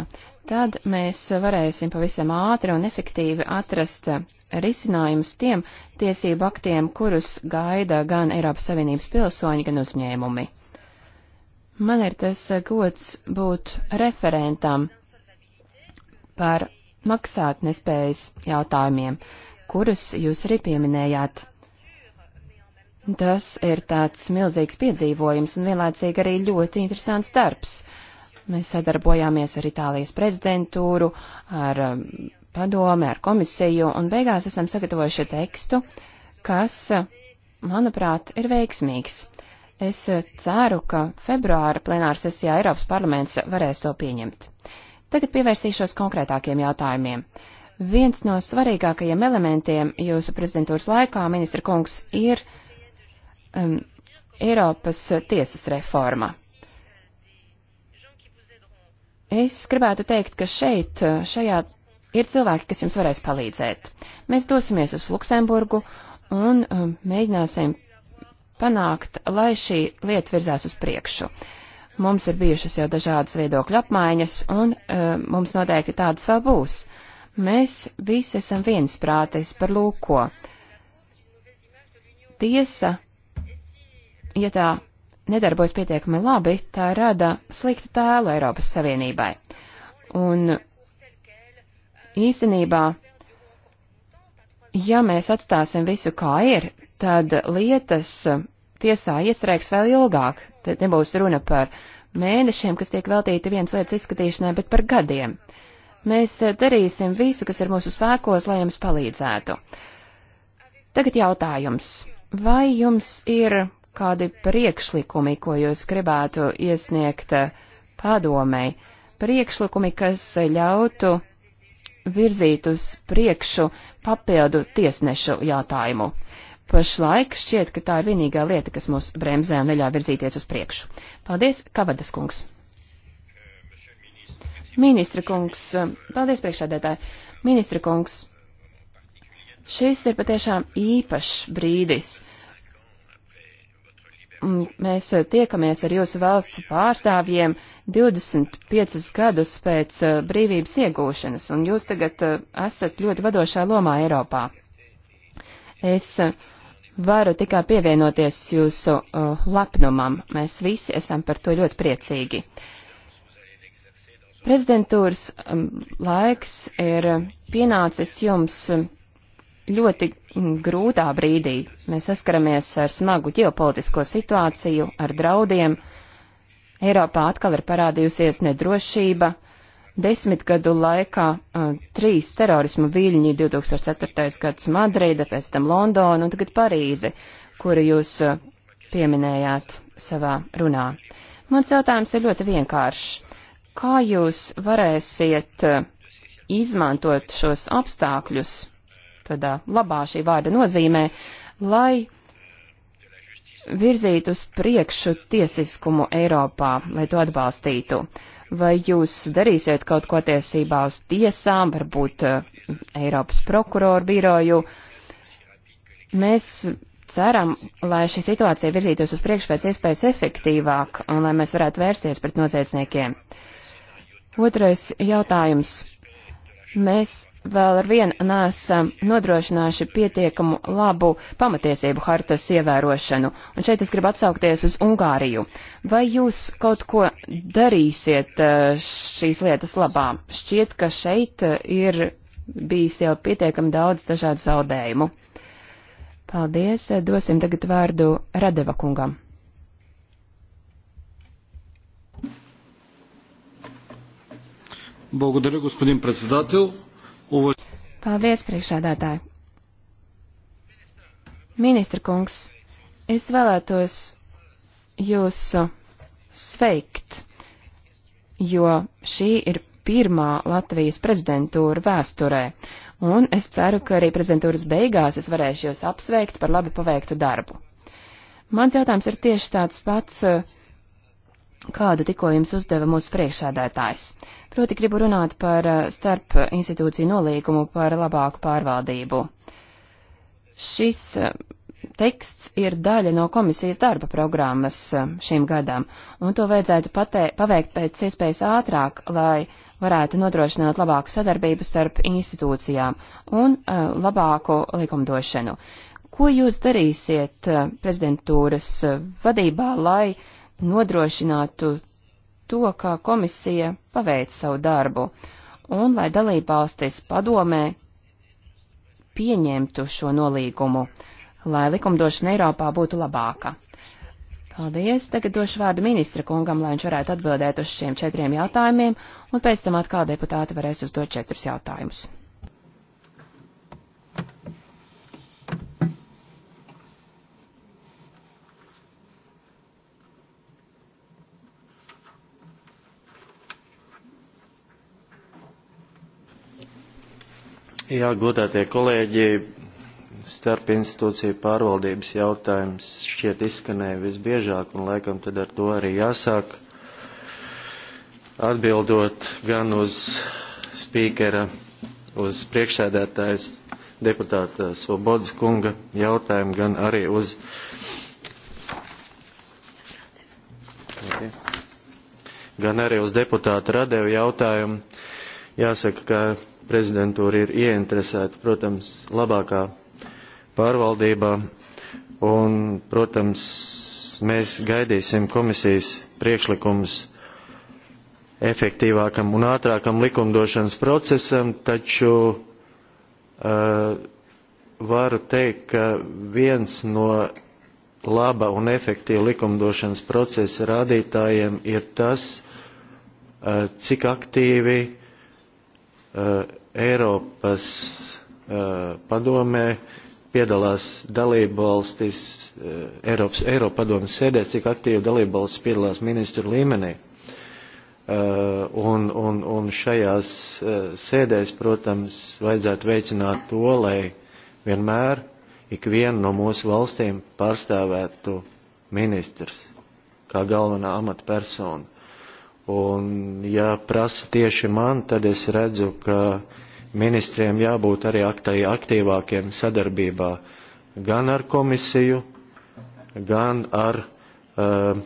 tad mēs varēsim pavisam ātri un efektīvi atrast eh, risinājumus tiem tiesību aktiem, kurus gaida gan Eiropas Savienības pilsoņi, gan uzņēmumi. Man ir tas eh, gods būt referentam par maksātnespējas jautājumiem, kurus jūs arī pieminējāt. Tas ir tāds milzīgs piedzīvojums un vienlaicīgi arī ļoti interesants darbs. Mēs sadarbojāmies ar Itālijas prezidentūru, ar um, padome, ar komisiju, un beigās esam sagatavojuši tekstu, kas, manuprāt, ir veiksmīgs. Es uh, ceru, ka februāra plenāra sesijā Eiropas parlaments varēs to pieņemt. Tagad pievērsīšos konkrētākiem jautājumiem. Viens no svarīgākajiem elementiem jūsu prezidentūras laikā, ministra kungs, ir uh, um, Eiropas tiesas reforma. Es gribētu teikt, ka šeit, šajā, ir cilvēki, kas jums varēs palīdzēt. Mēs dosimies uz Luksemburgu un um, mēģināsim panākt, lai šī lieta virzās uz priekšu. Mums ir bijušas jau dažādas viedokļu apmaiņas, un um, mums noteikti tādas vēl būs. Mēs visi esam viensprātis par lūko. Tiesa ja tā nedarbojas pietiekami labi, tā rada sliktu tēlu Eiropas Savienībai. Un īstenībā, ja mēs atstāsim visu kā ir, tad lietas tiesā iestrēgs vēl ilgāk. Tad nebūs runa par mēnešiem, kas tiek veltīti viens lietas izskatīšanai, bet par gadiem. Mēs darīsim visu, kas ir mūsu spēkos, lai jums palīdzētu. Tagad jautājums. Vai jums ir kādi priekšlikumi, ko jūs gribētu iesniegt padomei, priekšlikumi, kas ļautu virzīt uz priekšu papildu tiesnešu jautājumu. Pašlaik šķiet, ka tā ir vienīgā lieta, kas mūs bremzē un neļauj virzīties uz priekšu. Paldies, Kavadas kungs! Ministra kungs, paldies priekšādētāji, ministra kungs, šis ir patiešām īpašs brīdis mēs eh, tiekamies ar jūsu valsts pārstāvjiem 25 gadus pēc eh, brīvības iegūšanas, un jūs tagad eh, esat ļoti vadošā lomā Eiropā. Es varu tikai pievienoties jūsu lepnumam. Mēs visi esam par to ļoti priecīgi. Prezidentūras mm, laiks ir pienācis jums ļoti grūtā brīdī. Mēs saskaramies ar smagu ģeopolitisko situāciju, ar draudiem. Eiropā atkal ir parādījusies nedrošība. Desmit gadu laikā uh, trīs terorismu viļņi - 2004. gads Madrida, pēc tam Londona un tagad Parīze, kuru jūs uh, pieminējāt savā runā. Mans jautājums ir ļoti vienkāršs. Kā jūs varēsiet uh, izmantot šos apstākļus, tādā labā šī vārda nozīmē, lai virzīt uz priekšu tiesiskumu Eiropā, lai to atbalstītu? Vai jūs darīsiet kaut ko tiesībā uz tiesām, varbūt uh, Eiropas prokuroru biroju? Mēs ceram, lai šī situācija virzītos uz priekšu pēc iespējas efektīvāk un lai mēs varētu vērsties pret noziedzniekiem. Otrais jautājums mēs vēl ar vienu nesam nodrošinājuši pietiekamu labu pamatiesību hartas ievērošanu. Un šeit es gribu atsaukties uz Ungāriju. Vai jūs kaut ko darīsiet eh, šīs lietas labā? Šķiet, ka šeit eh, ir bijis jau pietiekami daudz dažādu zaudējumu. Paldies, dosim tagad vārdu Radeva kungam. Благодаря, господин председател. Уваж... Paldies, priekšādātāji. Ministra kungs, es vēlētos jūsu sveikt, jo šī ir pirmā Latvijas prezidentūra vēsturē, un es ceru, ka arī prezidentūras beigās es varēšu jūs apsveikt par labi paveiktu darbu. Mans jautājums ir tieši tāds pats, uh, kādu tikko jums uzdeva mūsu priekšsādētājs. Proti gribu runāt par eh, starp institūciju nolīgumu par labāku pārvaldību. Šis eh, teksts ir daļa no komisijas darba programmas eh, šim gadam, un to vajadzētu patē, paveikt pēc iespējas ātrāk, lai varētu nodrošināt labāku sadarbību starp institūcijām un uh, labāku likumdošanu. Ko jūs darīsiet prezidentūras vadībā, lai uh, nodrošinātu to, kā komisija paveic savu darbu, un lai dalībvalstis padomē pieņemtu šo nolīgumu, lai likumdošana Eiropā būtu labāka. Paldies, tagad došu vārdu ministra kungam, lai viņš varētu atbildēt uz šiem četriem jautājumiem, un pēc tam atkal deputāti varēs uzdot četrus jautājumus. Jā, godātie kolēģi, starp institūciju pārvaldības jautājums šķiet izskanēja visbiežāk, un laikam tad ar to arī jāsāk atbildot gan uz spīkera, uz priekšsēdētājas deputāta Svobodas kunga jautājumu, gan arī uz. Okay. Gan arī uz deputāta Radevu jautājumu. Jāsaka, ka prezidentūra ir ieinteresēta, protams, labākā pārvaldībā. Un, protams, mēs gaidīsim komisijas priekšlikumus efektīvākam un ātrākam likumdošanas procesam, taču uh, varu teikt, ka viens no laba un efektīva likumdošanas procesa rādītājiem ir tas, uh, cik aktīvi Eh, Eiropas eh, padomē piedalās dalībvalstis, eh, Eiropas Eiropadomas sēdē, cik aktīvi dalībvalstis piedalās ministru līmenī. Un, un, un šajās sēdēs, protams, vajadzētu veicināt to, lai vienmēr ikviena no mūsu valstīm pārstāvētu ministrs kā galvenā amatpersona. Un, ja prasa tieši man, tad es redzu, ka ministriem jābūt arī aktīvākiem sadarbībā gan ar komisiju, gan ar, uh,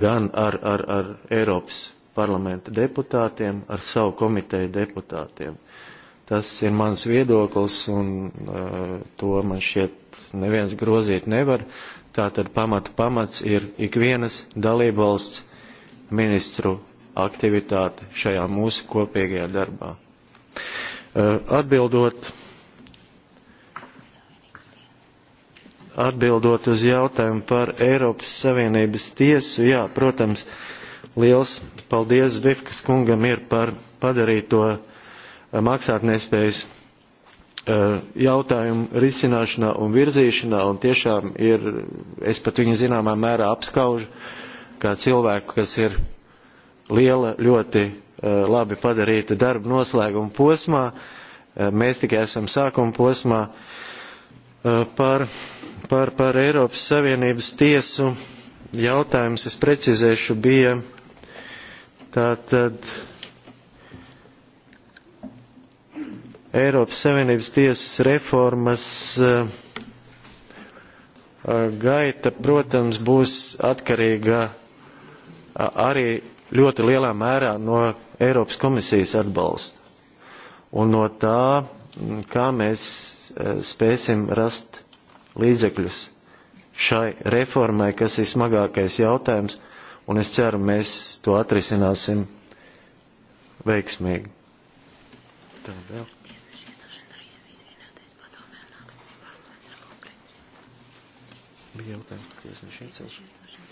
gan ar, ar, ar Eiropas parlamenta deputātiem, ar savu komiteju deputātiem. Tas ir mans viedoklis, un uh, to man šķiet neviens grozīt nevar. Tātad pamata pamats ir ikvienas dalībvalsts ministru aktivitāti šajā mūsu kopīgajā darbā. Eh, atbildot, atbildot uz jautājumu par Eiropas Savienības tiesu, jā, protams, liels paldies Zvifkas kungam ir par padarīto eh, maksātnespējas eh, jautājumu risināšanā un virzīšanā, un tiešām ir, es pat viņu zināmā mērā apskaužu, uh, kā cilvēku, kas ir liela, ļoti eh, labi padarīta darba noslēguma posmā, eh, mēs tikai esam sākuma posmā eh, par, par, par Eiropas Savienības tiesu jautājums, es precizēšu, bija tātad Eiropas Savienības tiesas reformas gaita, protams, būs atkarīga arī ļoti lielā mērā no Eiropas komisijas atbalsta un no tā, kā mēs e, spēsim rast līdzekļus šai reformai, kas ir smagākais jautājums, un es ceru, mēs to atrisināsim veiksmīgi. Tā vēl. Bija jautājums, kas ir šeit celšana.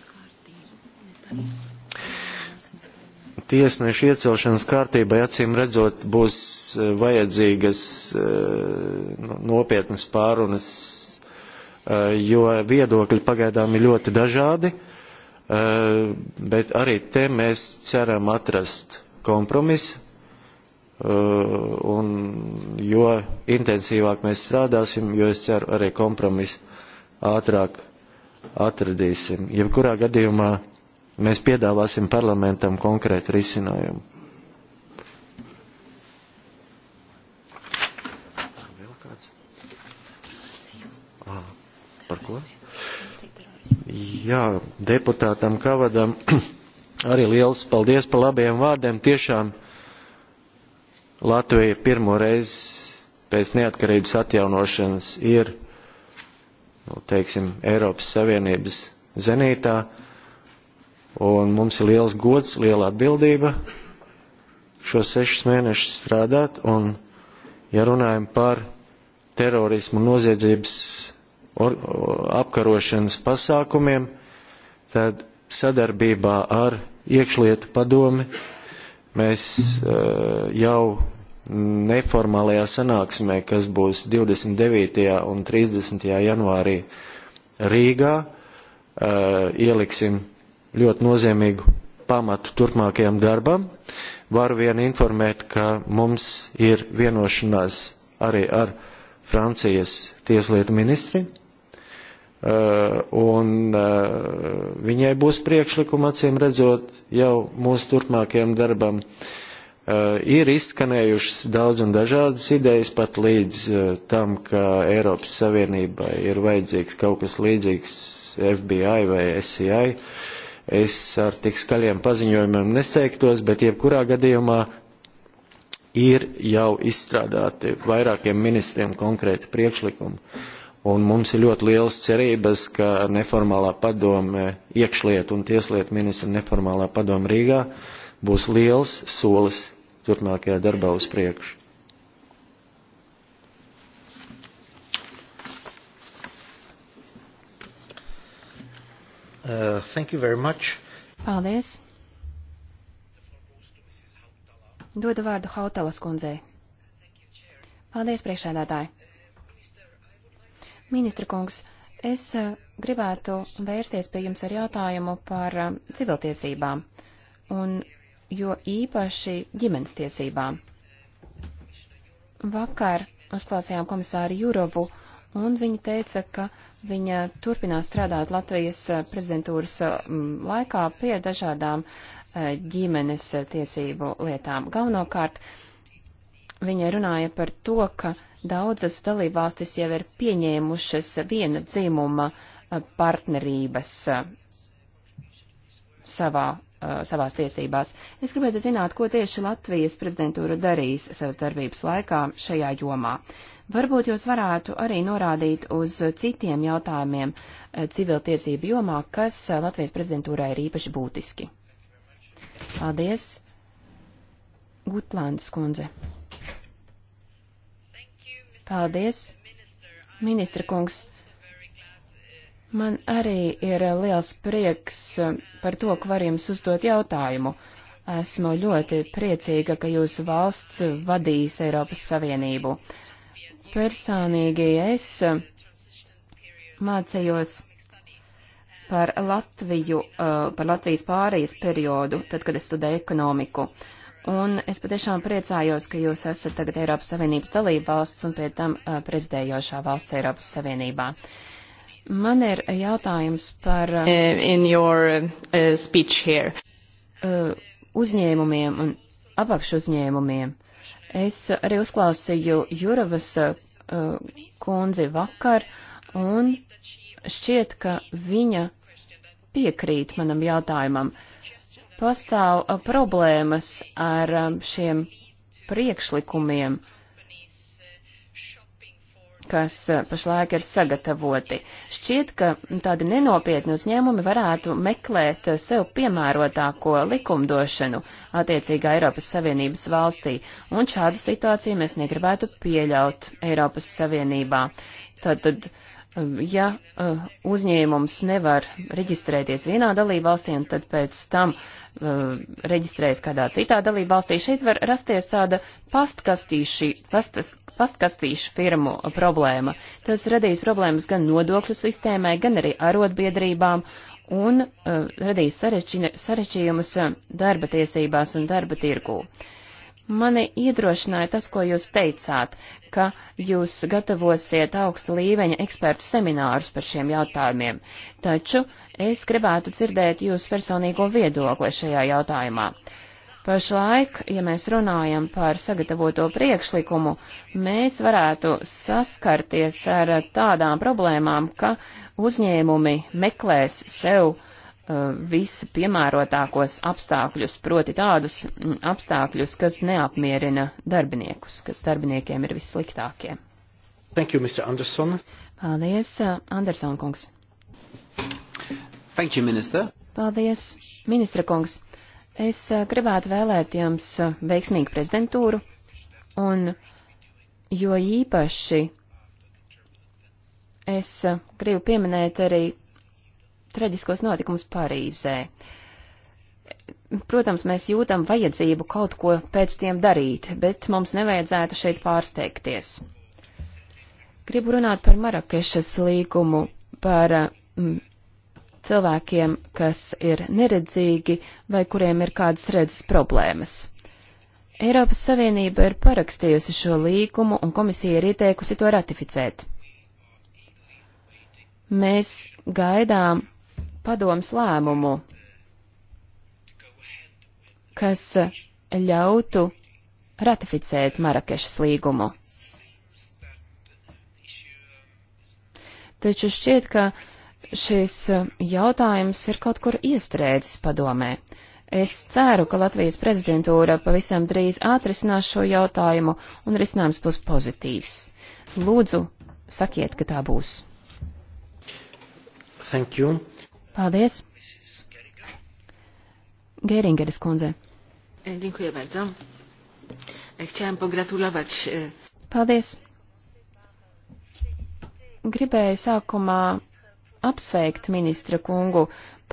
Tiesnešu iecelšanas kārtībai acīm redzot būs eh, vajadzīgas eh, nu, nopietnas pārunas, eh, jo viedokļi pagaidām ir ļoti dažādi, bet arī te mēs ceram atrast kompromisu, un jo intensīvāk mēs strādāsim, jo es ceru arī kompromisu ātrāk atradīsim. Jebkurā gadījumā mēs piedāvāsim parlamentam konkrētu risinājumu. Par ko? Jā, deputātam Kavadam arī liels paldies par labiem vārdiem. Tiešām Latvija pirmo reizi pēc neatkarības atjaunošanas ir, nu, teiksim, Eiropas Savienības zenītā Un mums ir liels gods, liela atbildība šos sešus mēnešus strādāt. Un, ja runājam par terorismu noziedzības or, apkarošanas pasākumiem, tad sadarbībā ar iekšlietu padomi mēs uh, jau neformālajā sanāksmē, kas būs 29. un 30. janvārī Rīgā, uh, ieliksim ļoti nozīmīgu pamatu turpmākajam darbam. Varu vien informēt, ka mums ir vienošanās arī ar Francijas tieslietu ministri, eh, un eh, viņai būs priekšlikuma acīm redzot jau mūsu turpmākajam darbam. Eh, ir izskanējušas daudz un dažādas idejas pat līdz tam, ka Eiropas Savienībai ir vajadzīgs kaut kas līdzīgs FBI vai SCI. Uh, es ar tik skaļiem paziņojumiem nesteigtos, bet jebkurā gadījumā ir jau izstrādāti vairākiem ministriem konkrēti priekšlikumi. Un mums ir ļoti liels cerības, ka neformālā padome iekšlietu un tieslietu ministra neformālā padome Rīgā būs liels solis turpmākajā darbā uz priekšu. Uh, thank you very much. Paldies. Dodu vārdu Hautalas kundzei. Paldies, priekšēdētāji. Ministra kungs, es uh, gribētu vērsties pie jums ar jautājumu par uh, civiltiesībām un jo īpaši ģimenes tiesībām. Vakar uzklausījām komisāru Jurovu, un viņa teica, ka Viņa turpinās strādāt Latvijas eh, prezidentūras eh, laikā pie dažādām eh, ģimenes tiesību lietām. Galvenokārt viņa runāja par to, ka daudzas dalībvalstis jau ir pieņēmušas viena dzimuma partnerības savā Uh, savās tiesībās. Es gribētu zināt, ko tieši Latvijas prezidentūra darīs savas darbības laikā šajā jomā. Varbūt jūs varētu arī norādīt uz citiem jautājumiem uh, civiltiesību jomā, kas uh, Latvijas prezidentūrai ir īpaši būtiski. Paldies, Gutlāns kundze. Paldies, um, ministra kungs. Man arī ir liels prieks eh, par to, ka var jums uzdot jautājumu. Esmu ļoti priecīga, ka jūsu valsts vadīs Eiropas Savienību. Personīgi es eh, mācījos par Latviju, eh, par Latvijas pārējas periodu, tad, kad es studēju ekonomiku. Un es patiešām priecājos, ka jūs esat tagad Eiropas Savienības dalība valsts un pie tam prezidējošā valsts Eiropas Savienībā. Uh, Man ir jautājums par uh, in your uh, speech here. Uh, uzņēmumiem un apakšu uzņēmumiem. Es arī uzklausīju Juravas kundzi vakar un šķiet, ka viņa piekrīt manam jautājumam. Pastāv problēmas ar um, šiem priekšlikumiem. Uh, kas eh, pašlaik ir sagatavoti. Šķiet, ka tādi nenopietni uzņēmumi varētu meklēt eh, sev piemērotāko likumdošanu attiecīgā Eiropas Savienības valstī, un šādu situāciju mēs negribētu pieļaut Eiropas Savienībā. Tad, tad ja uh, uzņēmums nevar reģistrēties vienā dalībvalstī un tad pēc tam uh, reģistrējas kādā citā dalībvalstī, šeit var rasties tāda pastkastīši, pastas, pastkastīšu firmu problēma. Tas radīs problēmas gan nodokļu sistēmai, gan arī arotbiedrībām un uh, radīs sarečījumus darba tiesībās un darba tirgū. Uh, Mani iedrošināja tas, ko jūs teicāt, ka jūs gatavosiet augsta līmeņa ekspertu seminārus par šiem jautājumiem, taču es gribētu dzirdēt jūsu personīgo viedokli šajā jautājumā. Pašlaik, ja mēs runājam par sagatavoto priekšlikumu, mēs varētu saskarties ar tādām problēmām, ka uzņēmumi meklēs sev uh, Uh, vispiemērotākos apstākļus, proti tādus mm, apstākļus, kas neapmierina darbiniekus, kas darbiniekiem ir vissliktākie. Thank you, Mr. Anderson. Paldies, uh, Anderson kungs. Thank you, minister. Paldies, ministra kungs. Es uh, gribētu vēlēt jums veiksmīgu prezidentūru un jo īpaši es gribu pieminēt arī traģiskos notikumus Parīzē. Protams, mēs jūtam vajadzību kaut ko pēc tiem darīt, bet mums nevajadzētu šeit pārsteigties. Gribu runāt par Marakešas līgumu, par mm, cilvēkiem, kas ir neredzīgi vai kuriem ir kādas redzes problēmas. Eiropas Savienība ir parakstījusi šo līgumu un komisija ir ieteikusi to ratificēt. Mēs gaidām padomas lēmumu, kas ļautu ratificēt Marakešas līgumu. Taču šķiet, ka šis jautājums ir kaut kur iestrēdzis padomē. Es ceru, ka Latvijas prezidentūra pavisam drīz atrisinās šo jautājumu un risinājums būs pozitīvs. Lūdzu, sakiet, ka tā būs. Thank you. Paldies. Gēringeres kundze. Dziękuję bardzo. E, chciałam pogratulować. E, Paldies. Gribēju sākumā apsveikt ministra kungu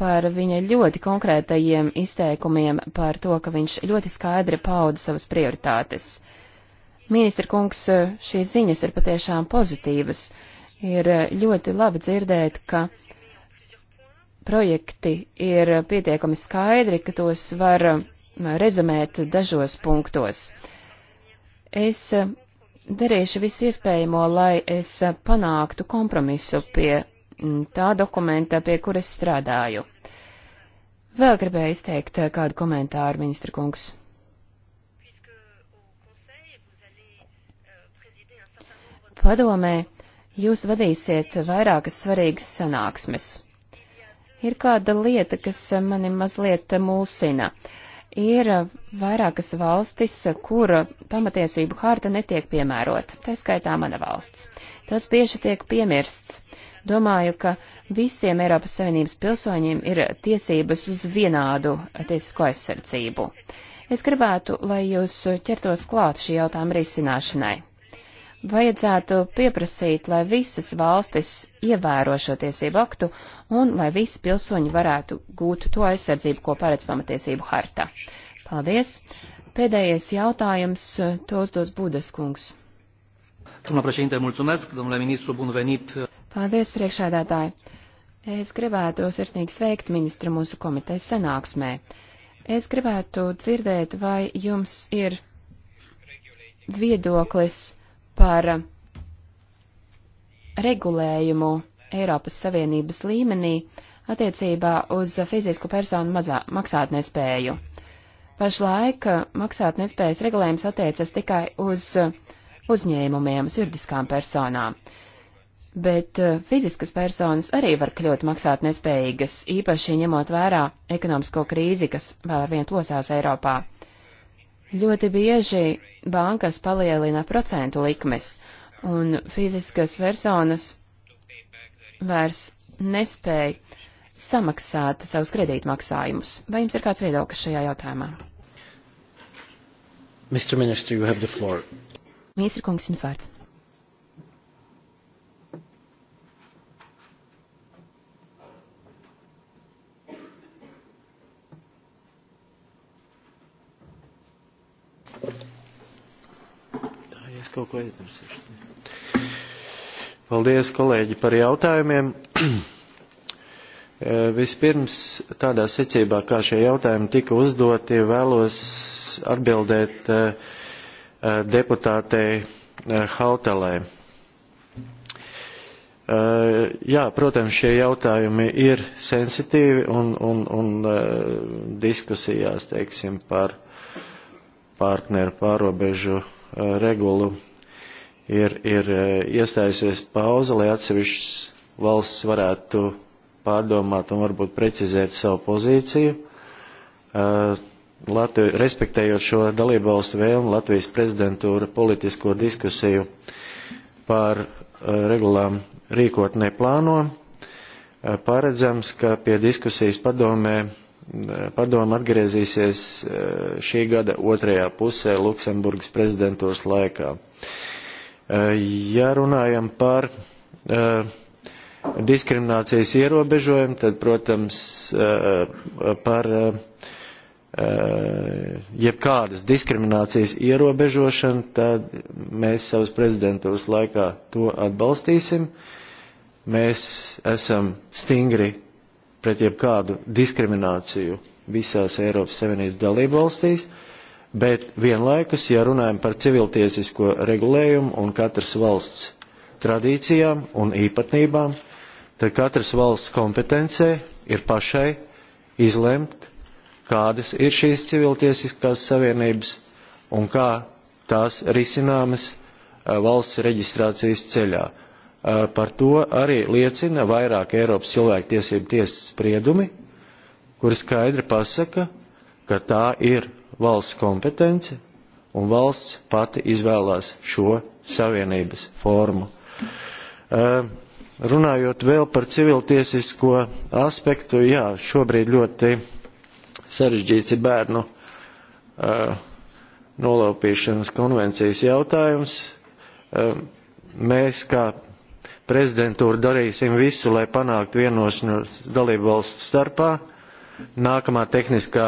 par viņa ļoti konkrētajiem izteikumiem par to, ka viņš ļoti skaidri pauda savas prioritātes. Ministra kungs, e, šīs ziņas ir patiešām pozitīvas. Ir ļoti labi dzirdēt, ka projekti ir pietiekami skaidri, ka tos var rezumēt dažos punktos. Es darīšu visu iespējamo, lai es panāktu kompromisu pie tā dokumenta, pie kuras strādāju. Vēl gribēju izteikt kādu komentāru, ministra kungs. Padomē, jūs vadīsiet vairākas svarīgas sanāksmes. Ir kāda lieta, kas mani mazliet mulsina. Ir vairākas valstis, kur pamatiesību harta netiek piemērot, tā skaitā mana valsts. Tas bieži tiek piemirsts. Domāju, ka visiem Eiropas Savienības pilsoņiem ir tiesības uz vienādu tiesisko aizsardzību. Es gribētu, lai jūs ķertos klāt šī jautājuma risināšanai vajadzētu pieprasīt, lai visas valstis ievēro šo tiesību aktu un lai visi pilsoņi varētu gūt to aizsardzību, ko paredz pamatiesību harta. Paldies! Pēdējais jautājums eh, to uzdos Budas kungs. Domnule președinte, mulțumesc, domnule ministru, bun venit. Paldies, priekšādātāji. Es gribētu sirsnīgi sveikt ministru mūsu komitejas sanāksmē. Es gribētu dzirdēt, vai jums ir viedoklis par regulējumu Eiropas Savienības līmenī attiecībā uz fizisku personu mazā, maksātnespēju. Pašlaik maksātnespējas regulējums attiecas tikai uz uzņēmumiem, uz juridiskām personām. Bet fiziskas personas arī var kļūt maksāt nespējīgas, īpaši ņemot vērā ekonomisko krīzi, kas vēl ar vien plosās Eiropā. Ļoti bieži bankas palielina procentu likmes, un fiziskas personas vairs nespēja samaksāt savus kredītmaksājumus. Vai jums ir kāds viedoklis šajā jautājumā? Mr. Minister, you have the floor. Ministra kungs, jums vārds. kaut ko aizmirsīšu. Paldies, kolēģi, par jautājumiem. Eh, vispirms tādā secībā, kā šie jautājumi tika uzdoti, vēlos atbildēt eh, eh, deputātei Hautelē. Jā, protams, šie jautājumi ir sensitīvi un, un, un diskusijās, teiksim, par partneru pārobežu regulu ir, ir e, iestājusies pauze, lai atsevišķas valsts varētu pārdomāt un varbūt precizēt savu pozīciju. E, Latviju, respektējot šo dalību valstu vēlmu, Latvijas prezidentūra politisko diskusiju par e, regulām rīkotnē plāno. Paredzams, ka pie diskusijas padomē padoma atgriezīsies šī gada otrajā pusē Luksemburgas prezidentūras laikā. Uh, Eh, ja runājam par eh, diskriminācijas ierobežojumu, tad, protams, eh, par jebkādas diskriminācijas ierobežošanu, tad mēs savas prezidentūras laikā to atbalstīsim. Mēs esam stingri pret jebkādu diskrimināciju visās Eiropas Savienības dalību valstīs. Uh, Bet vienlaikus, ja runājam par civiltiesisko regulējumu un katras valsts tradīcijām un īpatnībām, tad katras valsts kompetencē ir pašai izlemt, kādas ir šīs civiltiesiskās savienības un kā tās risināmas eh, valsts reģistrācijas ceļā. Eh, par to arī liecina vairāk Eiropas cilvēktiesību tiesas spriedumi, kuri skaidri pasaka, ka tā ir valsts kompetence, un valsts pati izvēlās šo savienības formu. Ehm, runājot vēl par civiltiesisko aspektu, jā, šobrīd ļoti sarežģīts ir bērnu ehm, nolaupīšanas konvencijas jautājums. Ehm, mēs kā prezidentūra darīsim visu, lai panāktu vienošanos dalību valstu starpā. Nākamā tehniskā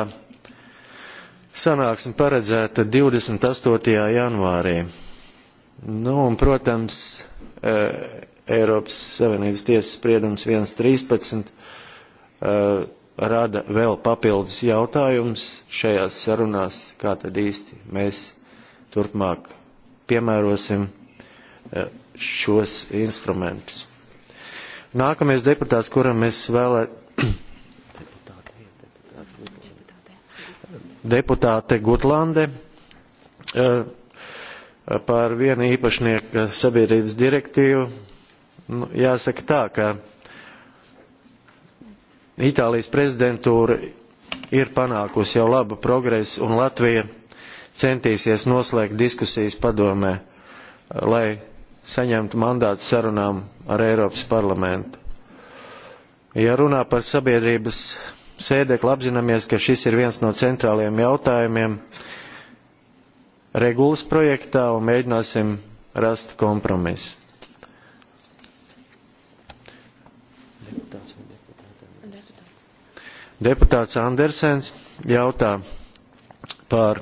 Sanāksme paredzēta 28. janvārī. Nu, un, protams, e, Eiropas Savienības tiesas spriedums 1.13 e, rada vēl papildus jautājums šajās sarunās, kā tad īsti mēs turpmāk piemērosim e, šos instrumentus. Nākamais deputāts, kuram es vēlētu deputāte Gutlande eh, par vienu īpašnieku sabiedrības direktīvu. Nu, jāsaka tā, ka Itālijas prezidentūra ir panākusi jau labu progresu un Latvija centīsies noslēgt diskusijas padomē, eh, lai saņemtu mandātu sarunām ar Eiropas parlamentu. Ja runā par sabiedrības sēdekli apzināmies, ka šis ir viens no centrāliem jautājumiem regulas projektā un mēģināsim rast kompromisu. Deputāts Andersens jautā par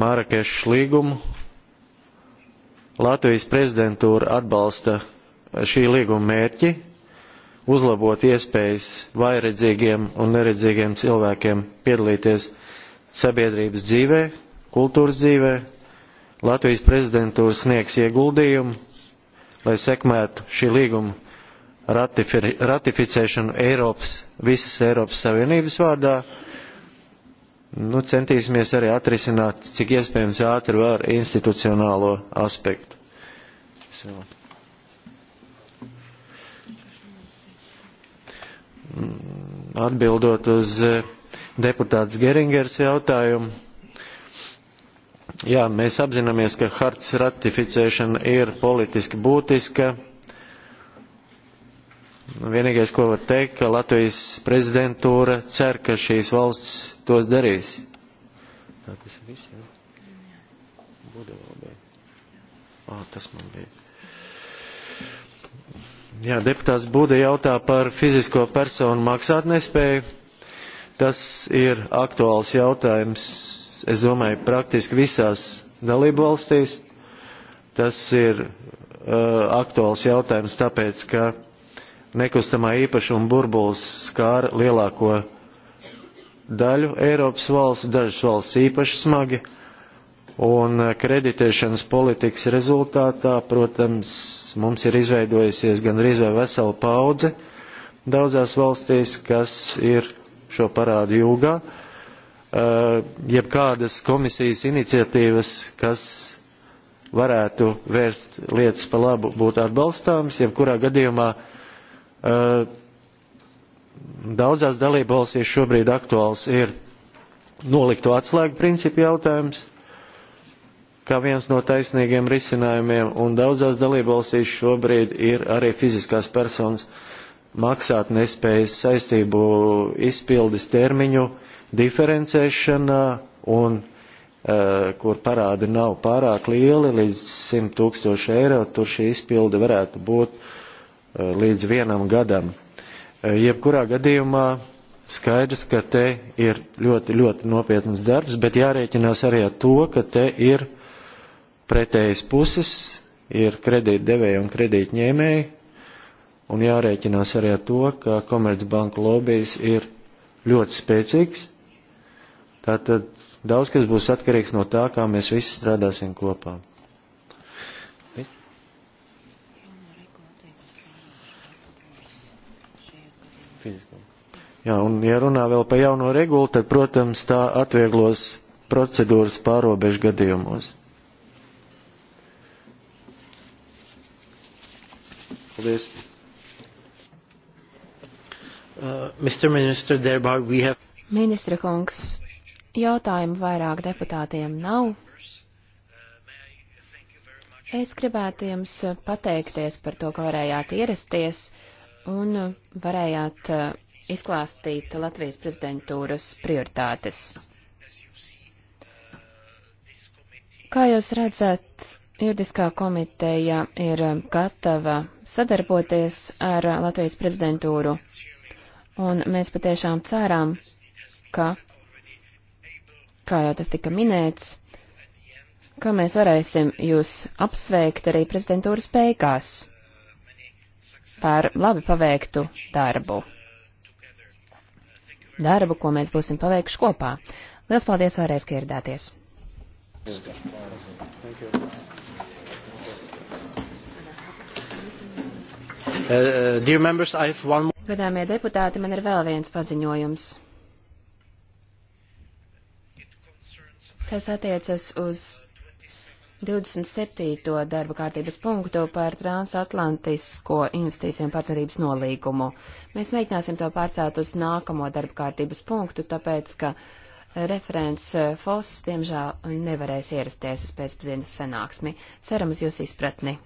Mārakešas līgumu. Latvijas prezidentūra atbalsta šī līguma mērķi uzlabot iespējas vairedzīgiem un neredzīgiem cilvēkiem piedalīties sabiedrības dzīvē, kultūras dzīvē. Latvijas prezidentūra sniegs ieguldījumu, lai sekmētu šī līguma ratifi ratificēšanu Eiropas, visas Eiropas Savienības vārdā. Nu, centīsimies arī atrisināt, cik iespējams ātri var institucionālo aspektu. Sveiki. atbildot uz eh, deputātas Geringers jautājumu. Jā, mēs apzināmies, ka harts ratificēšana ir politiski būtiska. Vienīgais, ko var teikt, ka Latvijas prezidentūra cer, ka šīs valsts tos darīs. Tā tas ir viss, jā? Būtu vēl bija. Ā, tas man bija. Jā, deputāts Būda jautā par fizisko personu maksātnespēju. Tas ir aktuāls jautājums, es domāju, praktiski visās dalību valstīs. Tas ir uh, aktuāls jautājums tāpēc, ka nekustamā īpašuma burbulis skāra lielāko daļu Eiropas valstu, dažas valsts īpaši smagi. Uh, Un kreditēšanas politikas rezultātā, protams, mums ir izveidojusies gan rīzē vesela paudze daudzās valstīs, kas ir šo parādu jūgā, eh, jebkādas komisijas iniciatīvas, kas varētu vērst lietas pa labu, būtu atbalstāmas, jebkurā gadījumā eh, daudzās dalībvalstīs šobrīd aktuāls ir nolikto atslēgu principu jautājums – kā viens no taisnīgiem risinājumiem, un daudzās dalībvalstīs šobrīd ir arī fiziskās personas maksāt nespējas saistību izpildes termiņu diferencēšana un uh, kur parādi nav pārāk lieli, līdz 100 tūkstoši eiro, tur šī izpilde varētu būt uh, līdz vienam gadam. Uh, jebkurā gadījumā skaidrs, ka te ir ļoti, ļoti nopietnas darbs, bet jārēķinās arī ar to, ka te ir uh, pretējas puses ir kredītdevēja un kredītņēmēji, un jārēķinās arī ar to, ka Komercbanku lobijs ir ļoti spēcīgs. Tātad daudz kas būs atkarīgs no tā, kā mēs visi strādāsim kopā. Jā, un ja runā vēl par jauno regulu, tad, protams, tā atvieglos procedūras pārobežu gadījumos. Paldies. Uh, Mr. Minister, thereby we have. Ministra kungs, jautājumu vairāk deputātiem nav. Es gribētu jums pateikties par to, ka varējāt ierasties un varējāt uh, izklāstīt Latvijas prezidentūras prioritātes. Kā jūs redzat, Juridiskā komiteja ir um, gatava sadarboties ar uh, Latvijas prezidentūru, un mēs patiešām cerām, ka, kā jau tas tika minēts, ka mēs varēsim jūs apsveikt arī prezidentūras beigās par labi paveiktu darbu. Darbu, ko mēs būsim paveikuši kopā. Lielas paldies vēlreiz, ka ieradāties! Thank you. Uh, uh members, one... Godāmie deputāti, man ir vēl viens paziņojums. Tas attiecas uz 27. darba kārtības punktu par transatlantisko investīciju partnerības nolīgumu. Mēs mēģināsim to pārcelt uz nākamo darba kārtības punktu, tāpēc, ka referents uh, Foss, diemžēl, nevarēs ierasties uz pēcpazīnas sanāksmi. Ceram uz jūs izpratni.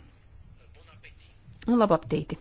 Un labu aptīti!